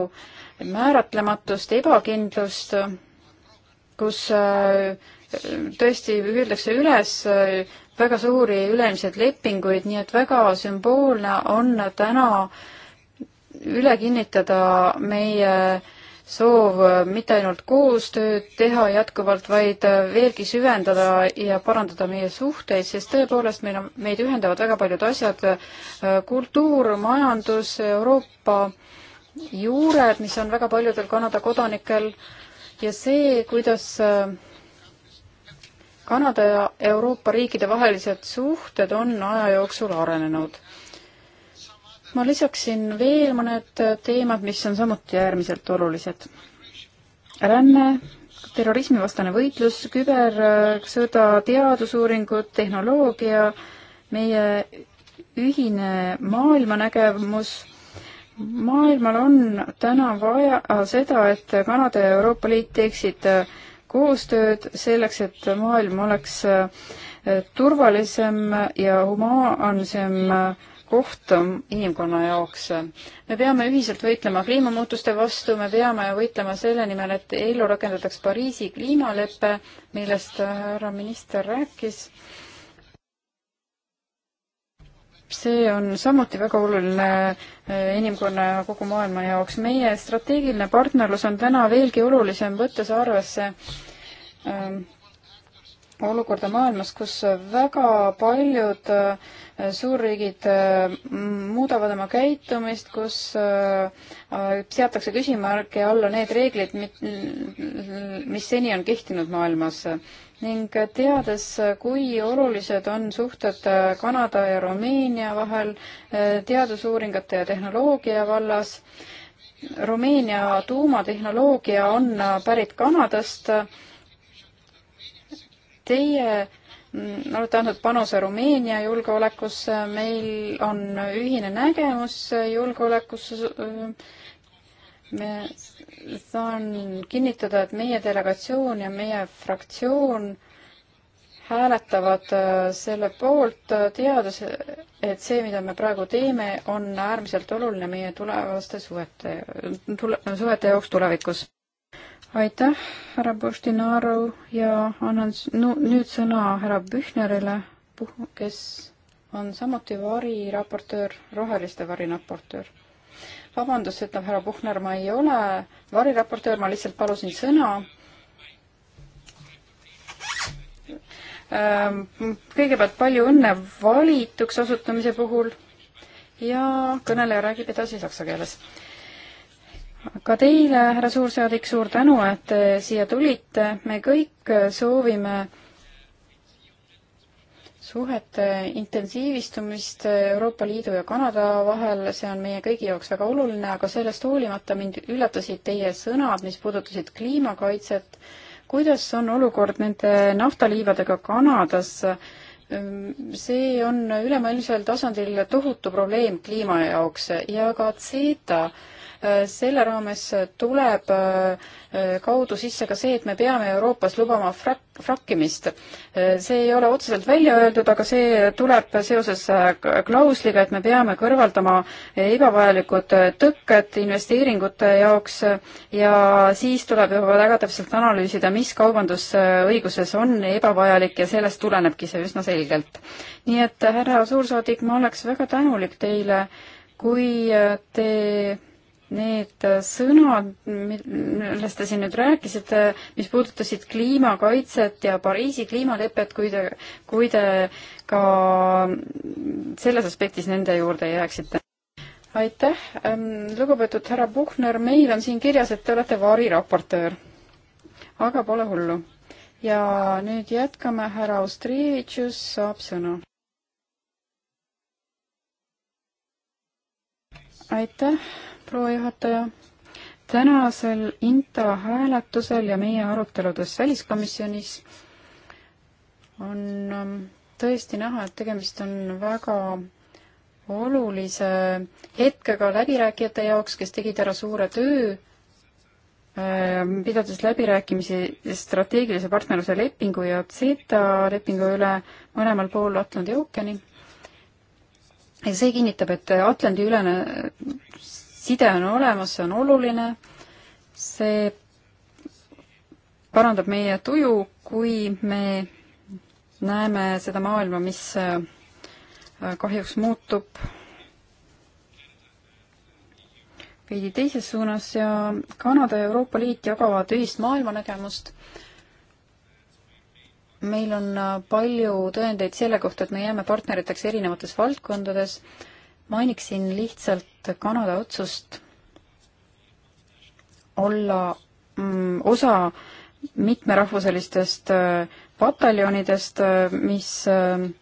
määratlematust, ebakindlust kus äh, tõesti püüdlakse üles äh, väga suuri ülemised lepinguid, nii et väga sümboolne on täna üle kinnitada meie soov mitte ainult koostööd teha jätkuvalt, vaid veelgi süvendada ja parandada meie suhteid, sest tõepoolest meil on, meid ühendavad väga paljud asjad, äh, kultuur, majandus, Euroopa juured, mis on väga paljudel Kanada kodanikel äh, ja see, kuidas äh, Kanada ja Euroopa riikide vahelised suhted on aja jooksul arenenud. ma lisaksin veel mõned äh, teemad, mis on samuti äärmiselt olulised. ränne, terrorismivastane võitlus, kübersõda, äh, teadusuuringud, tehnoloogia, meie ühine maailmanägemus maailmal on täna vaja äh, seda, et Kanada ja Euroopa Liit teeksid äh, koostööd selleks, et maailm oleks äh, turvalisem ja humaansem koht inimkonna jaoks. me peame ühiselt võitlema kliimamuutuste vastu, me peame võitlema selle nimel, et ellu rakendataks Pariisi kliimalepe, millest härra minister rääkis see on samuti väga oluline eh, inimkonna ja kogu maailma jaoks. meie strateegiline partnerlus on täna veelgi olulisem, võttes arvesse ähm, olukorda maailmas, kus väga paljud äh, suurriigid äh, muudavad oma käitumist, kus äh, seatakse küsimärgi alla need reeglid, mis seni on kehtinud maailmas ning teades, kui olulised on suhted äh, Kanada ja Rumeenia vahel äh, teadusuuringute ja tehnoloogia vallas, Rumeenia tuumatehnoloogia on äh, pärit Kanadast. Teie mm, olete andnud panuse Rumeenia julgeolekusse, meil on ühine nägemus julgeolekusse. me saan kinnitada, et meie delegatsioon ja meie fraktsioon hääletavad äh, selle poolt, äh, teades, et see, mida me praegu teeme, on äärmiselt oluline meie tulevaste suhete, tule, suhete jaoks tulevikus. aitäh, härra Postinaru ja annan nu, nüüd sõna härra Pühnerile, kes on samuti variraportöör, roheliste variraportöör vabandust, ütleb härra Puhner, ma ei ole variraportöör, ma lihtsalt palusin sõna. Ehm, kõigepealt palju õnne valituks osutumise puhul ja kõneleja räägib edasi saksa keeles. ka teile, härra suursaadik, suur tänu, et siia tulite, me kõik soovime suhete intensiivistumist Euroopa Liidu ja Kanada vahel, see on meie kõigi jaoks väga oluline, aga sellest hoolimata mind üllatasid teie sõnad, mis puudutasid kliimakaitset. kuidas on olukord nende naftaliivadega Kanadas? see on ülemaailmsel tasandil tohutu probleem kliima jaoks ja ka CETA selle raames tuleb äh, kaudu sisse ka see, et me peame Euroopas lubama frak-, frakkimist. Äh, see ei ole otseselt välja öeldud, aga see tuleb seoses äh, klausliga, et me peame kõrvaldama ebavajalikud tõkked investeeringute jaoks ja siis tuleb juba väga täpselt analüüsida, mis kaubandusõiguses on ebavajalik ja sellest tulenebki see üsna selgelt. nii et härra suursaadik, ma oleks väga tänulik teile, kui te need äh, sõnad, millest te siin nüüd rääkisite, mis puudutasid kliimakaitset ja Pariisi kliimalepet, kui te, kui te ka selles aspektis nende juurde jääksite? aitäh, ähm, lugupeetud härra Puhner, meil on siin kirjas, et te olete variraportöör. aga pole hullu. ja nüüd jätkame, härra Ostrivitšus saab sõna. aitäh proua juhataja. tänasel INTA hääletusel ja meie aruteludes väliskomisjonis on ähm, tõesti näha, et tegemist on väga olulise hetkega läbirääkijate jaoks, kes tegid ära suure töö, ähm, pidades läbirääkimisi strateegilise partnerluse lepingu ja CETA lepingu üle mõlemal pool Atlandi ookeani. ja see kinnitab, et Atlandi-ülene side on olemas, see on oluline, see parandab meie tuju, kui me näeme seda maailma, mis äh, kahjuks muutub veidi teises suunas ja Kanada ja Euroopa Liit jagavad ühist maailmanägemust. meil on äh, palju tõendeid selle kohta, et me jääme partneriteks erinevates valdkondades mainiksin lihtsalt Kanada otsust olla mm, osa mitmerahvuselistest äh, pataljonidest, äh, mis äh,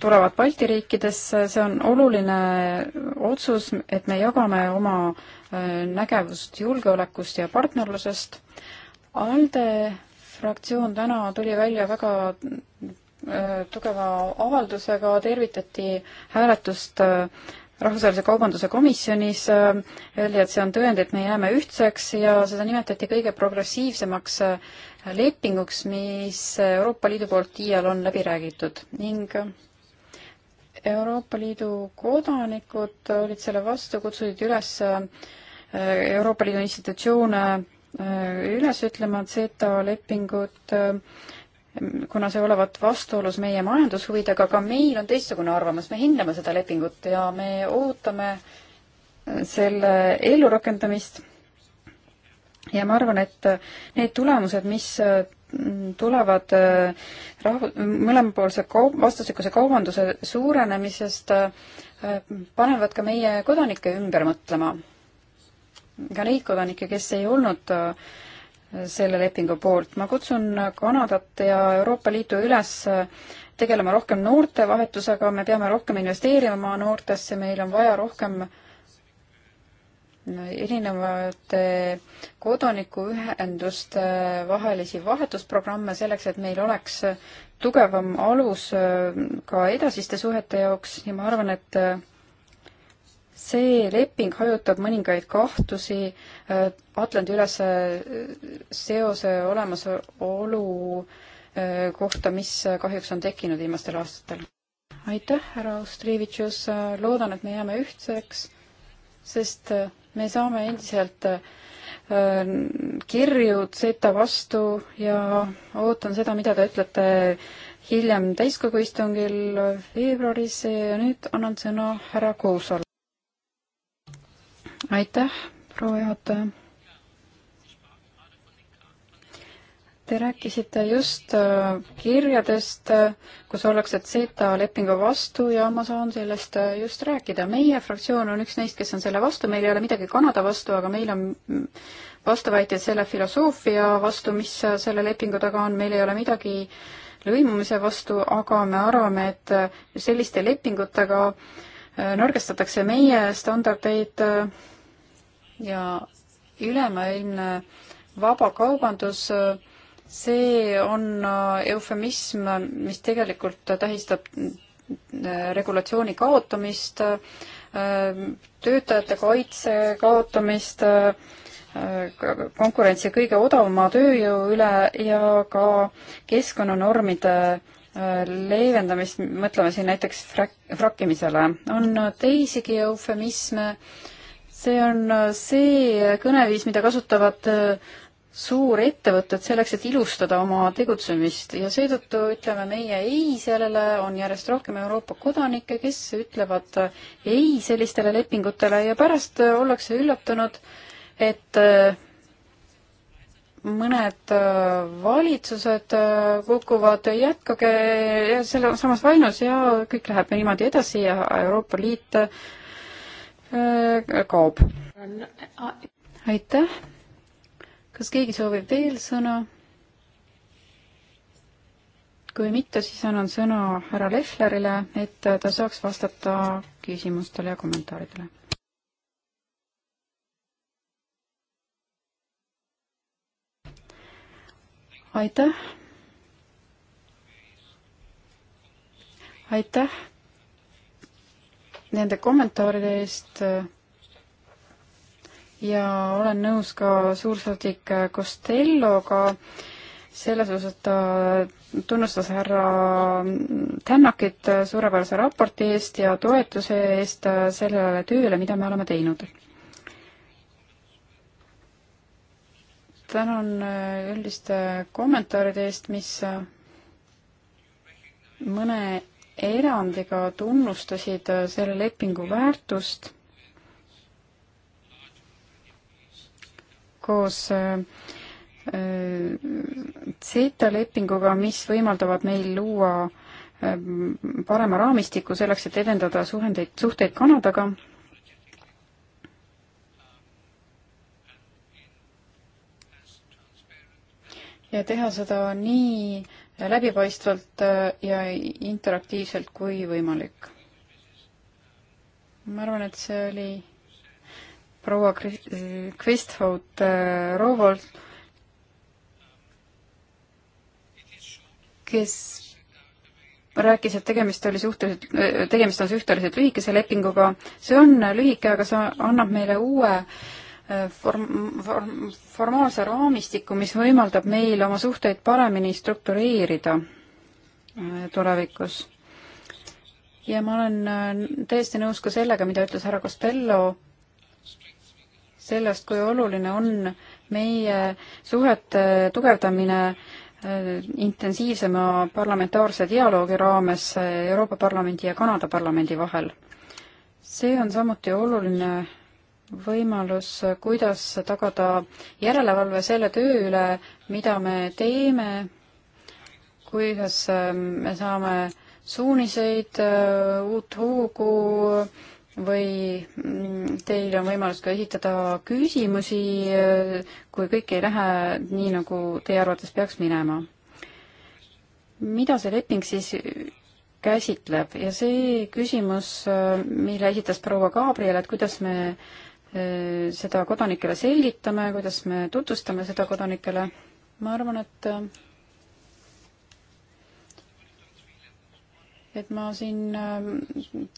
tulevad Balti riikidesse, see on oluline otsus, et me jagame oma nägevust julgeolekust ja partnerlusest. ALDE fraktsioon täna tuli välja väga Äh, tugeva avaldusega tervitati hääletust äh, rahvusvahelise kaubanduse komisjonis äh, öeldi, et see on tõend, et me jääme ühtseks ja seda nimetati kõige progressiivsemaks lepinguks, mis Euroopa Liidu poolt iial on läbi räägitud ning Euroopa Liidu kodanikud olid selle vastu, kutsusid üles Euroopa Liidu institutsioone üles ütlema CETA lepingut äh, kuna see olevat vastuolus meie majandushuvidega, aga meil on teistsugune arvamus, me hindame seda lepingut ja me ootame selle ellurakendamist. ja ma arvan, et need tulemused, mis tulevad eh, rahu-, mõlemapoolse kaup-, vastastikuse kaubanduse suurenemisest, eh, panevad ka meie kodanikke ümber mõtlema. ka neid kodanikke, kes ei olnud äh, selle lepingu poolt. ma kutsun Kanadat ja Euroopa Liitu üles tegelema rohkem noortevahetusega, me peame rohkem investeerima noortesse, meil on vaja rohkem erinevate kodanikuühenduste vahelisi vahetusprogramme selleks, et meil oleks tugevam alus ka edasiste suhete jaoks ja ma arvan, et see leping hajutab mõningaid kahtlusi äh, Atlandi ülese äh, seose olemasolu äh, kohta, mis kahjuks on tekkinud viimastel aastatel. aitäh, härra Ostrivitšus, loodan, et me jääme ühtseks, sest me saame endiselt kirju Zeta vastu ja ootan seda, mida te ütlete hiljem täiskogu istungil veebruaris ja nüüd annan sõna härra Kuusole aitäh, proua juhataja. Te rääkisite just äh, kirjadest, äh, kus ollakse CETA lepingu vastu ja ma saan sellest äh, just rääkida. meie fraktsioon on üks neist, kes on selle vastu, meil ei ole midagi Kanada vastu, aga meil on mm, vastuväiteid selle filosoofia vastu, mis selle lepingu taga on, meil ei ole midagi lõimumise vastu, aga me arvame, et selliste lepingutega äh, nõrgestatakse meie standardeid ja ülemaailmne vabakaubandus, see on eufemism, mis tegelikult tähistab regulatsiooni kaotamist, töötajate kaitse kaotamist, konkurentsi kõige odavama tööjõu üle ja ka keskkonnanormide leevendamist, mõtleme siin näiteks frak-, frakkimisele, on teisigi eufemisme, see on see kõneviis, mida kasutavad äh, suurettevõtted selleks, et ilustada oma tegutsemist ja seetõttu ütleme meie ei sellele, on järjest rohkem Euroopa kodanikke, kes ütlevad äh, ei sellistele lepingutele ja pärast ollakse üllatunud, et äh, mõned äh, valitsused äh, kukuvad, jätkage selle samas vainus ja kõik läheb niimoodi edasi ja Euroopa Liit äh, kaob. aitäh. kas keegi soovib veel sõna? kui mitte, siis annan sõna härra Lehlerile, et ta saaks vastata küsimustele ja kommentaaridele aitäh. aitäh nende kommentaaride eest. ja olen nõus ka suursaadik Costelloga selles osas, et ta tunnustas härra Tännakit suurepärase raporti eest ja toetuse eest sellele tööle, mida me oleme teinud tänan äh, üldiste kommentaaride eest, mis äh, mõne erandiga tunnustasid äh, selle lepingu väärtust koos CETA lepinguga, mis võimaldavad meil luua parema raamistiku selleks, et edendada suhendeid, suhteid Kanadaga ja teha seda nii läbipaistvalt äh, ja interaktiivselt kui võimalik. ma arvan, et see oli proua Kvisthout äh, Roovolt, kes rääkis, et tegemist oli suhteliselt, äh, tegemist on suhteliselt lühikese lepinguga. see on lühike, aga see annab meile uue äh, form-, form-, formaalse raamistiku, mis võimaldab meil oma suhteid paremini struktureerida äh, tulevikus. ja ma olen äh, täiesti nõus ka sellega, mida ütles härra Costello, sellest, kui oluline on meie suhete tugevdamine äh, intensiivsema parlamentaarse dialoogi raames Euroopa Parlamendi ja Kanada parlamendi vahel. see on samuti oluline võimalus, kuidas tagada järelevalve selle töö üle, mida me teeme, kuidas ähm, me saame suuniseid, äh, uut hoogu või mm, teil on võimalus ka esitada küsimusi, äh, kui kõik ei lähe nii, nagu teie arvates peaks minema. mida see leping siis käsitleb ja see küsimus, äh, mille esitas proua Gabriel, et kuidas me äh, Äh, seda kodanikele selgitame, kuidas me tutvustame seda kodanikele. ma arvan, et et ma siin äh,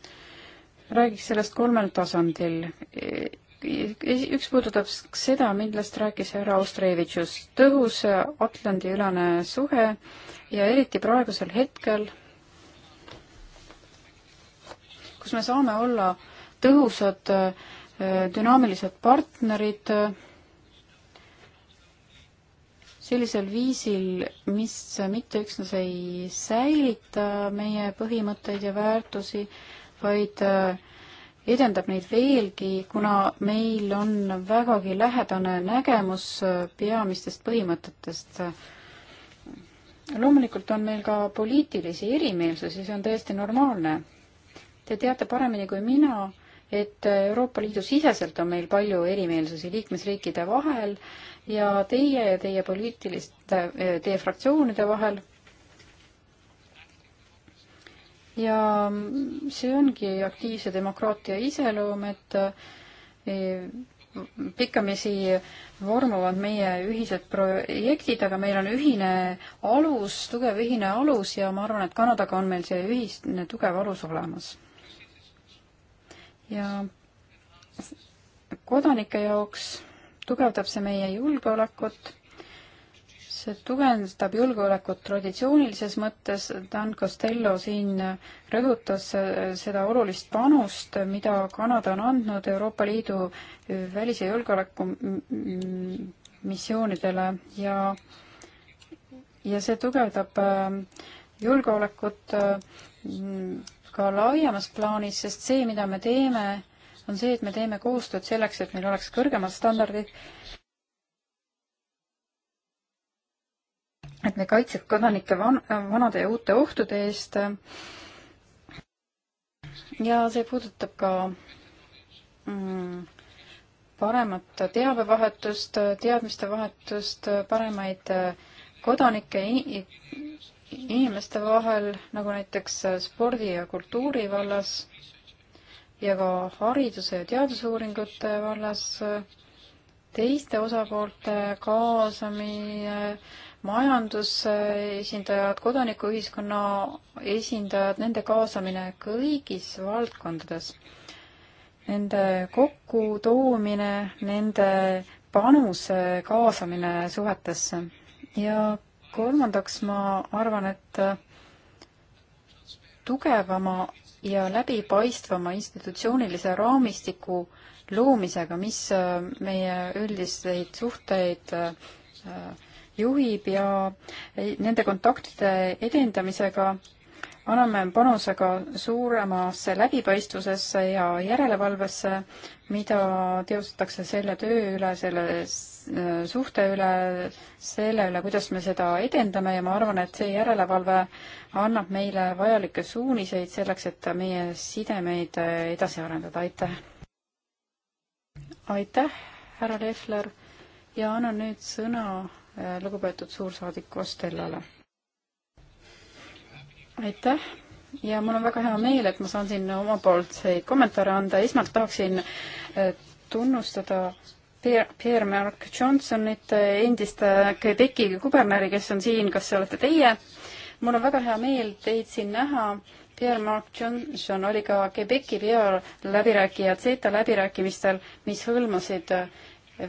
räägiks sellest kolmel tasandil. Äh, üks puudutab seda, millest rääkis härra Ostrevitšus, tõhus Atlandi-ülane suhe ja eriti praegusel hetkel, kus me saame olla tõhusad äh, dünaamilised partnerid sellisel viisil, mis mitte üksnes ei säilita meie põhimõtteid ja väärtusi, vaid äh, edendab neid veelgi, kuna meil on vägagi lähedane nägemus äh, peamistest põhimõtetest. loomulikult on meil ka poliitilisi erimeelsusi, see on täiesti normaalne. Te teate paremini kui mina, et Euroopa Liidu siseselt on meil palju erimeelsusi liikmesriikide vahel ja teie ja teie poliitiliste, eh, teie fraktsioonide vahel. ja see ongi aktiivse demokraatia iseloom, et eh, pikkamisi vormuvad meie ühised projektid, aga meil on ühine alus, tugev ühine alus ja ma arvan, et Kanadaga on meil see ühine tugev alus olemas ja kodanike jaoks tugevdab see meie julgeolekut, see tugevdab julgeolekut traditsioonilises mõttes, Dan Costello siin rõhutas seda olulist panust, mida Kanada on andnud Euroopa Liidu välis- ja julgeolekumissioonidele ja ja see tugevdab julgeolekut ka laiemas plaanis, sest see, mida me teeme, on see, et me teeme koostööd selleks, et meil oleks kõrgemad standardid, et me kaitseb kodanike van-, vanade ja uute ohtude eest ja see puudutab ka mm, paremat teabevahetust, teadmiste vahetust, paremaid äh, kodanike inimeste vahel, nagu näiteks äh, spordi ja kultuuri vallas ja ka hariduse ja teadusuuringute vallas, äh, teiste osapoolte kaasamine, majandusesindajad, kodanikuühiskonna esindajad, nende kaasamine kõigis valdkondades, nende kokkutoomine, nende panuse kaasamine suhetesse ja kolmandaks, ma arvan, et äh, tugevama ja läbipaistvama institutsioonilise raamistiku loomisega, mis äh, meie üldiseid suhteid äh, juhib ja nende kontaktide edendamisega anname panuse ka suuremasse läbipaistvusesse ja järelevalvesse, mida teostatakse selle töö üle, selle suhte üle, selle üle, kuidas me seda edendame ja ma arvan, et see järelevalve annab meile vajalikke suuniseid selleks, et meie sidemeid edasi arendada, aitäh! aitäh, härra Lehler ja annan nüüd sõna eh, lugupeetud suursaadiku Ostellale aitäh ja mul on väga hea meel, et ma saan siin omapoolseid kommentaare anda. esmalt tahaksin äh, tunnustada Pierre, Pierre Mark Johnsonit, äh, endist äh, Quebeci kuberneri, kes on siin, kas see olete teie? mul on väga hea meel teid siin näha. Pierre Mark Johnson oli ka Quebeci pealäbirääkija CETA läbirääkimistel, mis hõlmasid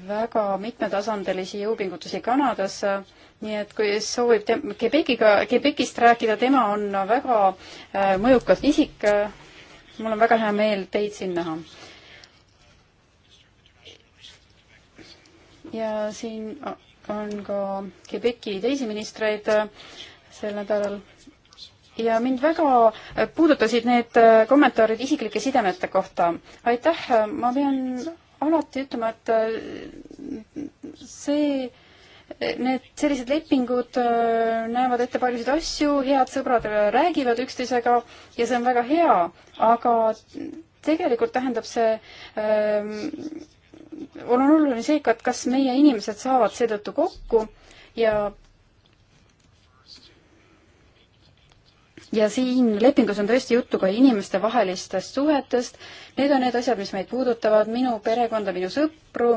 väga mitmetasandilisi jõupingutusi Kanadas nii et kui soovib Quebeciga, Quebecist rääkida, tema on väga äh, mõjukas isik. mul on väga hea meel teid siin näha. ja siin on ka Quebeci teisi ministreid äh, sel nädalal ja mind väga äh, puudutasid need kommentaarid isiklike sidemete kohta. aitäh, ma pean alati ütlema, et see Need sellised lepingud äh, näevad ette paljusid asju, head sõbrad räägivad üksteisega ja see on väga hea, aga tegelikult tähendab see ähm, on oluline see ka, et kas meie inimesed saavad seetõttu kokku ja ja siin lepingus on tõesti juttu ka inimestevahelistest suhetest. Need on need asjad, mis meid puudutavad, minu perekonda, minu sõpru,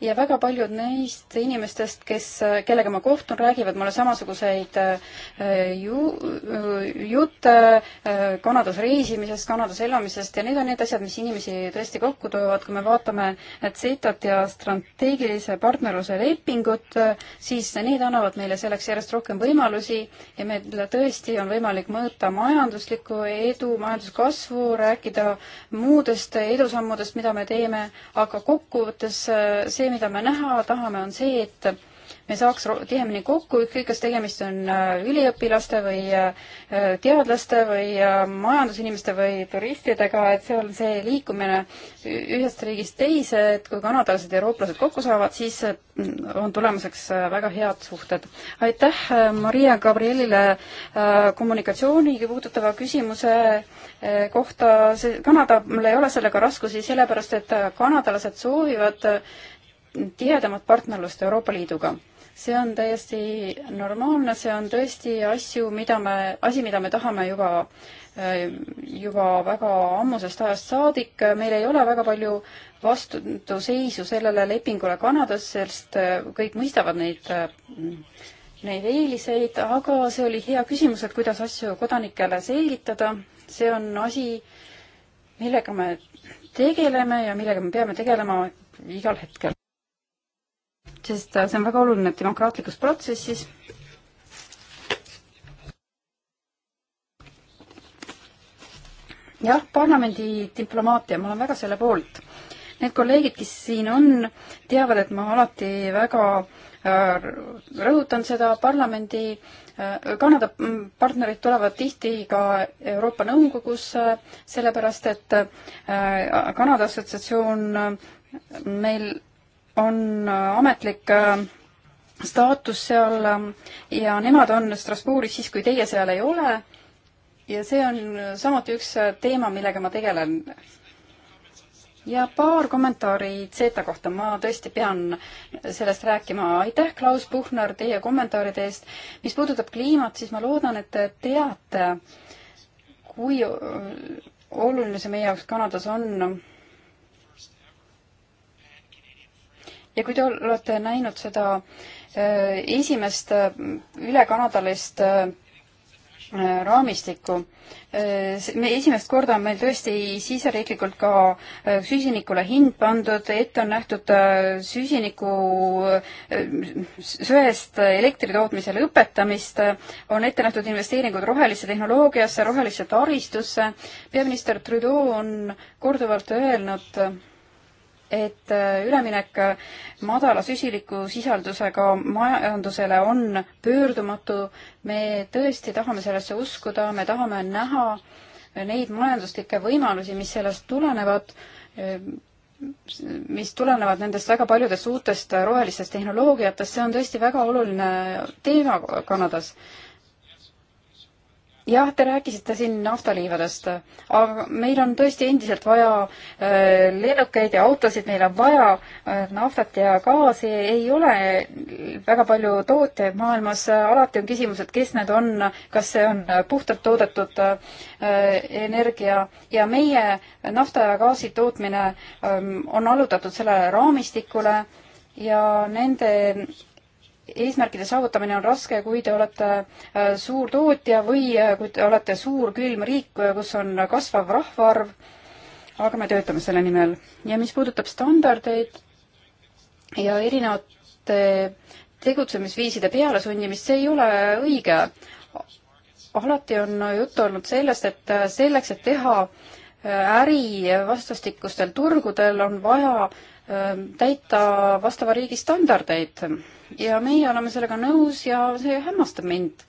ja väga paljud neist inimestest, kes, kellega ma kohtun, räägivad mulle samasuguseid äh, ju-, äh, jutte äh, Kanadas reisimisest, Kanadas elamisest ja need on need asjad, mis inimesi tõesti kokku toovad, kui me vaatame CETA-t ja strateegilise partnerluse lepingut, siis need annavad meile selleks järjest rohkem võimalusi ja meil tõesti on võimalik mõõta majanduslikku edu, majanduskasvu, rääkida muudest edusammudest, mida me teeme, aga kokkuvõttes see see, mida me näha tahame, on see, et me saaks tihemini kokku, ükskõik kas tegemist on äh, üliõpilaste või äh, äh, teadlaste või majandusinimeste või turistidega, et see on see liikumine ühest riigist teise, et kui kanadalased ja eurooplased kokku saavad, siis on tulemuseks väga head suhted. aitäh Maria Gabrielile kommunikatsiooni puudutava küsimuse kohta, see Kanadal ei ole sellega raskusi, sellepärast et kanadalased soovivad tihedamat partnerlust Euroopa Liiduga. see on täiesti normaalne, see on tõesti asju, mida me, asi, mida me tahame juba, äh, juba väga ammusest ajast saadik, meil ei ole väga palju vastuseisu sellele lepingule Kanadas, sest äh, kõik mõistavad neid, äh, neid eeliseid, aga see oli hea küsimus, et kuidas asju kodanikele selgitada, see on asi, millega me tegeleme ja millega me peame tegelema igal hetkel sest see on väga oluline demokraatlikus protsessis. jah, parlamendi diplomaatia, ma olen väga selle poolt. Need kolleegid, kes siin on, teavad, et ma alati väga äh, rõhutan seda, parlamendi, äh, Kanada partnerid tulevad tihti ka Euroopa Nõukogusse, sellepärast et äh, Kanada assotsiatsioon meil on ametlik äh, staatus seal ähm, ja nemad on Strasbourgis siis, kui teie seal ei ole. ja see on samuti üks äh, teema, millega ma tegelen. ja paar kommentaari Zeta kohta, ma tõesti pean sellest rääkima. aitäh, Klaus Puhner, teie kommentaaride eest. mis puudutab kliimat, siis ma loodan, et te teate, kui äh, oluline see meie jaoks Kanadas on ja kui te olete näinud seda äh, esimest äh, ülekanadalist äh, raamistikku. me esimest korda on meil tõesti siseriiklikult ka süsinikule hind pandud, ette on nähtud süsiniku söest elektri tootmise lõpetamist, on ette nähtud investeeringud rohelisse tehnoloogiasse, rohelisse taristusse. peaminister Trudeau on korduvalt öelnud, et äh, üleminek äh, madala süsinikusisaldusega majandusele on pöördumatu. me tõesti tahame sellesse uskuda, me tahame näha neid majanduslikke võimalusi, mis sellest tulenevad, mis tulenevad nendest väga paljudest uutest rohelistest tehnoloogiatest, see on tõesti väga oluline teema Kanadas jah, te rääkisite siin naftaliivadest, aga meil on tõesti endiselt vaja äh, lennukeid ja autosid, meil on vaja äh, naftat ja gaasi, ei ole väga palju tootjaid maailmas, alati on küsimus, et kes need on, kas see on puhtalt toodetud äh, energia ja meie nafta ja gaasi tootmine ähm, on allutatud sellele raamistikule ja nende eesmärkide saavutamine on raske, kui te olete äh, suur tootja või äh, kui te olete suur külm riik, äh, kus on kasvav rahvaarv, aga me töötame selle nimel. ja mis puudutab standardeid ja erinevate tegutsemisviiside pealesundimist, see ei ole õige. alati on juttu olnud sellest, et selleks, et teha äri vastastikustel turgudel, on vaja äh, Ähm, täita vastava riigi standardeid ja meie oleme sellega nõus ja see hämmastab mind,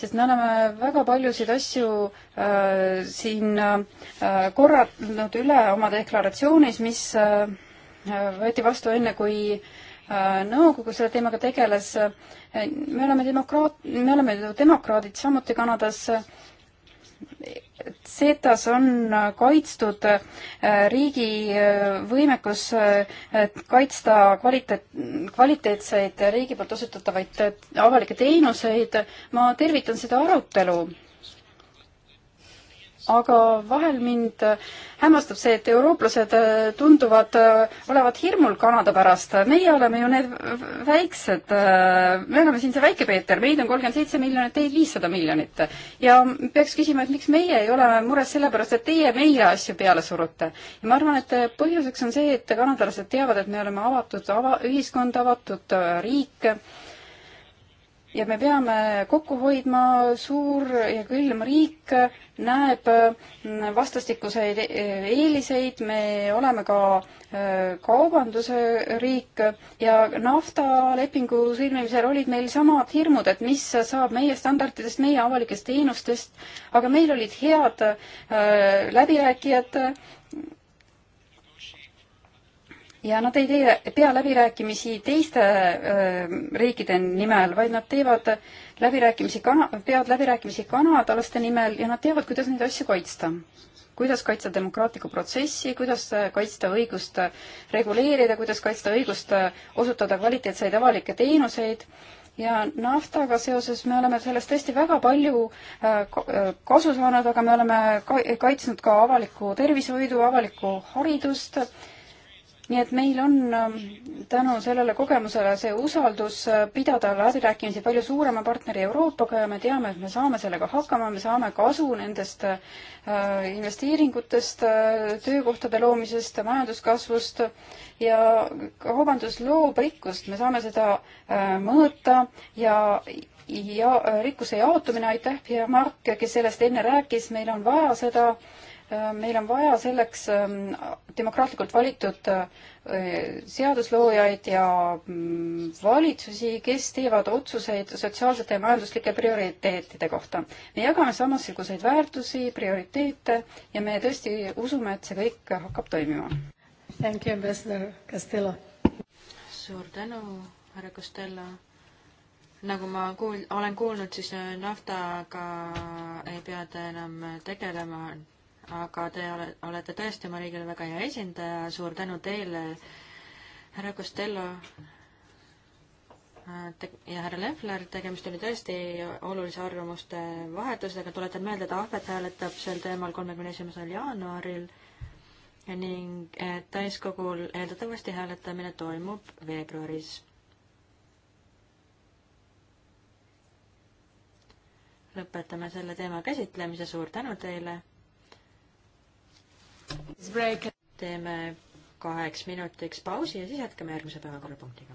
sest me oleme väga paljusid asju äh, siin äh, korranud üle oma deklaratsioonis, mis äh, võeti vastu enne, kui äh, nõukogu selle teemaga tegeles. Äh, me oleme demokraat-, me oleme ju demokraadid samuti Kanadas CETAs on kaitstud äh, riigi äh, võimekus äh, kaitsta kvaliteet, kvaliteetseid riigi poolt osutatavaid avalikke teenuseid. ma tervitan seda arutelu aga vahel mind äh, hämmastab see, et eurooplased äh, tunduvad äh, olevat hirmul Kanada pärast. meie oleme ju need väiksed, me oleme siin see väike Peeter, meid on kolmkümmend seitse miljonit, teid viissada miljonit. ja peaks küsima, et miks meie ei ole mures selle pärast, et teie meile asju peale surute. ja ma arvan, et põhjuseks on see, et kanadalased teavad, et me oleme avatud ava-, ühiskond, avatud riik ja me peame kokku hoidma, suur ja külm riik näeb mm, vastastikuseid e-, eeliseid, me oleme ka e, kaubanduse riik ja naftalepingu sõlmimisel olid meil samad hirmud, et mis saab meie standarditest, meie avalikest teenustest, aga meil olid head e, läbirääkijad ja nad ei tee, pea läbirääkimisi teiste öö, riikide nimel, vaid nad teevad läbirääkimisi kana-, peavad läbirääkimisi kanadalaste nimel ja nad teavad, kuidas neid asju kaitsta. kuidas kaitsta demokraatlikku protsessi, kuidas kaitsta õigust reguleerida, kuidas kaitsta õigust osutada kvaliteetseid avalikke teenuseid ja naftaga seoses me oleme sellest tõesti väga palju kasu saanud, aga me oleme kaitsnud ka avalikku tervishoidu, avalikku haridust nii et meil on ähm, tänu sellele kogemusele see usaldus äh, pidada läbirääkimisi palju suurema partneri Euroopaga ja me teame, et me saame sellega hakkama, me saame kasu nendest äh, investeeringutest, äh, töökohtade loomisest, majanduskasvust ja kaubandus loob rikkust, me saame seda mõõta ja ja rikkuse jaotumine, aitäh, Mark, kes sellest enne rääkis, meil on vaja seda äh, Äh, meil on vaja selleks ähm, demokraatlikult valitud äh, seadusloojaid ja mm, valitsusi, kes teevad otsuseid sotsiaalsete ja majanduslike prioriteetide kohta. me jagame samasuguseid väärtusi, prioriteete ja me tõesti usume, et see kõik hakkab toimima. Thank you, ambassador Castello. suur tänu, härra Costello nagu ma kuul-, olen kuulnud, siis äh, naftaga ei pea te enam tegelema, aga te ole, olete tõesti oma riigile väga hea esindaja, suur tänu teile, härra Costello äh, ja härra Lefler, tegemist oli tõesti olulise arvamuste vahetusega, tuletan meelde, et Ahvet hääletab sel teemal kolmekümne esimesel jaanuaril ning äh, täiskogul eeldatavasti hääletamine toimub veebruaris. lõpetame selle teema käsitlemise, suur tänu teile teeme kaheks minutiks pausi ja siis jätkame järgmise päevakorrapunktiga.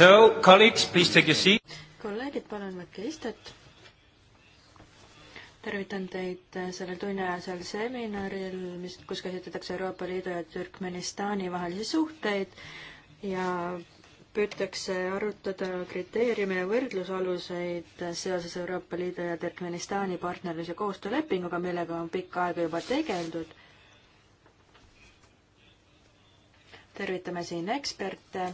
So, colleagues, please take your seat. kolleegid, palun võtke istet. tervitan teid sellel tunniajasel seminaril, mis, kus käsitletakse Euroopa Liidu ja Türkmenistani vahelisi suhteid ja püütakse arutada kriteeriume ja võrdlusaluseid seoses Euroopa Liidu ja Türkmenistani partnerluse koostöölepinguga, millega on pikka aega juba tegeldud. tervitame siin eksperte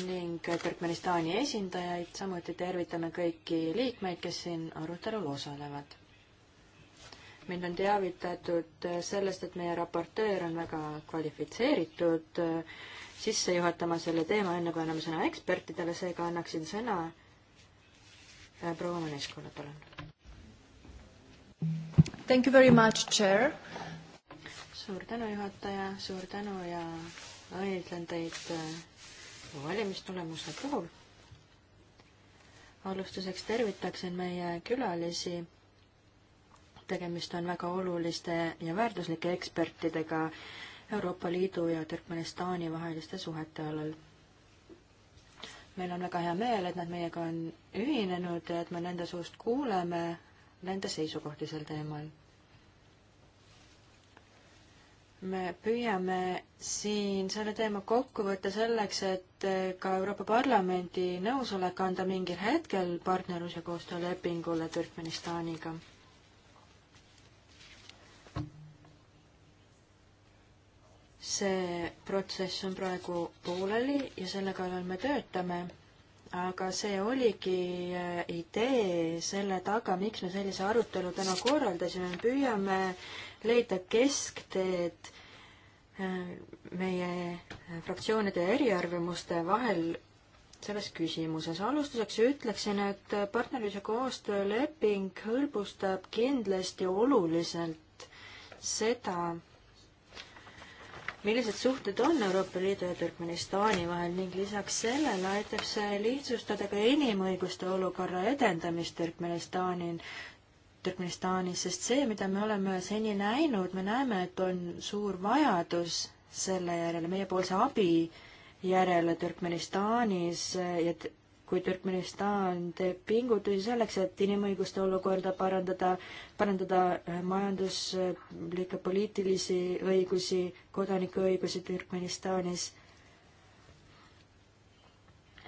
ning Türkmenistani esindajaid, samuti tervitame kõiki liikmeid, kes siin arutelul osalevad. mind on teavitatud sellest, et meie raportöör on väga kvalifitseeritud sisse juhatama selle teema, enne kui anname sõna ekspertidele, seega annaksin sõna äh, proua Maneskole, palun. Thank you very much, chair. suur tänu, juhataja, suur tänu ja õnnitlen teid äh, valimistulemuse puhul. alustuseks tervitaksin meie külalisi. tegemist on väga oluliste ja väärtuslike ekspertidega Euroopa Liidu ja Türkmenistani vaheliste suhete alal meil on väga hea meel, et nad meiega on ühinenud ja et me nende suust kuuleme nende seisukohti sel teemal me püüame siin selle teema kokku võtta selleks, et eh, ka Euroopa Parlamendi nõusolek anda mingil hetkel partnerlus- ja koostöölepingule Türkmenistaniga. see protsess on praegu pooleli ja selle kallal me töötame, aga see oligi eh, idee selle taga, miks me sellise arutelu täna korraldasime, püüame leida keskteed äh, meie äh, fraktsioonide eriarvamuste vahel selles küsimuses. alustuseks ütleksin, et äh, partnerluse koostööleping hõlbustab kindlasti oluliselt seda, millised suhted on Euroopa Liidu ja Türkmenistani vahel ning lisaks sellele aitab see lihtsustada ka inimõiguste olukorra edendamist Türkmenistanil. Türkmenistanis, sest see, mida me oleme seni näinud, me näeme, et on suur vajadus selle järele, meiepoolse abi järele Türkmenistanis eh, ja kui Türkmenistan teeb pingutusi selleks, et inimõiguste olukorda parandada, parandada eh, majanduslikke eh, poliitilisi õigusi, kodanikuõigusi Türkmenistanis,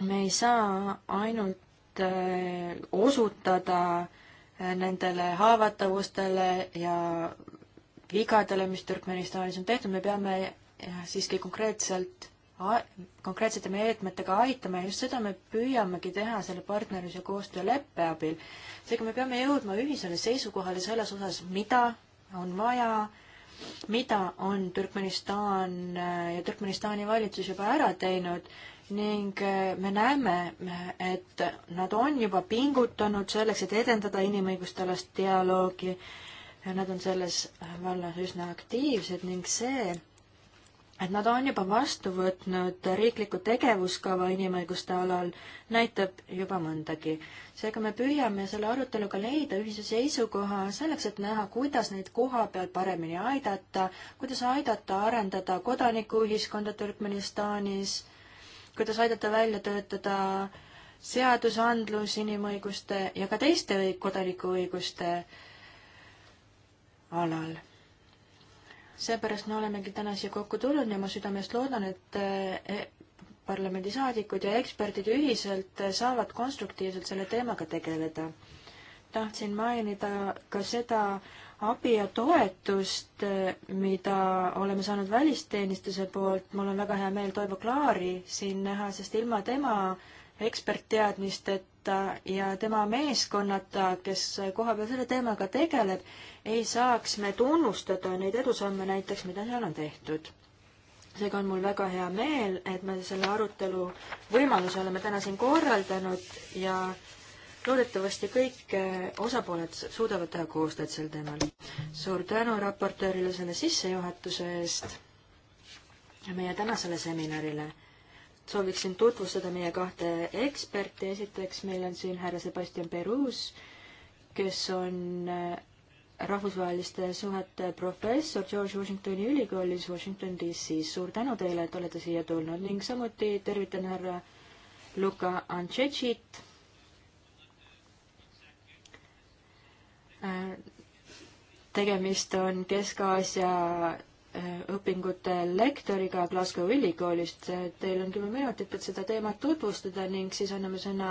me ei saa ainult osutada äh, nendele haavatavustele ja vigadele, mis Türkmenistanis on tehtud, me peame siiski konkreetselt, konkreetsete meetmetega aitama ja just seda me püüamegi teha selle partnerluse koostööleppe abil. seega me peame jõudma ühisele seisukohale selles osas, mida on vaja, mida on Türkmenistan ja Türkmenistani valitsus juba ära teinud ning eh, me näeme, et nad on juba pingutanud selleks, et edendada inimõiguste alast dialoogi. Nad on selles eh, vallas üsna aktiivsed ning see, et nad on juba vastu võtnud riikliku tegevuskava inimõiguste alal, näitab juba mõndagi. seega me püüame selle aruteluga leida ühise seisukoha selleks, et näha, kuidas neid koha peal paremini aidata, kuidas aidata arendada kodanikuühiskonda Türkmenistanis kuidas aidata välja töötada seadusandlus inimõiguste ja ka teiste kodanikuõiguste alal. seepärast me olemegi täna siia kokku tulnud ja ma südamest loodan, et eh, parlamendisaadikud ja eksperdid ühiselt saavad konstruktiivselt selle teemaga tegeleda. tahtsin mainida ka seda, abi ja toetust, mida oleme saanud välisteenistuse poolt. mul on väga hea meel Toivo Klaari siin näha, sest ilma tema ekspertteadmisteta ja tema meeskonnata, kes kohapeal selle teemaga tegeleb, ei saaks me tunnustada neid edusamme näiteks, mida seal on tehtud seega on mul väga hea meel, et me selle arutelu võimaluse oleme täna siin korraldanud ja loodetavasti kõik eh, osapooled suudavad teha koostööd sel teemal. suur tänu raportöörile selle sissejuhatuse eest meie tänasele seminarile. sooviksin tutvustada meie kahte eksperti, esiteks meil on siin härra Sebastian Perus, kes on eh, rahvusvaheliste suhete professor George Washingtoni ülikoolis Washington DC-s. suur tänu teile, et olete siia tulnud ning samuti tervitan härra Luka Antšetšit tegemist on Kesk-Aasia äh, õpingute lektoriga Glasgow ülikoolist. Teil on kümme minutit, et seda teemat tutvustada ning siis anname sõna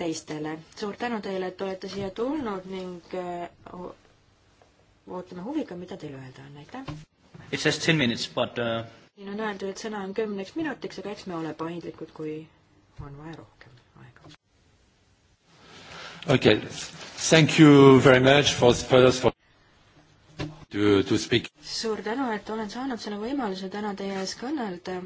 teistele. suur tänu teile, et olete siia tulnud ning äh, ootame huviga, mida teil öelda on, aitäh! It says ten minutes, but uh... siin on öeldud, et sõna on kümneks minutiks, aga eks me ole paindlikud, kui on vaja rohkem aega. okei okay., Thank you very much for, for to, to speak. suur tänu, et olen saanud selle võimaluse täna teie ees kõnelda.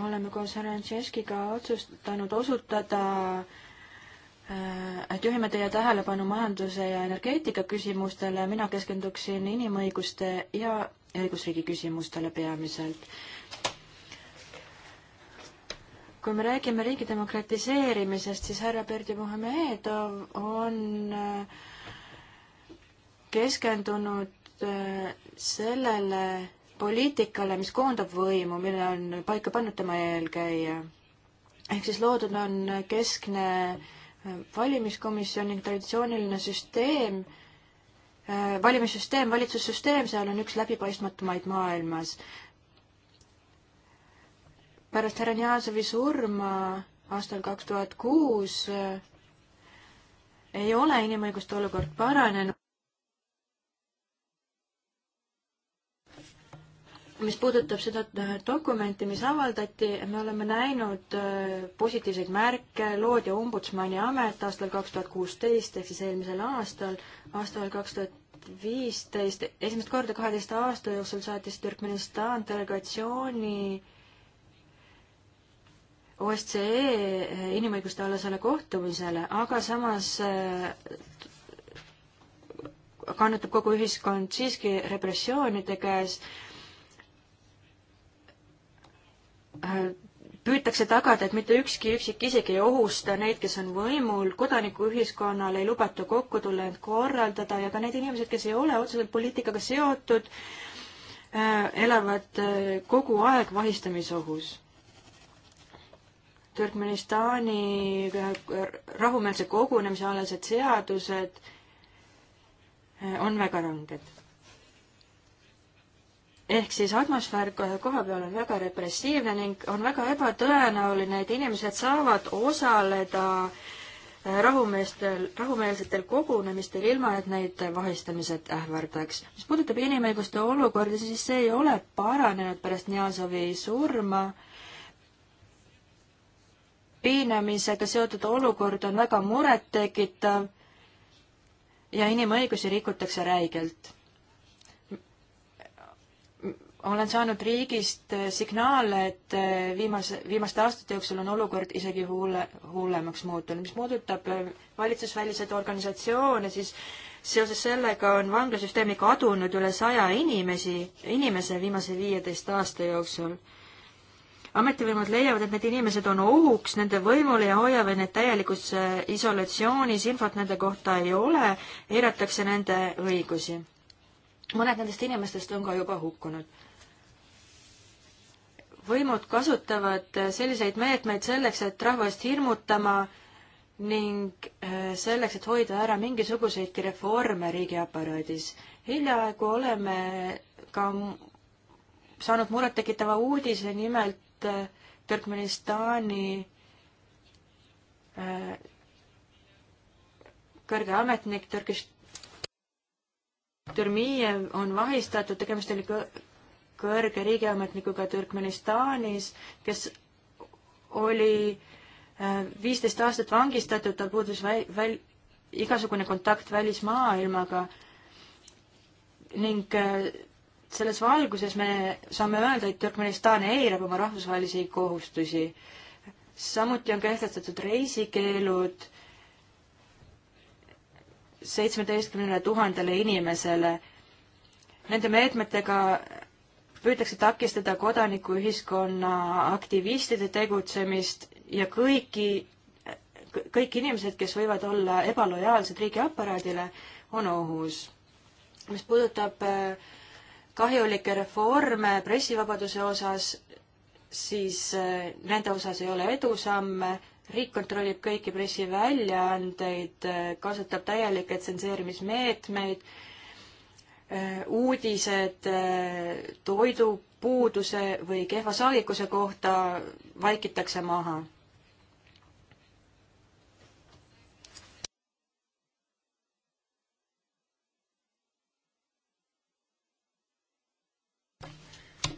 oleme koos härra Antšeskiga otsustanud osutada äh, et juhime teie tähelepanu majanduse ja energeetika küsimustele, mina keskenduksin inimõiguste ja õigusriigi küsimustele peamiselt kui me räägime riigi demokratiseerimisest, siis härra Berdimuhamedov on äh, keskendunud äh, sellele poliitikale, mis koondab võimu, mille on paika pannud tema eelkäija. ehk siis loodud on keskne äh, valimiskomisjon ning traditsiooniline süsteem, valimissüsteem, valitsussüsteem, seal on üks läbipaistmatumaid maailmas pärast härra Njazovi surma aastal kaks tuhat kuus eh, ei ole inimõiguste olukord paranenud. mis puudutab seda eh, dokumenti, mis avaldati, me oleme näinud eh, positiivseid märke, loodi ombudsmani amet aastal kaks tuhat kuusteist ehk siis eelmisel aastal, aastal kaks tuhat viisteist, esimest korda kaheteist aasta jooksul saatis Türkmenistan delegatsiooni OSCE eh, inimõiguste alasele kohtumisele, aga samas eh, kannatab kogu ühiskond siiski repressioonide käes. Eh, püütakse tagada, et mitte ükski üksikisik ei ohusta neid, kes on võimul, kodanikuühiskonnal ei lubata kokku tulla, end korraldada ja ka need inimesed, kes ei ole otseselt poliitikaga seotud, elavad kogu aeg vahistamisohus Türkmenistani rahumeelse kogunemise alased seadused eh, on väga ranged. ehk siis atmosfäär koha peal on väga repressiivne ning on väga ebatõenäoline, et inimesed saavad osaleda eh, rahumeestel, rahumeelsetel kogunemistel, ilma et neid vahistamised ähvardaks. mis puudutab inimõiguste olukorda, siis see ei ole paranenud pärast Njazovi surma äh, piinamisega seotud olukord on väga murettekitav ja inimõigusi rikutakse räigelt. olen saanud riigist signaale, et viimase, viimaste aastate jooksul on olukord isegi huule, hullemaks muutunud. mis puudutab valitsusväliseid organisatsioone, siis seoses sellega on vanglasüsteemi kadunud üle saja inimesi, inimese viimase viieteist aasta jooksul ametivõimud leiavad, et need inimesed on ohuks nende võimule ja hoiavad need täielikus äh, isolatsioonis, infot nende kohta ei ole, eiratakse nende õigusi. mõned nendest inimestest on ka juba hukkunud võimud kasutavad äh, selliseid meetmeid selleks, et rahvast hirmutama ning äh, selleks, et hoida ära mingisuguseidki reforme riigiaparaadis. hiljaaegu oleme ka saanud murettekitava uudise, nimelt Türkmenistani äh, kõrge ametnik Türgist, Türmijev on vahistatud, tegemist oli kõrge riigiametnikuga Türkmenistanis, kes oli äh, viisteist aastat vangistatud, tal puudus väl-, väl-, igasugune kontakt välismaailmaga ning äh, selles valguses me saame öelda, et Türkmenistan eirab oma rahvusvahelisi kohustusi. samuti on kehtestatud reisikeelud seitsmeteistkümnele tuhandele inimesele. Nende meetmetega püütakse takistada kodanikuühiskonna aktivistide tegutsemist ja kõiki, kõik inimesed, kes võivad olla ebalojaalsed riigiaparaadile, on ohus. mis puudutab äh, kahjulikke reforme pressivabaduse osas, siis eh, nende osas ei ole edusamme, riik kontrollib kõiki pressiväljaandeid, eh, kasutab täielikke tsenseerimismeetmeid, eh, uudised toidupuuduse või kehva saagikuse kohta vaikitakse maha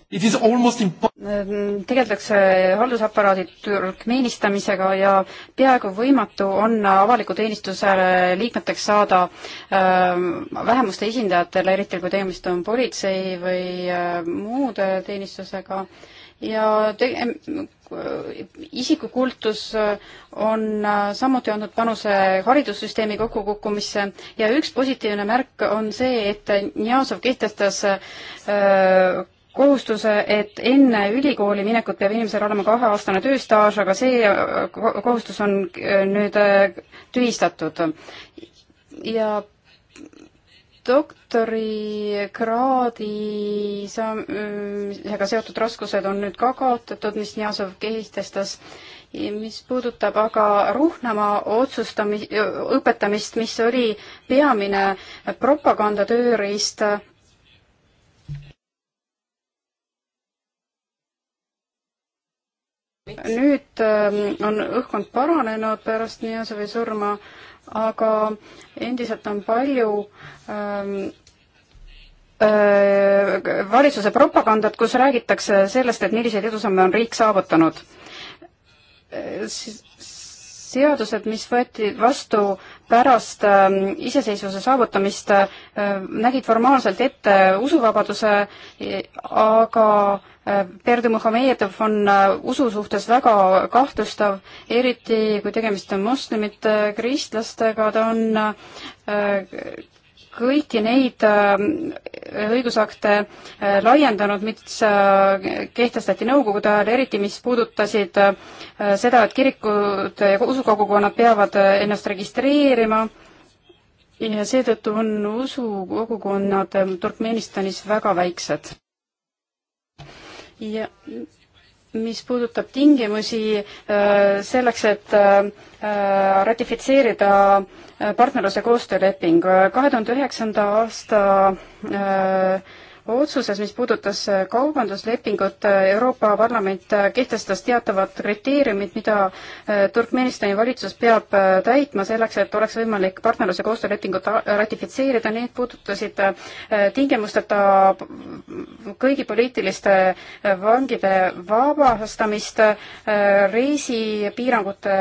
Ehm, tegeldakse haldusaparaadi türkmeenistamisega ja peaaegu võimatu on avaliku teenistuse liikmeteks saada ehm, vähemuste esindajatele, eriti kui tegemist on politsei või ehm, muude teenistusega ja te, isikukultus eh, on eh, samuti andnud panuse haridussüsteemi kokkukukkumisse ja üks positiivne märk on see, et Njazov kehtestas eh, kohustuse, et enne ülikooli minekut peab inimesel olema kaheaastane tööstaaž, aga see äh, kohustus on äh, nüüd äh, tühistatud. ja doktorikraadi saamisega seotud raskused on nüüd ka kaotatud, mis Njasov kehtestas. mis puudutab aga Ruhnamaa otsustamis, õpetamist, mis oli peamine propagandatööriist nüüd ähm, on õhkkond paranenud pärast Niasovi surma, aga endiselt on palju ähm, äh, valitsuse propagandat, kus räägitakse sellest, et milliseid edusamme on riik saavutanud äh, seadused, mis võeti vastu pärast ähm, iseseisvuse saavutamist äh, nägid formaalselt ette usuvabaduse, aga äh, Perdu Muhamedov on äh, usu suhtes väga kahtlustav, eriti kui tegemist on moslemite, kristlastega, ta on kõiki neid äh, õigusakte äh, laiendanud, mis äh, kehtestati Nõukogude ajal, eriti mis puudutasid seda, et kirikud ja usukogukonnad peavad ennast registreerima ja seetõttu on usukogukonnad Turkmenistanis väga väiksed. ja mis puudutab tingimusi äh, selleks, et äh, äh, ratifitseerida partnerluse koostööleping. kahe tuhande üheksanda aasta otsuses, mis puudutas äh, kaubanduslepingut, äh, Euroopa Parlament äh, kehtestas teatavad kriteeriumid, mida Turkmenistani valitsus peab täitma selleks, et oleks võimalik partnerluse koostöölepingut ratifitseerida, need puudutasid tingimusteta kõigi poliitiliste vangide vabastamist, reisipiirangute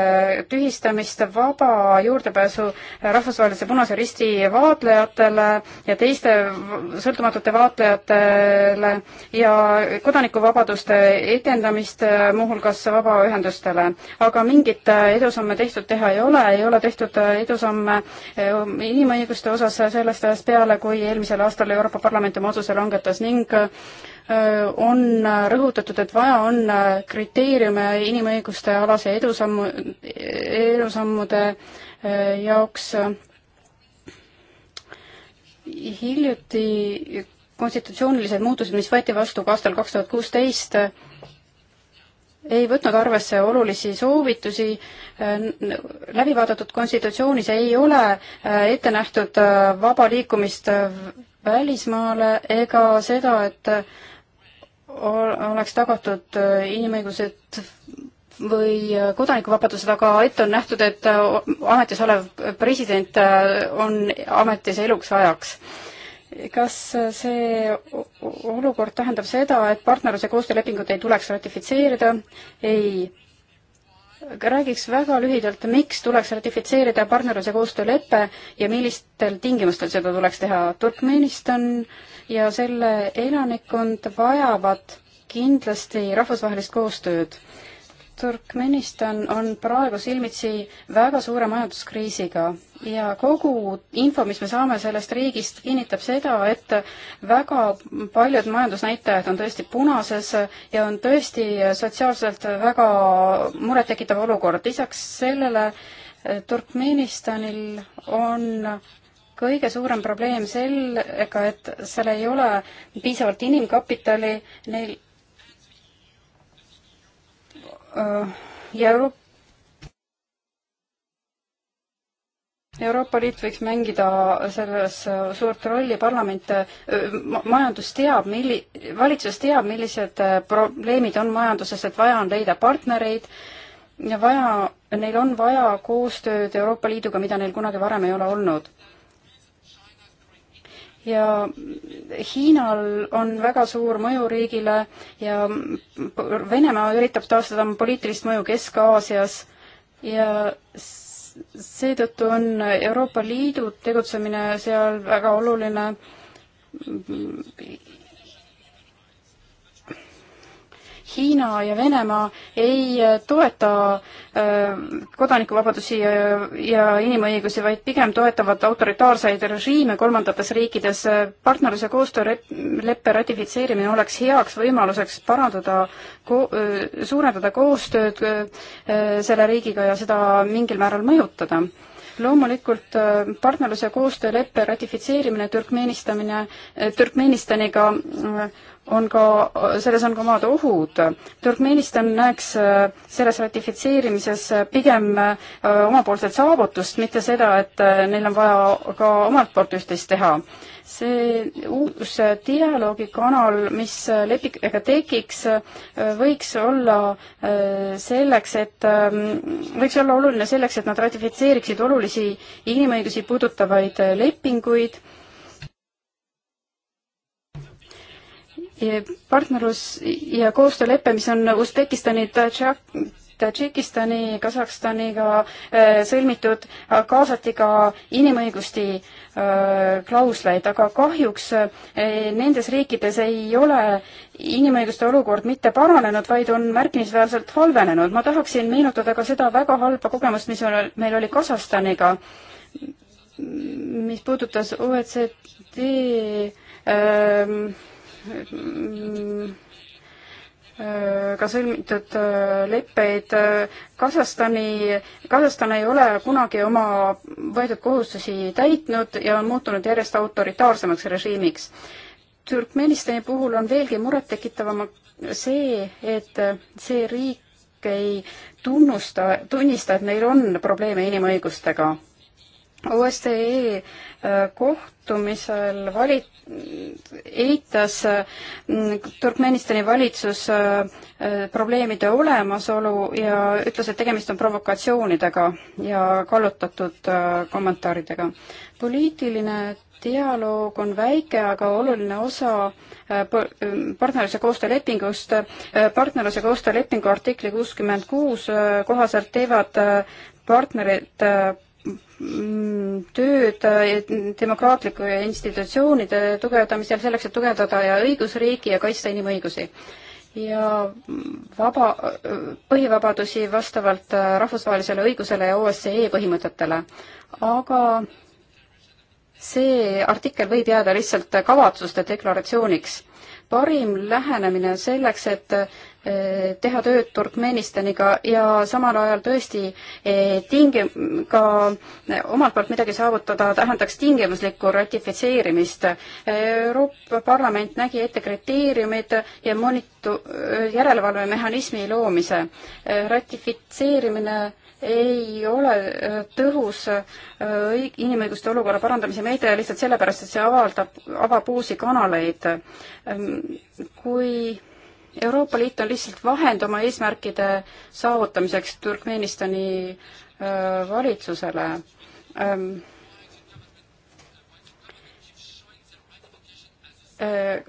tühistamist, vaba juurdepääsu rahvusvahelise Punase Risti vaatlejatele ja teiste sõltumatute vaatlejatele, ettevõtjatele ja kodanikuvabaduste etendamist äh, muuhulgas vabaühendustele. aga mingit äh, edusamme tehtud teha ei ole, ei ole tehtud äh, edusamme inimõiguste osas sellest ajast peale, kui eelmisel aastal Euroopa Parlament oma otsuse langetas ning on rõhutatud, et vaja on kriteeriume inimõiguste alase edusammu, edusammude jaoks hiljuti konstitutsioonilised muutused, mis võeti vastu ka aastal kaks tuhat kuusteist, ei võtnud arvesse olulisi soovitusi, läbivaadatud konstitutsioonis ei ole äh, ette nähtud äh, vaba liikumist äh, välismaale ega seda, et oleks tagatud inimõigused või kodanikuvabadused, aga ette on nähtud, et ametis olev president on ametis eluks ajaks kas see olukord tähendab seda, et partnerluse koostöölepingut ei tuleks ratifitseerida? ei. räägiks väga lühidalt, miks tuleks ratifitseerida partnerluse koostöölepe ja millistel tingimustel seda tuleks teha. Turkmenistan ja selle elanikkond vajavad kindlasti rahvusvahelist koostööd Turkmenistan on praegu silmitsi väga suure majanduskriisiga ja kogu info, mis me saame sellest riigist, kinnitab seda, et väga paljud majandusnäitajad on tõesti punases ja on tõesti sotsiaalselt väga murettekitav olukord. lisaks sellele Turkmenistanil on kõige suurem probleem sellega, et seal ei ole piisavalt inimkapitali, neil Äh, ja Euroopa Euroopa Liit võiks mängida selles äh, suurt rolli, parlament, äh, majandus teab, milli-, valitsus teab, millised probleemid on majanduses, et vaja on leida partnereid ja vaja, neil on vaja koostööd Euroopa Liiduga, mida neil kunagi varem ei ole olnud ja Hiinal on väga suur mõju riigile ja Venemaa üritab taastada oma poliitilist mõju Kesk-Aasias ja seetõttu on Euroopa Liidu tegutsemine seal väga oluline Hiina ja Venemaa ei äh, toeta äh, kodanikuvabadusi ja, äh, ja inimõigusi, vaid pigem toetavad autoritaarseid režiime kolmandates riikides. partnerlus- ja koostööleppe ratifitseerimine oleks heaks võimaluseks parandada ko-, suurendada koostööd selle riigiga ja seda mingil määral mõjutada loomulikult partnerluse koostööleppe ratifitseerimine Türkmenistamine, Türkmenistaniga on ka, selles on ka omad ohud. Turkmenistan näeks äh, selles ratifitseerimises pigem äh, omapoolset saavutust, mitte seda, et äh, neil on vaja ka omalt poolt üht-teist teha. see uus dialoogikanal, mis lepingutega tekiks, võiks olla selleks, et, ähm, võiks olla oluline selleks, et nad ratifitseeriksid olulisi inimõigusi puudutavaid lepinguid partnerlus- ja koostöölepe, mis on Usbekistani, Tadžikistani, Kasahstaniga äh, sõlmitud, kaasati ka inimõigusti äh, klausleid, aga kahjuks äh, nendes riikides ei ole inimõiguste olukord mitte paranenud, vaid on märkimisväärselt halvenenud. ma tahaksin meenutada ka seda väga halba kogemust, mis meil oli Kasahstaniga, mis puudutas OECD ähm, Äh, ka sõlmitud äh, leppeid. Äh, Kasahstani, Kasahstan ei ole kunagi oma võetud kohustusi täitnud ja on muutunud järjest autoritaarsemaks režiimiks. Türkmenistani puhul on veelgi murettekitavam see, et see riik ei tunnusta, tunnista, et neil on probleeme inimõigustega OSCE äh, kohtumisel valit-, eitas mm, Turkmenistani valitsus äh, äh, probleemide olemasolu ja ütles, et tegemist on provokatsioonidega ja kallutatud kommentaaridega. poliitiline dialoog on väike, aga oluline osa partnerluse koostöölepingust. partnerluse koostöölepingu artikli kuuskümmend kuus kohaselt teevad partnerid tööd demokraatliku ja institutsioonide tugevdamisel, selleks et tugevdada ja õigusriiki ja kaitsta inimõigusi. ja vaba, põhivabadusi vastavalt äh, rahvusvahelisele õigusele ja OSCE põhimõtetele. aga see artikkel võib jääda lihtsalt kavatsuste deklaratsiooniks. parim lähenemine selleks, et Eh, teha tööd Turkmenistaniga ja samal ajal tõesti eh, tingi-, ka eh, omalt poolt midagi saavutada tähendaks tingimuslikku ratifitseerimist. Euroopa Parlament nägi ette kriteeriumid ja monitu-, järelevalvemehhanismi loomise. ratifitseerimine ei ole tõhus inimõiguste olukorra parandamise meede lihtsalt sellepärast, et see avaldab, avab uusi kanaleid. Ehm, kui Euroopa Liit on lihtsalt vahend oma eesmärkide saavutamiseks Turkmenistani äh, valitsusele. Ähm, äh,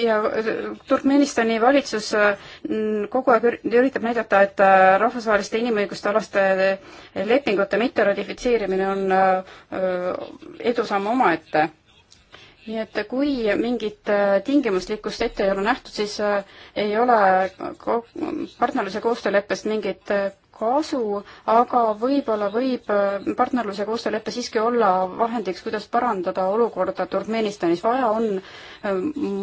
ja äh, Turkmenistani valitsus kogu aeg üritab näidata, et rahvusvaheliste inimõiguste alaste lepingute mitterratifitseerimine on edusamm omaette nii et kui mingit äh, tingimuslikkust ette ei ole nähtud, siis äh, ei ole partnerluse koostööleppest mingit äh, kasu, aga võib-olla võib äh, partnerluse koostöölepe siiski olla vahendiks, kuidas parandada olukorda Turkmenistanis. vaja on äh,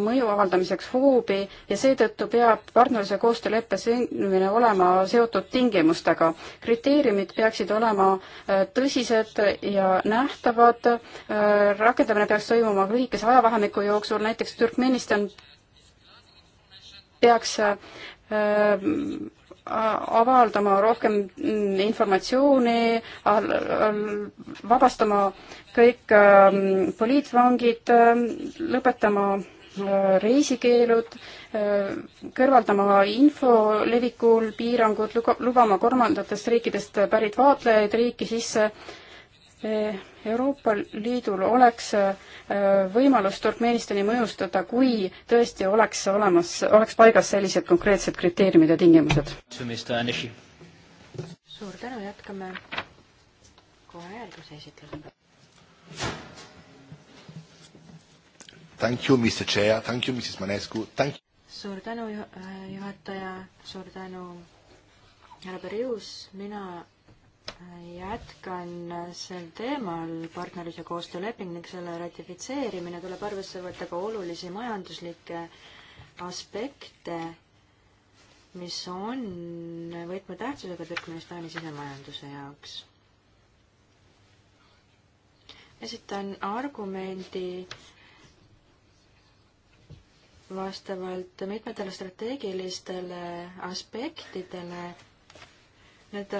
mõju avaldamiseks hoobi ja seetõttu peab partnerluse koostööleppe sõlmimine olema seotud tingimustega. kriteeriumid peaksid olema äh, tõsised ja nähtavad, rakendamine peaks toimuma lühikese ajavahemiku jooksul, näiteks Turkmenistan peaks avaldama rohkem informatsiooni, vabastama kõik ähm, poliitvangid, ähm, lõpetama äh, reisikeelud, äh, kõrvaldama info levikul piirangud, lubama kolmandatest riikidest pärit vaatlejaid riiki sisse, äh, Euroopa Liidul oleks äh, võimalus Turkmenistani mõjustada, kui tõesti oleks olemas, oleks paigas sellised konkreetsed kriteeriumid ja tingimused. suur tänu, jätkame kohe häälduse esitlusega. Thank you, Mr Chair, thank you, Mrs Manescu, thank you. suur tänu juh, äh, juhataja, suur tänu härra Perjus, mina jätkan sel teemal, partnerlus- ja koostööleping ning selle ratifitseerimine tuleb arvesse võtta ka olulisi majanduslikke aspekte, mis on võtmetähtsusega Türkmenistani sisemajanduse jaoks. esitan argumendi vastavalt mitmetele strateegilistele aspektidele, need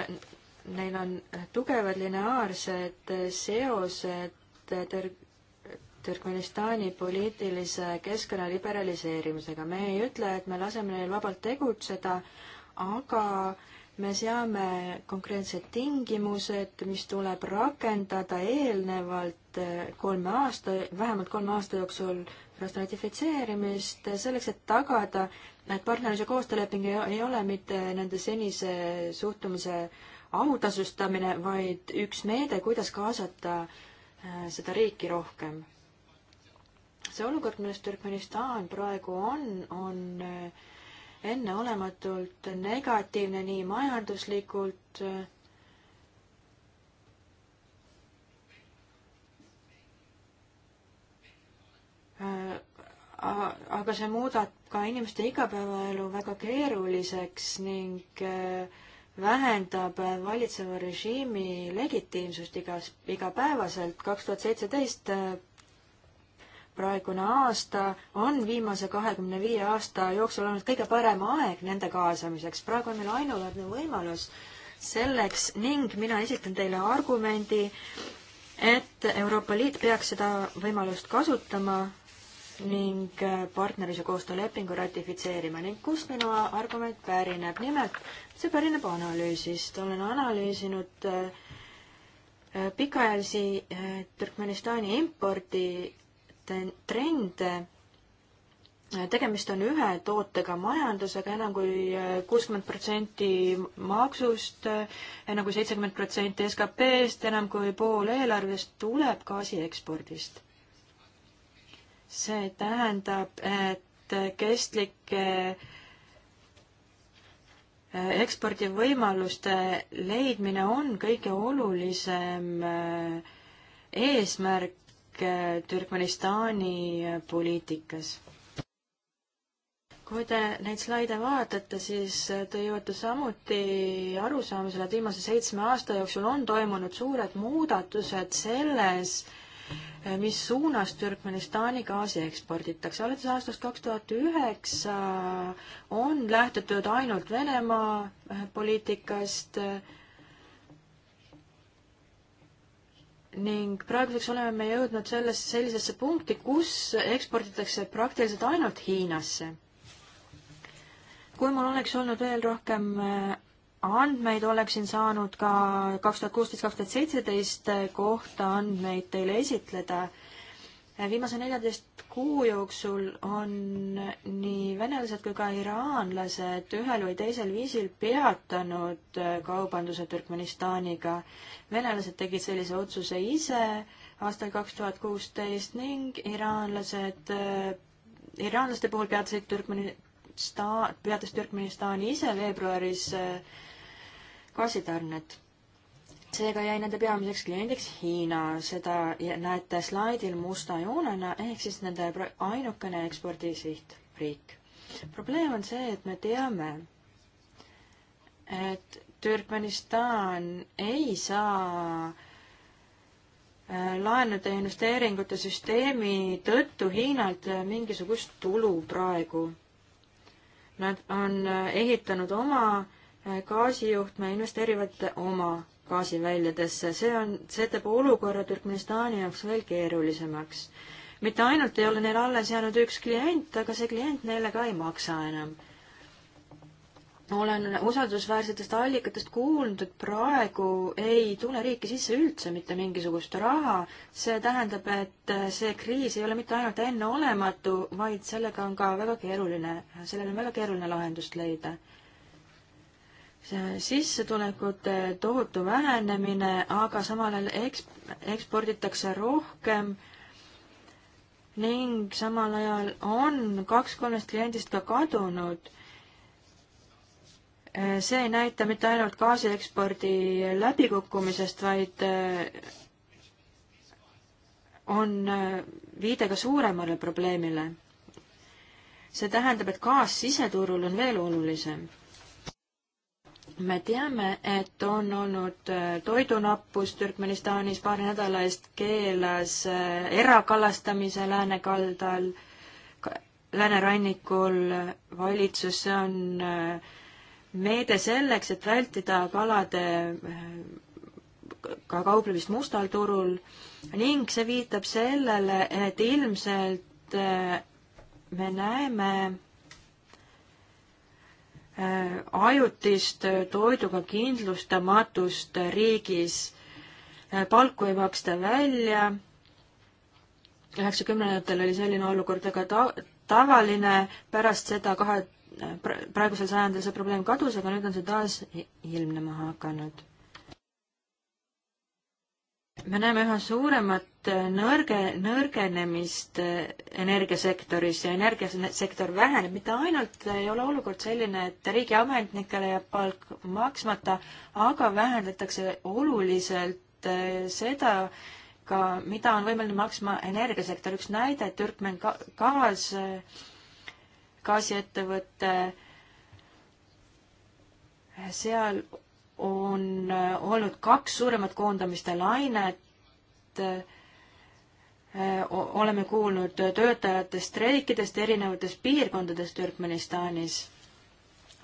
neil on tugevad lineaarsed seosed ter-, Türkmenistani poliitilise keskkonna liberaliseerimisega. me ei ütle, et me laseme neil vabalt tegutseda, aga me seame konkreetsed tingimused, mis tuleb rakendada eelnevalt kolme aasta, vähemalt kolme aasta jooksul pärast ratifitseerimist, selleks et tagada, et partnerluse koostööleping ei ole mitte nende senise suhtumise äh, autasustamine, vaid üks meede, kuidas kaasata äh, seda riiki rohkem. see olukord, milles Türkmenistan praegu on, on äh, enneolematult negatiivne nii majanduslikult äh, aga see muudab ka inimeste igapäevaelu väga keeruliseks ning äh, vähendab valitseva režiimi legitiimsust igas, igapäevaselt. kaks tuhat seitseteist praegune aasta on viimase kahekümne viie aasta jooksul olnud kõige parem aeg nende kaasamiseks. praegu on meil ainulaadne võimalus selleks ning mina esitan teile argumendi, et Euroopa Liit peaks seda võimalust kasutama ning partnerluse koostöölepingu ratifitseerima ning kust minu argument pärineb. nimelt see pärineb analüüsist, olen analüüsinud äh, äh, pikaajalisi äh, Türkmenistani impordi trende. tegemist on ühe tootega majandusega, enam kui kuuskümmend protsenti maksust, enam kui seitsekümmend protsenti SKP-st, enam kui pool eelarvest tuleb gaasi ekspordist. see tähendab, et kestlike ekspordivõimaluste leidmine on kõige olulisem äh, eesmärk äh, Türkmenistani äh, poliitikas. kui te neid slaide vaatate, siis te jõuate samuti arusaamisele, et viimase seitsme aasta jooksul on toimunud suured muudatused selles, Eh, mis suunas Türkmenistani gaasi eksporditakse. alates aastast kaks tuhat üheksa on lähtutud ainult Venemaa eh, poliitikast eh, ning praeguseks oleme me jõudnud sellesse, sellisesse punkti, kus eksporditakse praktiliselt ainult Hiinasse. kui mul oleks olnud veel rohkem andmeid oleksin saanud ka kaks tuhat kuusteist, kaks tuhat seitseteist kohta andmeid teile esitleda. viimase neljateist kuu jooksul on nii venelased kui ka iraanlased ühel või teisel viisil peatanud kaubanduse Türkmenistaniga. venelased tegid sellise otsuse ise aastal kaks tuhat kuusteist ning iraanlased, iraanlaste puhul peatasid Türkmeni- sta-, peatas Türkmenistani ise veebruaris gaasitarned. seega jäi nende peamiseks kliendiks Hiina, seda näete slaidil musta joonena, ehk siis nende ainukene ekspordisihtriik. probleem on see, et me teame, et Türkmenistan ei saa äh, laenude ja investeeringute süsteemi tõttu Hiinalt äh, mingisugust tulu praegu. Nad on äh, ehitanud oma äh, Äh, gaasijuhtme investeerivad oma gaasiväljadesse, see on, see teeb olukorra Türkmenistani jaoks veel keerulisemaks. mitte ainult ei ole neil alles jäänud üks klient, aga see klient neile ka ei maksa enam. olen usaldusväärsetest allikatest kuulnud, et praegu ei tule riiki sisse üldse mitte mingisugust raha. see tähendab, et see kriis ei ole mitte ainult enneolematu, vaid sellega on ka väga keeruline, sellele on väga keeruline lahendust leida sissetulekute tohutu vähenemine, aga samal ajal eks-, eksporditakse rohkem ning samal ajal on kaks kolmest kliendist ka kadunud. see ei näita mitte ainult gaasiekspordi läbikukkumisest, vaid äh, on äh, viide ka suuremale probleemile. see tähendab, et gaas siseturul on veel olulisem me teame, et on olnud äh, toidunappus Türkmenistanis, paari nädala eest keelas äh, erakallastamise lääne kaldal, läänerannikul valitsus, see on äh, meede selleks, et vältida kalade ka kauplemist mustal turul ning see viitab sellele, et ilmselt me näeme Äh, ajutist äh, toiduga kindlustamatust riigis. Äh, palku ei maksta välja. üheksakümnendatel oli selline olukord väga ta-, tavaline, pärast seda kahe, praegusel sajandil see probleem kadus, aga nüüd on see taas ilmnema hakanud me näeme üha suuremat äh, nõrge, nõrgenemist äh, energiasektoris ja energiasektor väheneb. mitte ainult ei ole olukord selline, et riigiametnikele jääb palk maksmata, aga vähendatakse oluliselt äh, seda, ka mida on võimeline maksma energiasektor. üks näide, Türkmen gaas, gaasiettevõte, seal on äh, olnud kaks suuremat koondamiste lainet, äh, oleme kuulnud töötajate streikidest erinevates piirkondades Türkmenistanis.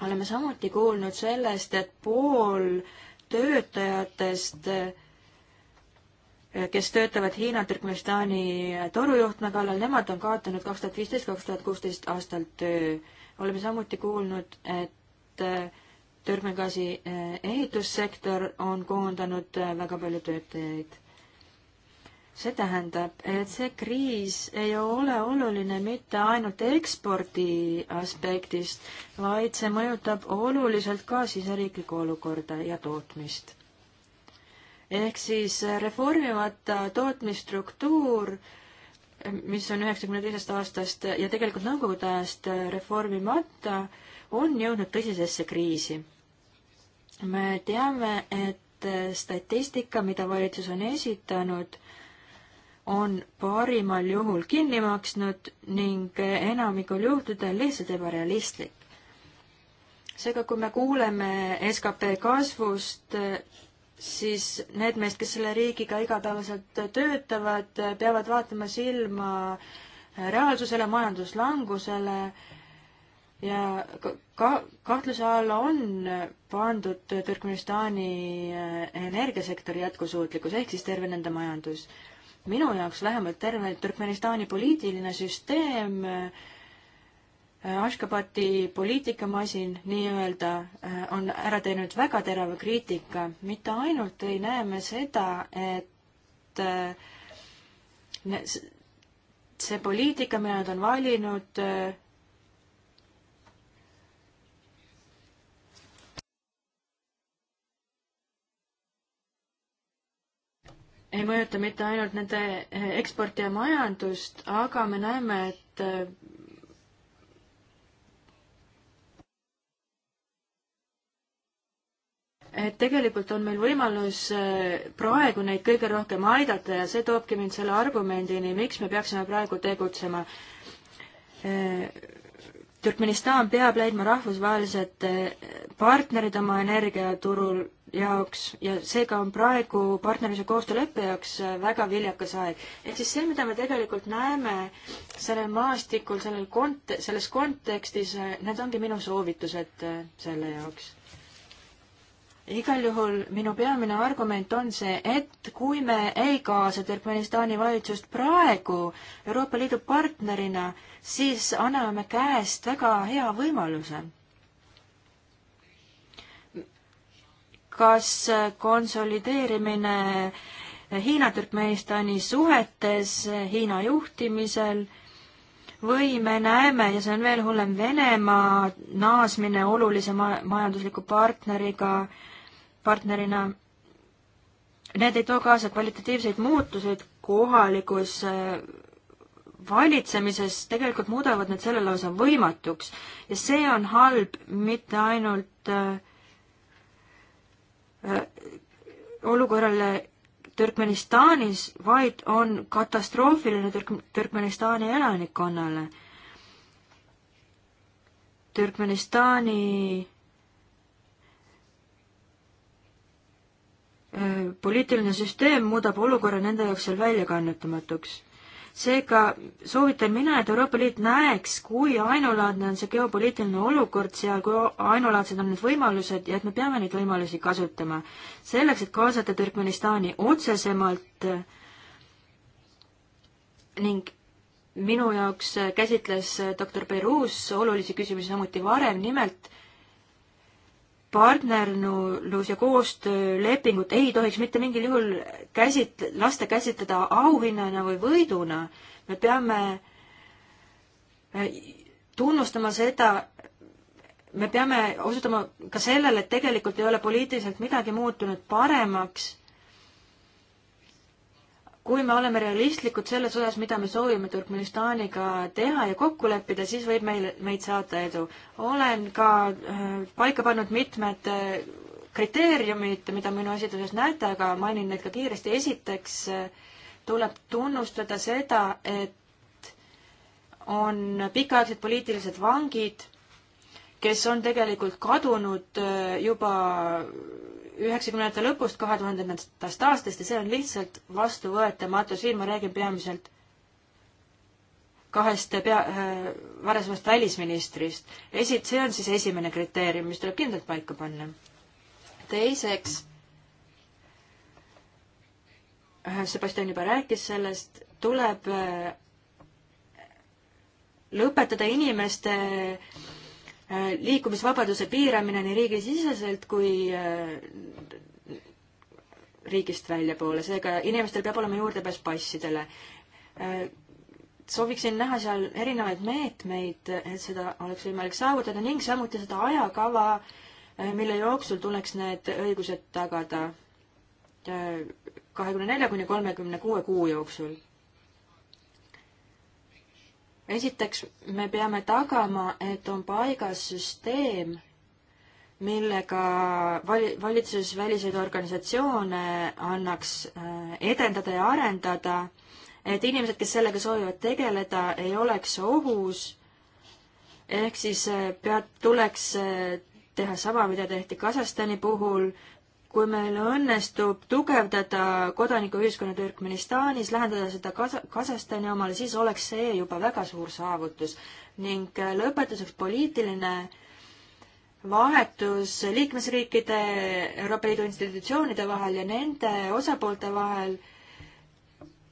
oleme samuti kuulnud sellest, et pool töötajatest, kes töötavad Hiina Türkmenistani torujuhtme kallal, nemad on kaotanud kaks tuhat viisteist, kaks tuhat kuusteist aastal töö. oleme samuti kuulnud, et Türkmengaasi eh, ehitussektor on koondanud eh, väga palju töötajaid. see tähendab, et see kriis ei ole oluline mitte ainult ekspordi aspektist, vaid see mõjutab oluliselt ka siseriiklikku olukorda ja tootmist. ehk siis eh, reformimata tootmisstruktuur mis on üheksakümne teisest aastast ja tegelikult Nõukogude ajast reformimata, on jõudnud tõsisesse kriisi me teame, et statistika, mida valitsus on esitanud, on parimal juhul kinni maksnud ning enamikul juhtudel lihtsalt ebarealistlik. seega, kui me kuuleme skp kasvust, siis need meist, kes selle riigiga igapäevaselt töötavad, peavad vaatama silma reaalsusele, majanduslangusele ja ka-, kahtluse alla on pandud Türkmenistani eh, energiasektori jätkusuutlikkus, ehk siis terve nende majandus. minu jaoks vähemalt terve Türkmenistani poliitiline süsteem eh, Ashkabati poliitikamasin nii-öelda eh, on ära teinud väga terava kriitika. mitte ainult ei näe me seda, et see poliitika, mille nad on valinud, ei mõjuta mitte ainult nende eh, eksporti ja majandust, aga me näeme, et eh, et tegelikult on meil võimalus eh, praegu neid kõige rohkem aidata ja see toobki mind selle argumendini, miks me peaksime praegu tegutsema. Türkmenistan peab leidma rahvusvahelised eh, partnerid oma energiaturul jaoks ja seega on praegu partnerluse koostööleppe jaoks eh, väga viljakas aeg. ehk siis see, mida me tegelikult näeme sellel maastikul, sellel kont-, selles kontekstis, eh, need ongi minu soovitused selle jaoks igal juhul minu peamine argument on see, et kui me ei kaasa Türkmenistani valitsust praegu Euroopa Liidu partnerina, siis anname me käest väga hea võimaluse. kas konsolideerimine Hiina-Türkmenistani suhetes Hiina juhtimisel või me näeme, ja see on veel hullem, Venemaa naasmine olulise ma majandusliku partneriga äh, partnerina. Need ei too kaasa kvalitatiivseid muutuseid kohalikus äh, valitsemises, tegelikult muudavad need selle lausa võimatuks ja see on halb mitte ainult äh, äh, olukorrale Türkmenistanis, vaid on katastroofiline Türk-, Türkmenistani elanikkonnale. Türkmenistani poliitiline süsteem muudab olukorra nende jaoks seal väljakannatamatuks. seega soovitan mina, et Euroopa Liit näeks, kui ainulaadne on see geopoliitiline olukord seal, kui ainulaadsed on need võimalused ja et me peame neid võimalusi kasutama. selleks, et kaasata Türkmenistani otsesemalt ning minu jaoks käsitles doktor Peruus olulisi küsimusi samuti varem, nimelt partnerlus ja koostöölepingut ei tohiks mitte mingil juhul käsit-, lasta käsitleda auhinnana või võiduna. me peame äh, tunnustama seda, me peame osutama ka sellele, et tegelikult ei ole poliitiliselt midagi muutunud paremaks kui me oleme realistlikud selles osas, mida me soovime Turkmenistaniga teha ja kokku leppida, siis võib meil, meid saata edu. olen ka äh, paika pannud mitmed äh, kriteeriumid, mida minu esituses näete, aga mainin need ka kiiresti. esiteks äh, tuleb tunnustada seda, et on pikaaegsed poliitilised vangid, kes on tegelikult kadunud juba üheksakümnendate lõpust, kahe tuhandendast aastast ja see on lihtsalt vastuvõetamatu, siin ma räägin peamiselt kahest pea äh,, varasemast välisministrist. esi-, see on siis esimene kriteerium, mis tuleb kindlalt paika panna. teiseks, Sebastian juba rääkis sellest, tuleb äh, lõpetada inimeste äh, Äh, liikumisvabaduse piiramine nii riigisiseselt kui äh, riigist väljapoole, seega inimestel peab olema juurdepääs passidele. Äh, sooviksin näha seal erinevaid meetmeid, et seda oleks võimalik saavutada ning samuti seda ajakava, mille jooksul tuleks need õigused tagada kahekümne nelja kuni kolmekümne kuue kuu jooksul esiteks me peame tagama, et on paigas süsteem, millega vali-, valitsusväliseid organisatsioone annaks äh, edendada ja arendada, et inimesed, kes sellega soovivad tegeleda, ei oleks ohus, ehk siis äh, peab, tuleks äh, teha sama, mida tehti Kasahstani puhul, kui meil õnnestub tugevdada kodanikuühiskonna Türkmenistanis, lähendada seda Kas-, Kasahstani omale, siis oleks see juba väga suur saavutus. ning lõpetuseks poliitiline vahetus liikmesriikide, Euroopa Liidu institutsioonide vahel ja nende osapoolte vahel,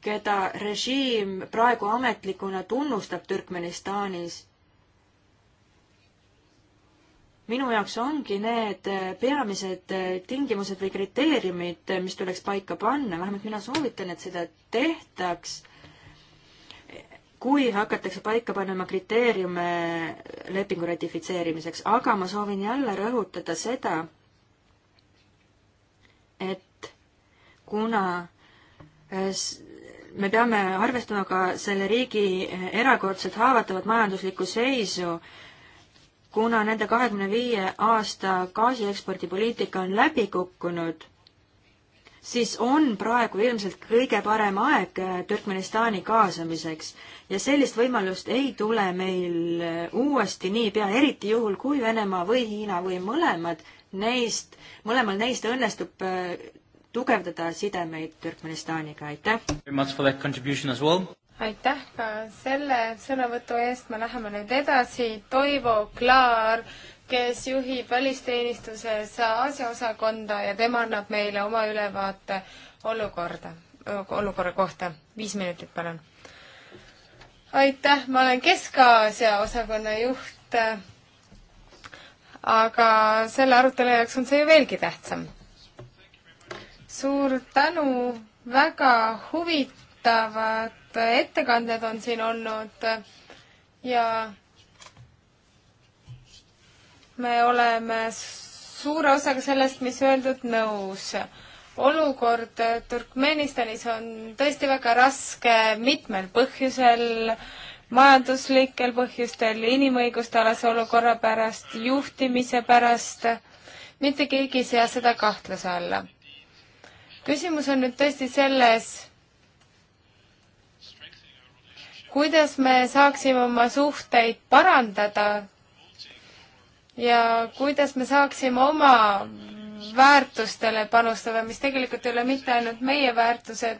keda režiim praegu ametlikuna tunnustab Türkmenistanis minu jaoks ongi need äh, peamised äh, tingimused või kriteeriumid, äh, mis tuleks paika panna, vähemalt mina soovitan, et seda tehtaks, kui hakatakse paika panema kriteeriume lepingu ratifitseerimiseks, aga ma soovin jälle rõhutada seda, et kuna me peame arvestama ka selle riigi erakordselt haavatavat majanduslikku seisu, kuna nende kahekümne viie aasta gaasiekspordipoliitika on läbi kukkunud, siis on praegu ilmselt kõige parem aeg äh, Türkmenistani kaasamiseks ja sellist võimalust ei tule meil äh, uuesti niipea, eriti juhul, kui Venemaa või Hiina või mõlemad neist, mõlemal neist õnnestub äh, tugevdada sidemeid Türkmenistaniga, aitäh! Well aitäh ka selle sõnavõtu eest, me läheme nüüd edasi, Toivo Klaar, kes juhib välisteenistuses Aasia osakonda ja tema annab meile oma ülevaate olukorda, olukorra kohta. viis minutit, palun. aitäh, ma olen Kesk-Aasia osakonna juht, aga selle arutelu jaoks on see ju veelgi tähtsam. suur tänu väga huvitavat ettekanded on siin olnud ja me oleme suure osaga sellest, mis öeldud, nõus. olukord Turkmenistanis on tõesti väga raske mitmel põhjusel, majanduslikel põhjustel, inimõiguste alase olukorra pärast, juhtimise pärast, mitte keegi ei sea seda kahtluse alla. küsimus on nüüd tõesti selles, kuidas me saaksime oma suhteid parandada ja kuidas me saaksime oma väärtustele panustada, mis tegelikult ei ole mitte ainult meie väärtused,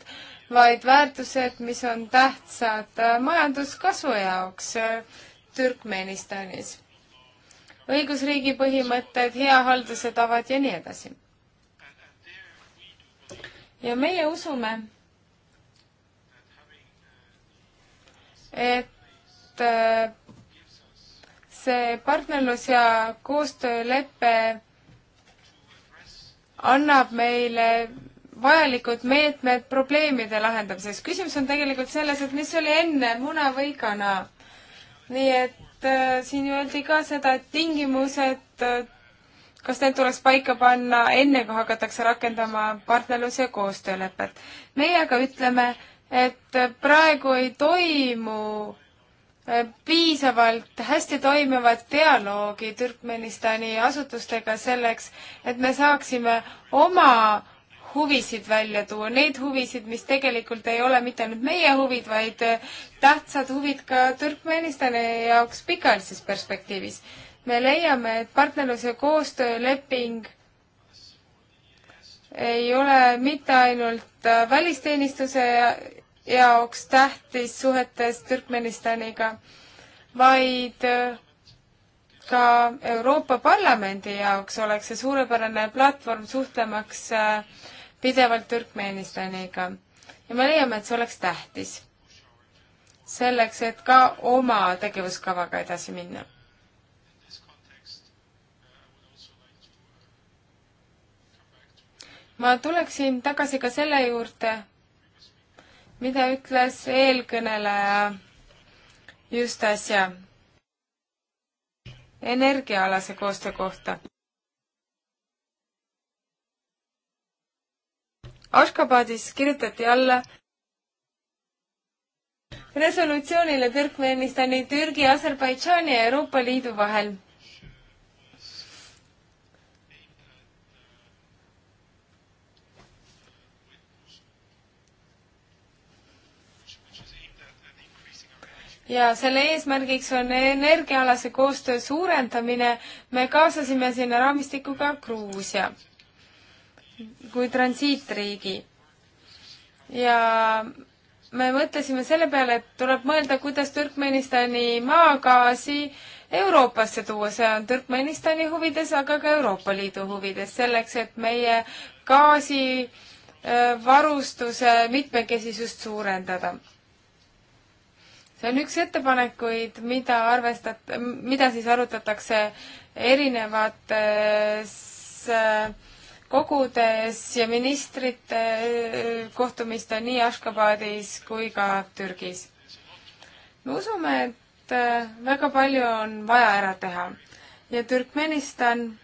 vaid väärtused, mis on tähtsad äh, majanduskasvu jaoks äh, Türkmenistanis. õigusriigi põhimõtted, hea halduse tavad ja nii edasi. ja meie usume, et äh, see partnerlus ja koostöölepe annab meile vajalikud meetmed probleemide lahendamiseks. küsimus on tegelikult selles, et mis oli enne, muna või kana. nii et äh, siin öeldi ka seda, et tingimused äh,, kas need tuleks paika panna enne, kui hakatakse rakendama partnerlus- ja koostöölepet. meie aga ütleme, et praegu ei toimu eh, piisavalt hästi toimivat dialoogi Türkmenistani asutustega selleks, et me saaksime oma huvisid välja tuua, neid huvisid, mis tegelikult ei ole mitte ainult meie huvid, vaid eh, tähtsad huvid ka Türkmenistani jaoks pikaajalises perspektiivis. me leiame, et partnerlus- ja koostööleping ei ole mitte ainult eh, välisteenistuse jaoks tähtis suhetes Türkmenistaniga, vaid äh, ka Euroopa Parlamendi jaoks oleks see suurepärane platvorm suhtlemaks äh, pidevalt Türkmenistaniga. ja me leiame, et see oleks tähtis. selleks, et ka oma tegevuskavaga edasi minna. ma tuleksin tagasi ka selle juurde, mida ütles eelkõneleja just äsja energiaalase koostöö kohta. Ashkabadis kirjutati alla resolutsioonile Türkmenistani, Türgi, Aserbaidžaani ja Euroopa Liidu vahel. ja selle eesmärgiks on energiaalase koostöö suurendamine. me kaasasime sinna raamistikku ka Gruusia kui transiitriigi. ja me mõtlesime selle peale, et tuleb mõelda, kuidas Türkmenistani maagaasi Euroopasse tuua, see on Türkmenistani huvides, aga ka Euroopa Liidu huvides, selleks et meie gaasivarustuse äh, mitmekesisust suurendada see on üks ettepanekuid, mida arvestat-, mida siis arutatakse erinevates äh, kogudes ja ministrite äh, kohtumistel nii Ashgabadis kui ka Türgis. me usume, et äh, väga palju on vaja ära teha ja Türkmenistan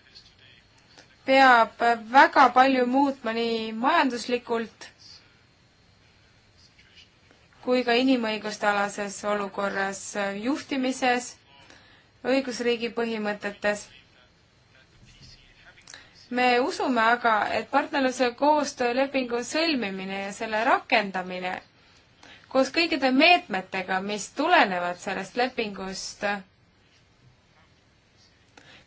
peab väga palju muutma nii majanduslikult kui ka inimõiguste alases olukorras juhtimises, õigusriigi põhimõtetes. me usume aga, et partnerluse koostöölepingu sõlmimine ja selle rakendamine koos kõikide meetmetega, mis tulenevad sellest lepingust,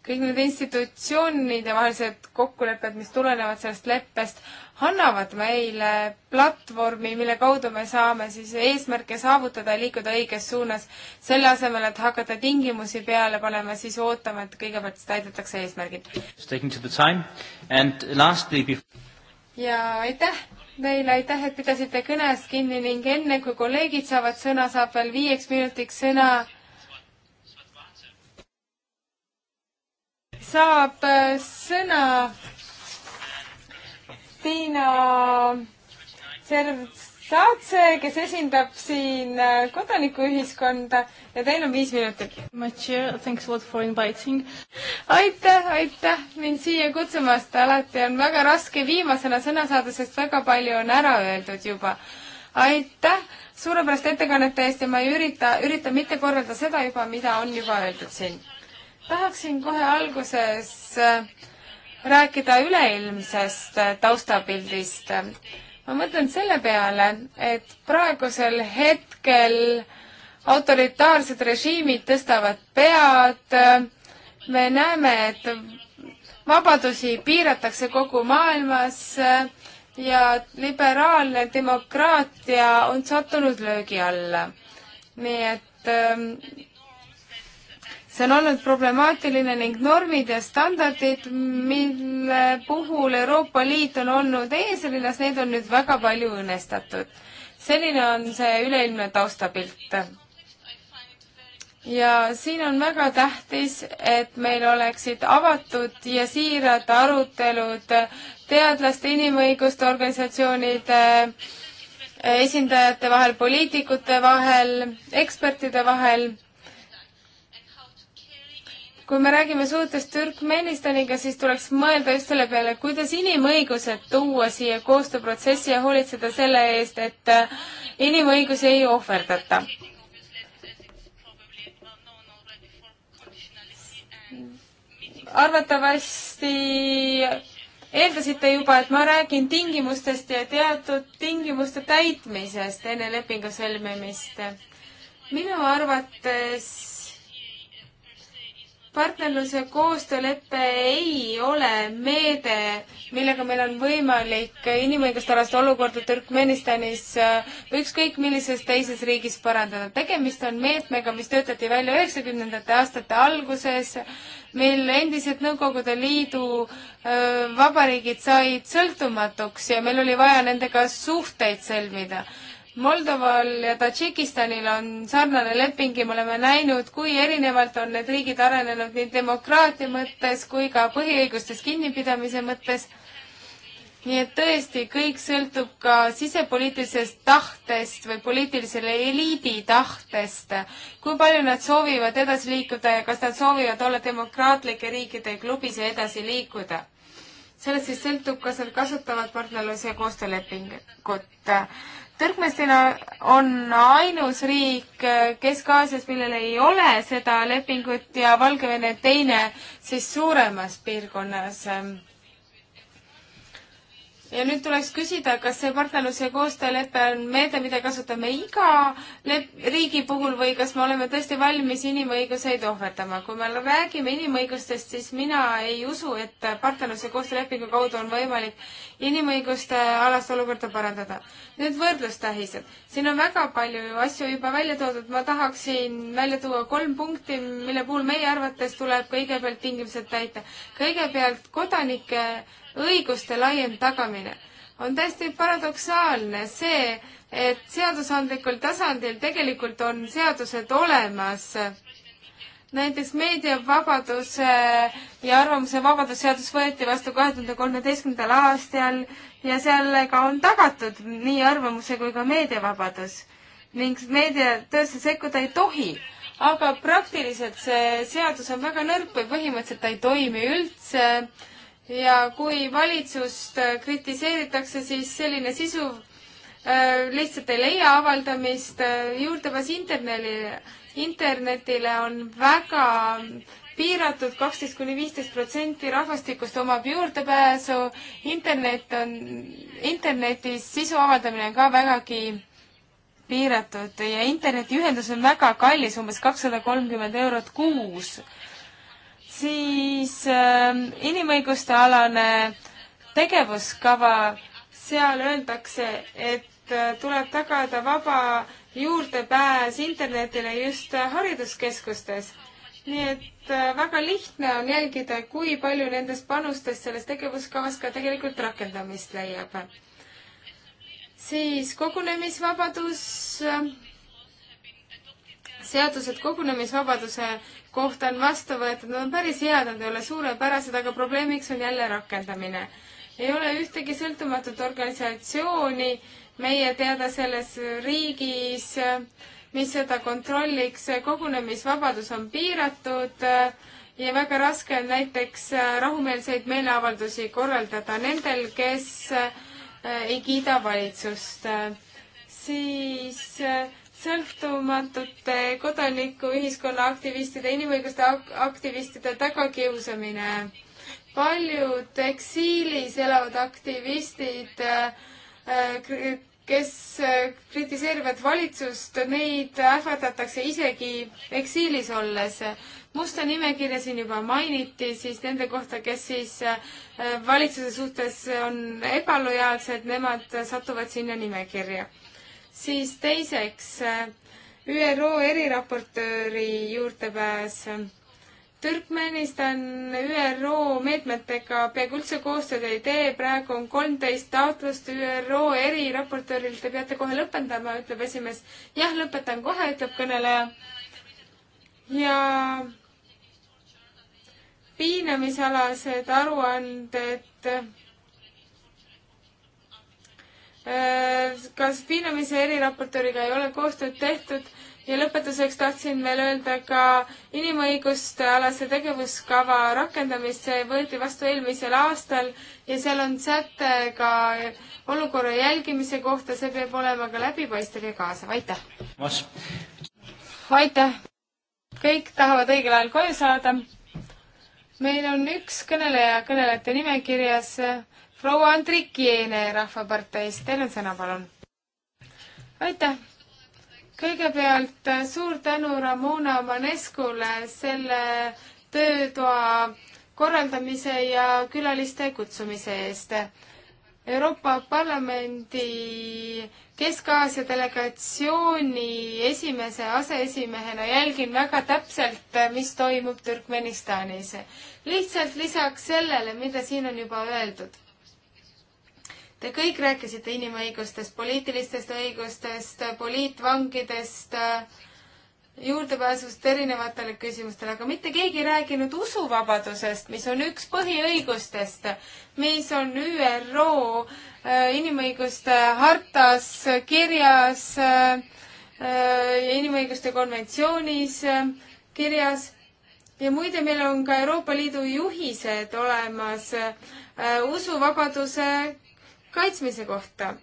kõik need institutsioonide vahelised kokkulepped, mis tulenevad sellest leppest, annavad meile platvormi, mille kaudu me saame siis eesmärke saavutada ja liikuda õiges suunas. selle asemel, et hakata tingimusi peale panema, siis ootame, et kõigepealt täidetakse eesmärgid. ja aitäh teile, aitäh, et pidasite kõnest kinni ning enne, kui kolleegid saavad sõna, saab veel viieks minutiks sõna saab äh, sõna Kristiina Servstatse, kes esindab siin äh, kodanikuühiskonda ja teil on viis minutit. aitäh, aitäh mind siia kutsumast, alati on väga raske viimasena sõna saada, sest väga palju on ära öeldud juba. aitäh suurepäraste ettekannete eest ja ma ei ürita, üritan mitte korrata seda juba, mida on juba öeldud siin. tahaksin kohe alguses äh, rääkida üleilmsest taustapildist. ma mõtlen selle peale, et praegusel hetkel autoritaarsed režiimid tõstavad pead, me näeme, et vabadusi piiratakse kogu maailmas ja liberaalne demokraatia on sattunud löögi alla. nii et ähm, see on olnud problemaatiline ning normid ja standardid, mille puhul Euroopa Liit on olnud eesrinnas, need on nüüd väga palju õnnestatud. selline on see üleilmne taustapilt. ja siin on väga tähtis, et meil oleksid avatud ja siirad arutelud teadlaste, inimõiguste organisatsioonide esindajate vahel, poliitikute vahel, ekspertide vahel kui me räägime suhetest Türkmenistaniga, siis tuleks mõelda just selle peale, kuidas inimõigused tuua siia koostööprotsessi ja hoolitseda selle eest, et äh, inimõigusi ei ohverdata. arvatavasti eeldasite juba, et ma räägin tingimustest ja teatud tingimuste täitmisest enne lepingu sõlmimist. minu arvates partnerlus- ja koostöölepe ei ole meede, millega meil on võimalik inimõigustalast olukorda Türkmenistanis või äh, ükskõik millises teises riigis parandada. tegemist on meetmega, mis töötati välja üheksakümnendate aastate alguses, mil endised Nõukogude Liidu äh, vabariigid said sõltumatuks ja meil oli vaja nendega suhteid sõlmida Moldoval ja Tadžikistanil on sarnane leping ja me oleme näinud, kui erinevalt on need riigid arenenud nii demokraatia mõttes kui ka põhiõigustes kinnipidamise mõttes. nii et tõesti, kõik sõltub ka sisepoliitilisest tahtest või poliitilisele eliidi tahtest, kui palju nad soovivad edasi liikuda ja kas nad soovivad olla demokraatlike riikide klubis ja edasi liikuda sellest siis sõltub, kas nad kasutavad partnerluse koostöölepingut. Türkmenistan on ainus riik äh, Kesk-Aasias, millel ei ole seda lepingut ja Valgevene teine siis suuremas piirkonnas ja nüüd tuleks küsida, kas see partnerlus- ja koostöölepe on meede, mida kasutame iga riigi puhul või kas me oleme tõesti valmis inimõiguseid ohverdama. kui me räägime inimõigustest, siis mina ei usu, et partnerlus- ja koostöölepingu kaudu on võimalik inimõiguste alast olukorda parandada. nüüd võrdlustähised. siin on väga palju asju juba välja toodud, ma tahaksin välja tuua kolm punkti, mille puhul meie arvates tuleb kõigepealt tingimused täita. kõigepealt kodanike õiguste laiem tagamine. on täiesti paradoksaalne see, et seadusandlikul tasandil tegelikult on seadused olemas, näiteks meediavabaduse ja arvamuse vabadusseadus võeti vastu kahe tuhande kolmeteistkümnendal aastal ja sellega on tagatud nii arvamuse kui ka meediavabadus ning meediatöösse sekkuda ei tohi aga praktiliselt see seadus on väga nõrk või põhimõtteliselt ta ei toimi üldse ja kui valitsust äh, kritiseeritakse, siis selline sisu äh, lihtsalt ei leia avaldamist. Äh, juurdepääs internetile, internetile on väga piiratud, kaksteist kuni viisteist protsenti rahvastikust omab juurdepääsu. internet on, internetis sisu avaldamine on ka vägagi piiratud ja internetiühendus on väga kallis, umbes kakssada kolmkümmend eurot kuus siis ähm, inimõiguste alane tegevuskava, seal öeldakse, et äh, tuleb tagada vaba juurdepääs internetile just äh, hariduskeskustes. nii et äh, väga lihtne on jälgida, kui palju nendest panustest selles tegevuskavas ka tegelikult rakendamist leiab. siis kogunemisvabadus, seadused kogunemisvabaduse kohta on vastu võetud, nad on päris head, nad ei ole suurepärased, aga probleemiks on jälle rakendamine. ei ole ühtegi sõltumatut organisatsiooni meie teada selles riigis, mis seda kontrolliks, kogunemisvabadus on piiratud ja väga raske on näiteks rahumeelseid meeleavaldusi korraldada nendel, kes ei kiida valitsust. siis äh, sõltumatute kodanikuühiskonna aktivistide, inimõiguste aktivistide tagakiusamine. paljud eksiilis elavad aktivistid, äh, kes äh, kritiseerivad valitsust, neid ähvardatakse isegi eksiilis olles. musta nimekirja siin juba mainiti, siis nende kohta, kes siis äh, valitsuse suhtes on ebalojaalsed, nemad satuvad sinna nimekirja siis teiseks äh, ÜRO eriraportööri juurdepääs. Türkmenistan ÜRO meetmetega peaaegu üldse koostööd ei tee, praegu on kolmteist taotlust ÜRO eriraportöörilt, te peate kohe lõpetama, ütleb esimees. jah, lõpetan kohe, ütleb kõneleja. ja piinamisalased aruanded et Äh, kas piinamise eriraportööriga ei ole koostööd tehtud ja lõpetuseks tahtsin veel öelda ka inimõiguste alase tegevuskava rakendamist, see võeti vastu eelmisel aastal ja seal on säte ka olukorra jälgimise kohta, see peab olema ka läbipaistev ja kaasav, aitäh! aitäh! kõik tahavad õigel ajal koju saada. meil on üks kõneleja kõnelejate nimekirjas proua Andrikiene Rahvaparteist, teil on sõna, palun. aitäh! kõigepealt äh, suur tänu Ramona Maneskule selle töötoa korraldamise ja külaliste kutsumise eest. Euroopa Parlamendi Kesk-Aasia delegatsiooni esimese aseesimehena jälgin väga täpselt, äh, mis toimub Türkmenistanis. lihtsalt lisaks sellele, mida siin on juba öeldud Te kõik rääkisite inimõigustest, poliitilistest õigustest, poliitvangidest, juurdepääsust erinevatele küsimustele, aga mitte keegi ei rääkinud usuvabadusest, mis on üks põhiõigustest, mis on ÜRO äh, inimõiguste hartas kirjas, äh, inimõiguste konventsioonis äh, kirjas ja muide, meil on ka Euroopa Liidu juhised olemas usuvabaduse kaitsmise kohta.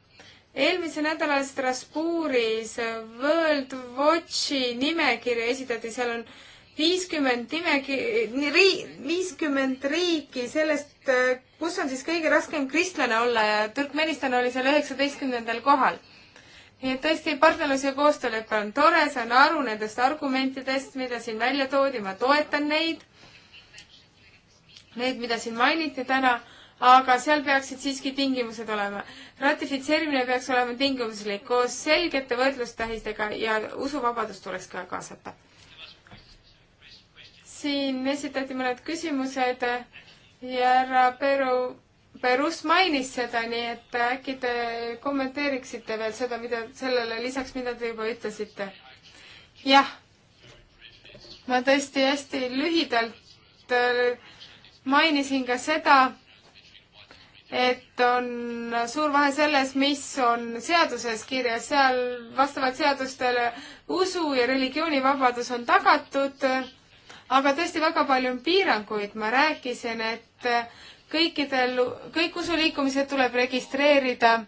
eelmisel nädalal Strasbourgis World Watchi nimekirja esitati, seal on viiskümmend nimekirja, viiskümmend riiki sellest, kus on siis kõige raskem kristlane olla ja Türkmenistan oli seal üheksateistkümnendal kohal. nii et tõesti, partnerlus ja koostöölepe on tore, saan aru nendest argumentidest, mida siin välja toodi, ma toetan neid, neid, mida siin mainiti täna aga seal peaksid siiski tingimused olema. ratifitseerimine peaks olema tingimuslik koos selgete võrdlustähistega ja usuvabadust tuleks ka kaasata. siin esitati mõned küsimused ja härra Peru, Perus mainis seda, nii et äkki te kommenteeriksite veel seda, mida sellele lisaks, mida te juba ütlesite? jah, ma tõesti hästi lühidalt äh, mainisin ka seda, et on suur vahe selles, mis on seaduses kirjas, seal vastavalt seadustele usu ja religioonivabadus on tagatud, aga tõesti väga palju on piiranguid, ma rääkisin, et kõikidel, kõik usuliikumised tuleb registreerida.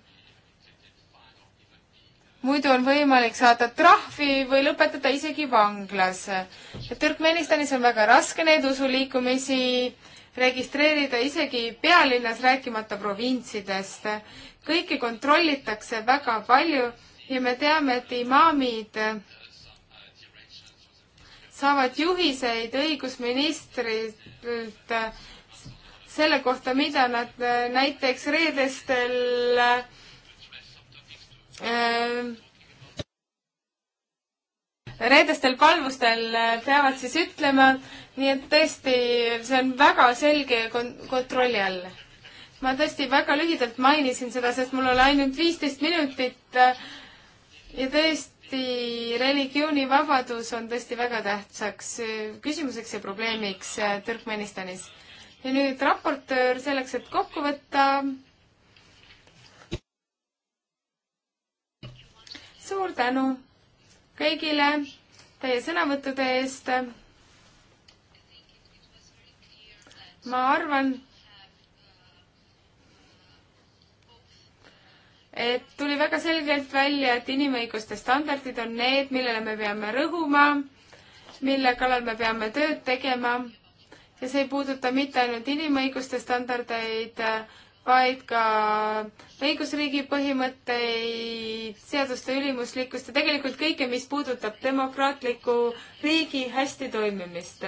muidu on võimalik saada trahvi või lõpetada isegi vanglas. Türkmenistanis on väga raske neid usuliikumisi äh, registreerida isegi pealinnas, rääkimata provintsidest. kõike kontrollitakse väga palju ja me teame, et imaamid saavad juhiseid õigusministrilt selle kohta, mida nad näiteks reedestel äh, reedestel palvustel äh, peavad siis ütlema, nii et tõesti, see on väga selge kon-, kontrolli all. ma tõesti väga lühidalt mainisin seda, sest mul oli ainult viisteist minutit äh, ja tõesti, religioonivabadus on tõesti väga tähtsaks äh, küsimuseks ja probleemiks Türkmenistanis. ja nüüd raportöör selleks, et kokku võtta suur tänu kõigile teie sõnavõttude eest. ma arvan, et tuli väga selgelt välja, et inimõiguste standardid on need, millele me peame rõhuma, mille kallal me peame tööd tegema ja see ei puuduta mitte ainult inimõiguste standardeid, vaid ka õigusriigi põhimõtteid, seaduste ülimuslikkust ja tegelikult kõike, mis puudutab demokraatliku riigi hästi toimimist.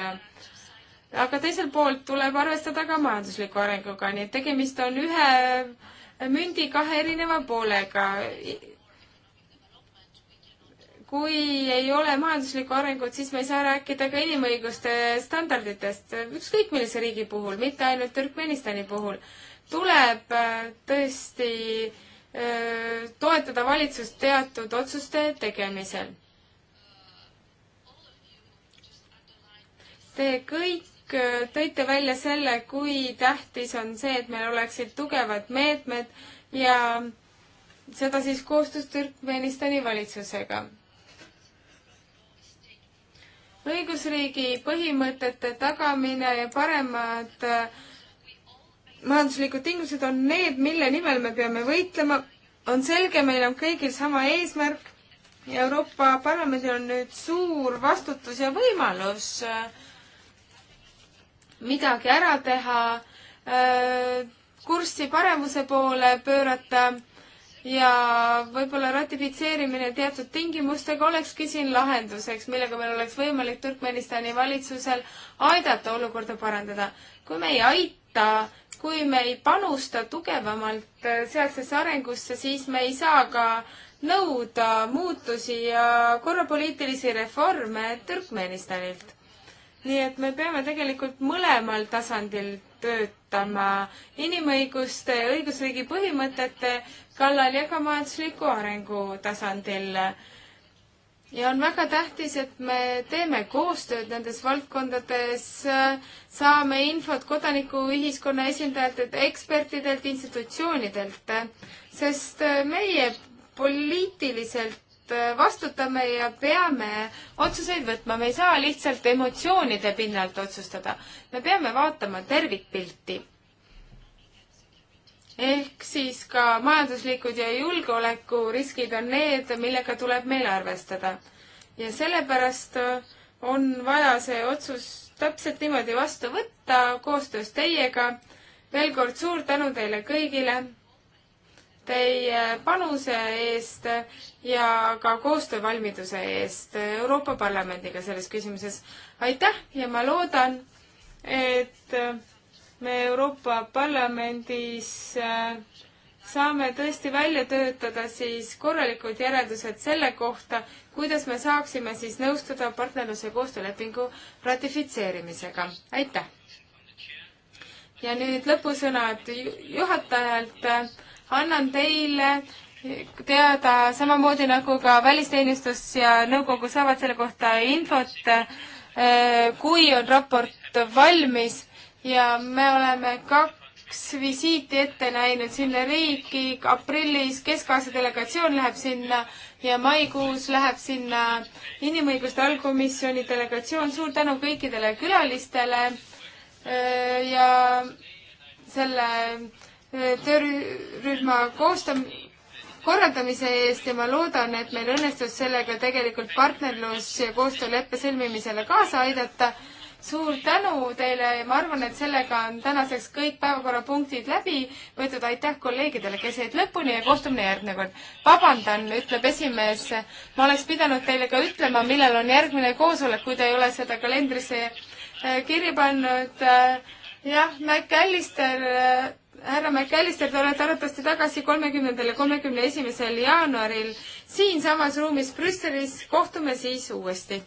aga teiselt poolt tuleb arvestada ka majandusliku arenguga, nii et tegemist on ühe mündi kahe erineva poolega. kui ei ole majanduslikku arengut, siis me ei saa rääkida ka inimõiguste standarditest, ükskõik millise riigi puhul, mitte ainult Türkmenistani puhul tuleb äh, tõesti äh, toetada valitsust teatud otsuste tegemisel. Te kõik äh, tõite välja selle, kui tähtis on see, et meil oleksid tugevad meetmed ja seda siis koostöös Türkmenistani valitsusega. õigusriigi põhimõtete tagamine ja paremad äh, majanduslikud tingimused on need, mille nimel me peame võitlema. on selge, meil on kõigil sama eesmärk. Euroopa Parlamendil on nüüd suur vastutus ja võimalus äh, midagi ära teha, äh, kurssi paremuse poole pöörata ja võib-olla ratifitseerimine teatud tingimustega olekski siin lahenduseks, millega meil oleks võimalik Türkmenistani valitsusel aidata olukorda parandada. kui me ei aita, võita, kui me ei panusta tugevamalt äh, sealsesse arengusse, siis me ei saa ka nõuda muutusi ja korrapoliitilisi reforme Türkmenistanilt. nii et me peame tegelikult mõlemal tasandil töötama inimõiguste ja õigusriigi põhimõtete kallal ja ka majandusliku arengu tasandil ja on väga tähtis, et me teeme koostööd nendes valdkondades, saame infot kodanikuühiskonna esindajatelt, ekspertidelt, institutsioonidelt, sest meie poliitiliselt vastutame ja peame otsuseid võtma, me ei saa lihtsalt emotsioonide pinnalt otsustada. me peame vaatama tervikpilti ehk siis ka majanduslikud ja julgeolekuriskid on need, millega tuleb meil arvestada. ja sellepärast on vaja see otsus täpselt niimoodi vastu võtta koostöös teiega. veel kord suur tänu teile kõigile teie panuse eest ja ka koostöövalmiduse eest Euroopa Parlamendiga selles küsimuses. aitäh ja ma loodan, et me Euroopa Parlamendis äh, saame tõesti välja töötada siis korralikud järeldused selle kohta, kuidas me saaksime siis nõustuda partnerluse koostöölepingu ratifitseerimisega. aitäh! ja nüüd lõpusõnad juhatajalt. annan teile teada samamoodi nagu ka välisteenistus ja nõukogu saavad selle kohta infot, äh, kui on raport valmis ja me oleme kaks visiiti ette näinud sinna riiki, aprillis Kesk-Aasia delegatsioon läheb sinna ja maikuus läheb sinna inimõiguste allkomisjoni delegatsioon. suur tänu kõikidele külalistele äh, ja selle äh, töörühma koostam-, korraldamise eest ja ma loodan, et meil õnnestus sellega tegelikult partnerlus- ja koostööleppe sõlmimisele kaasa aidata suur tänu teile ja ma arvan, et sellega on tänaseks kõik päevakorrapunktid läbi võetud. aitäh kolleegidele, kes jäid lõpuni ja kohtume järgmine kord. vabandan, ütleb esimees, ma oleks pidanud teile ka ütlema, millal on järgmine koosolek, kui te ei ole seda kalendrisse äh, kirja pannud. Äh, jah, MacAllister äh, härra McAllister, te olete arvatavasti tagasi kolmekümnendal ja kolmekümne esimesel jaanuaril siinsamas ruumis Brüsselis. kohtume siis uuesti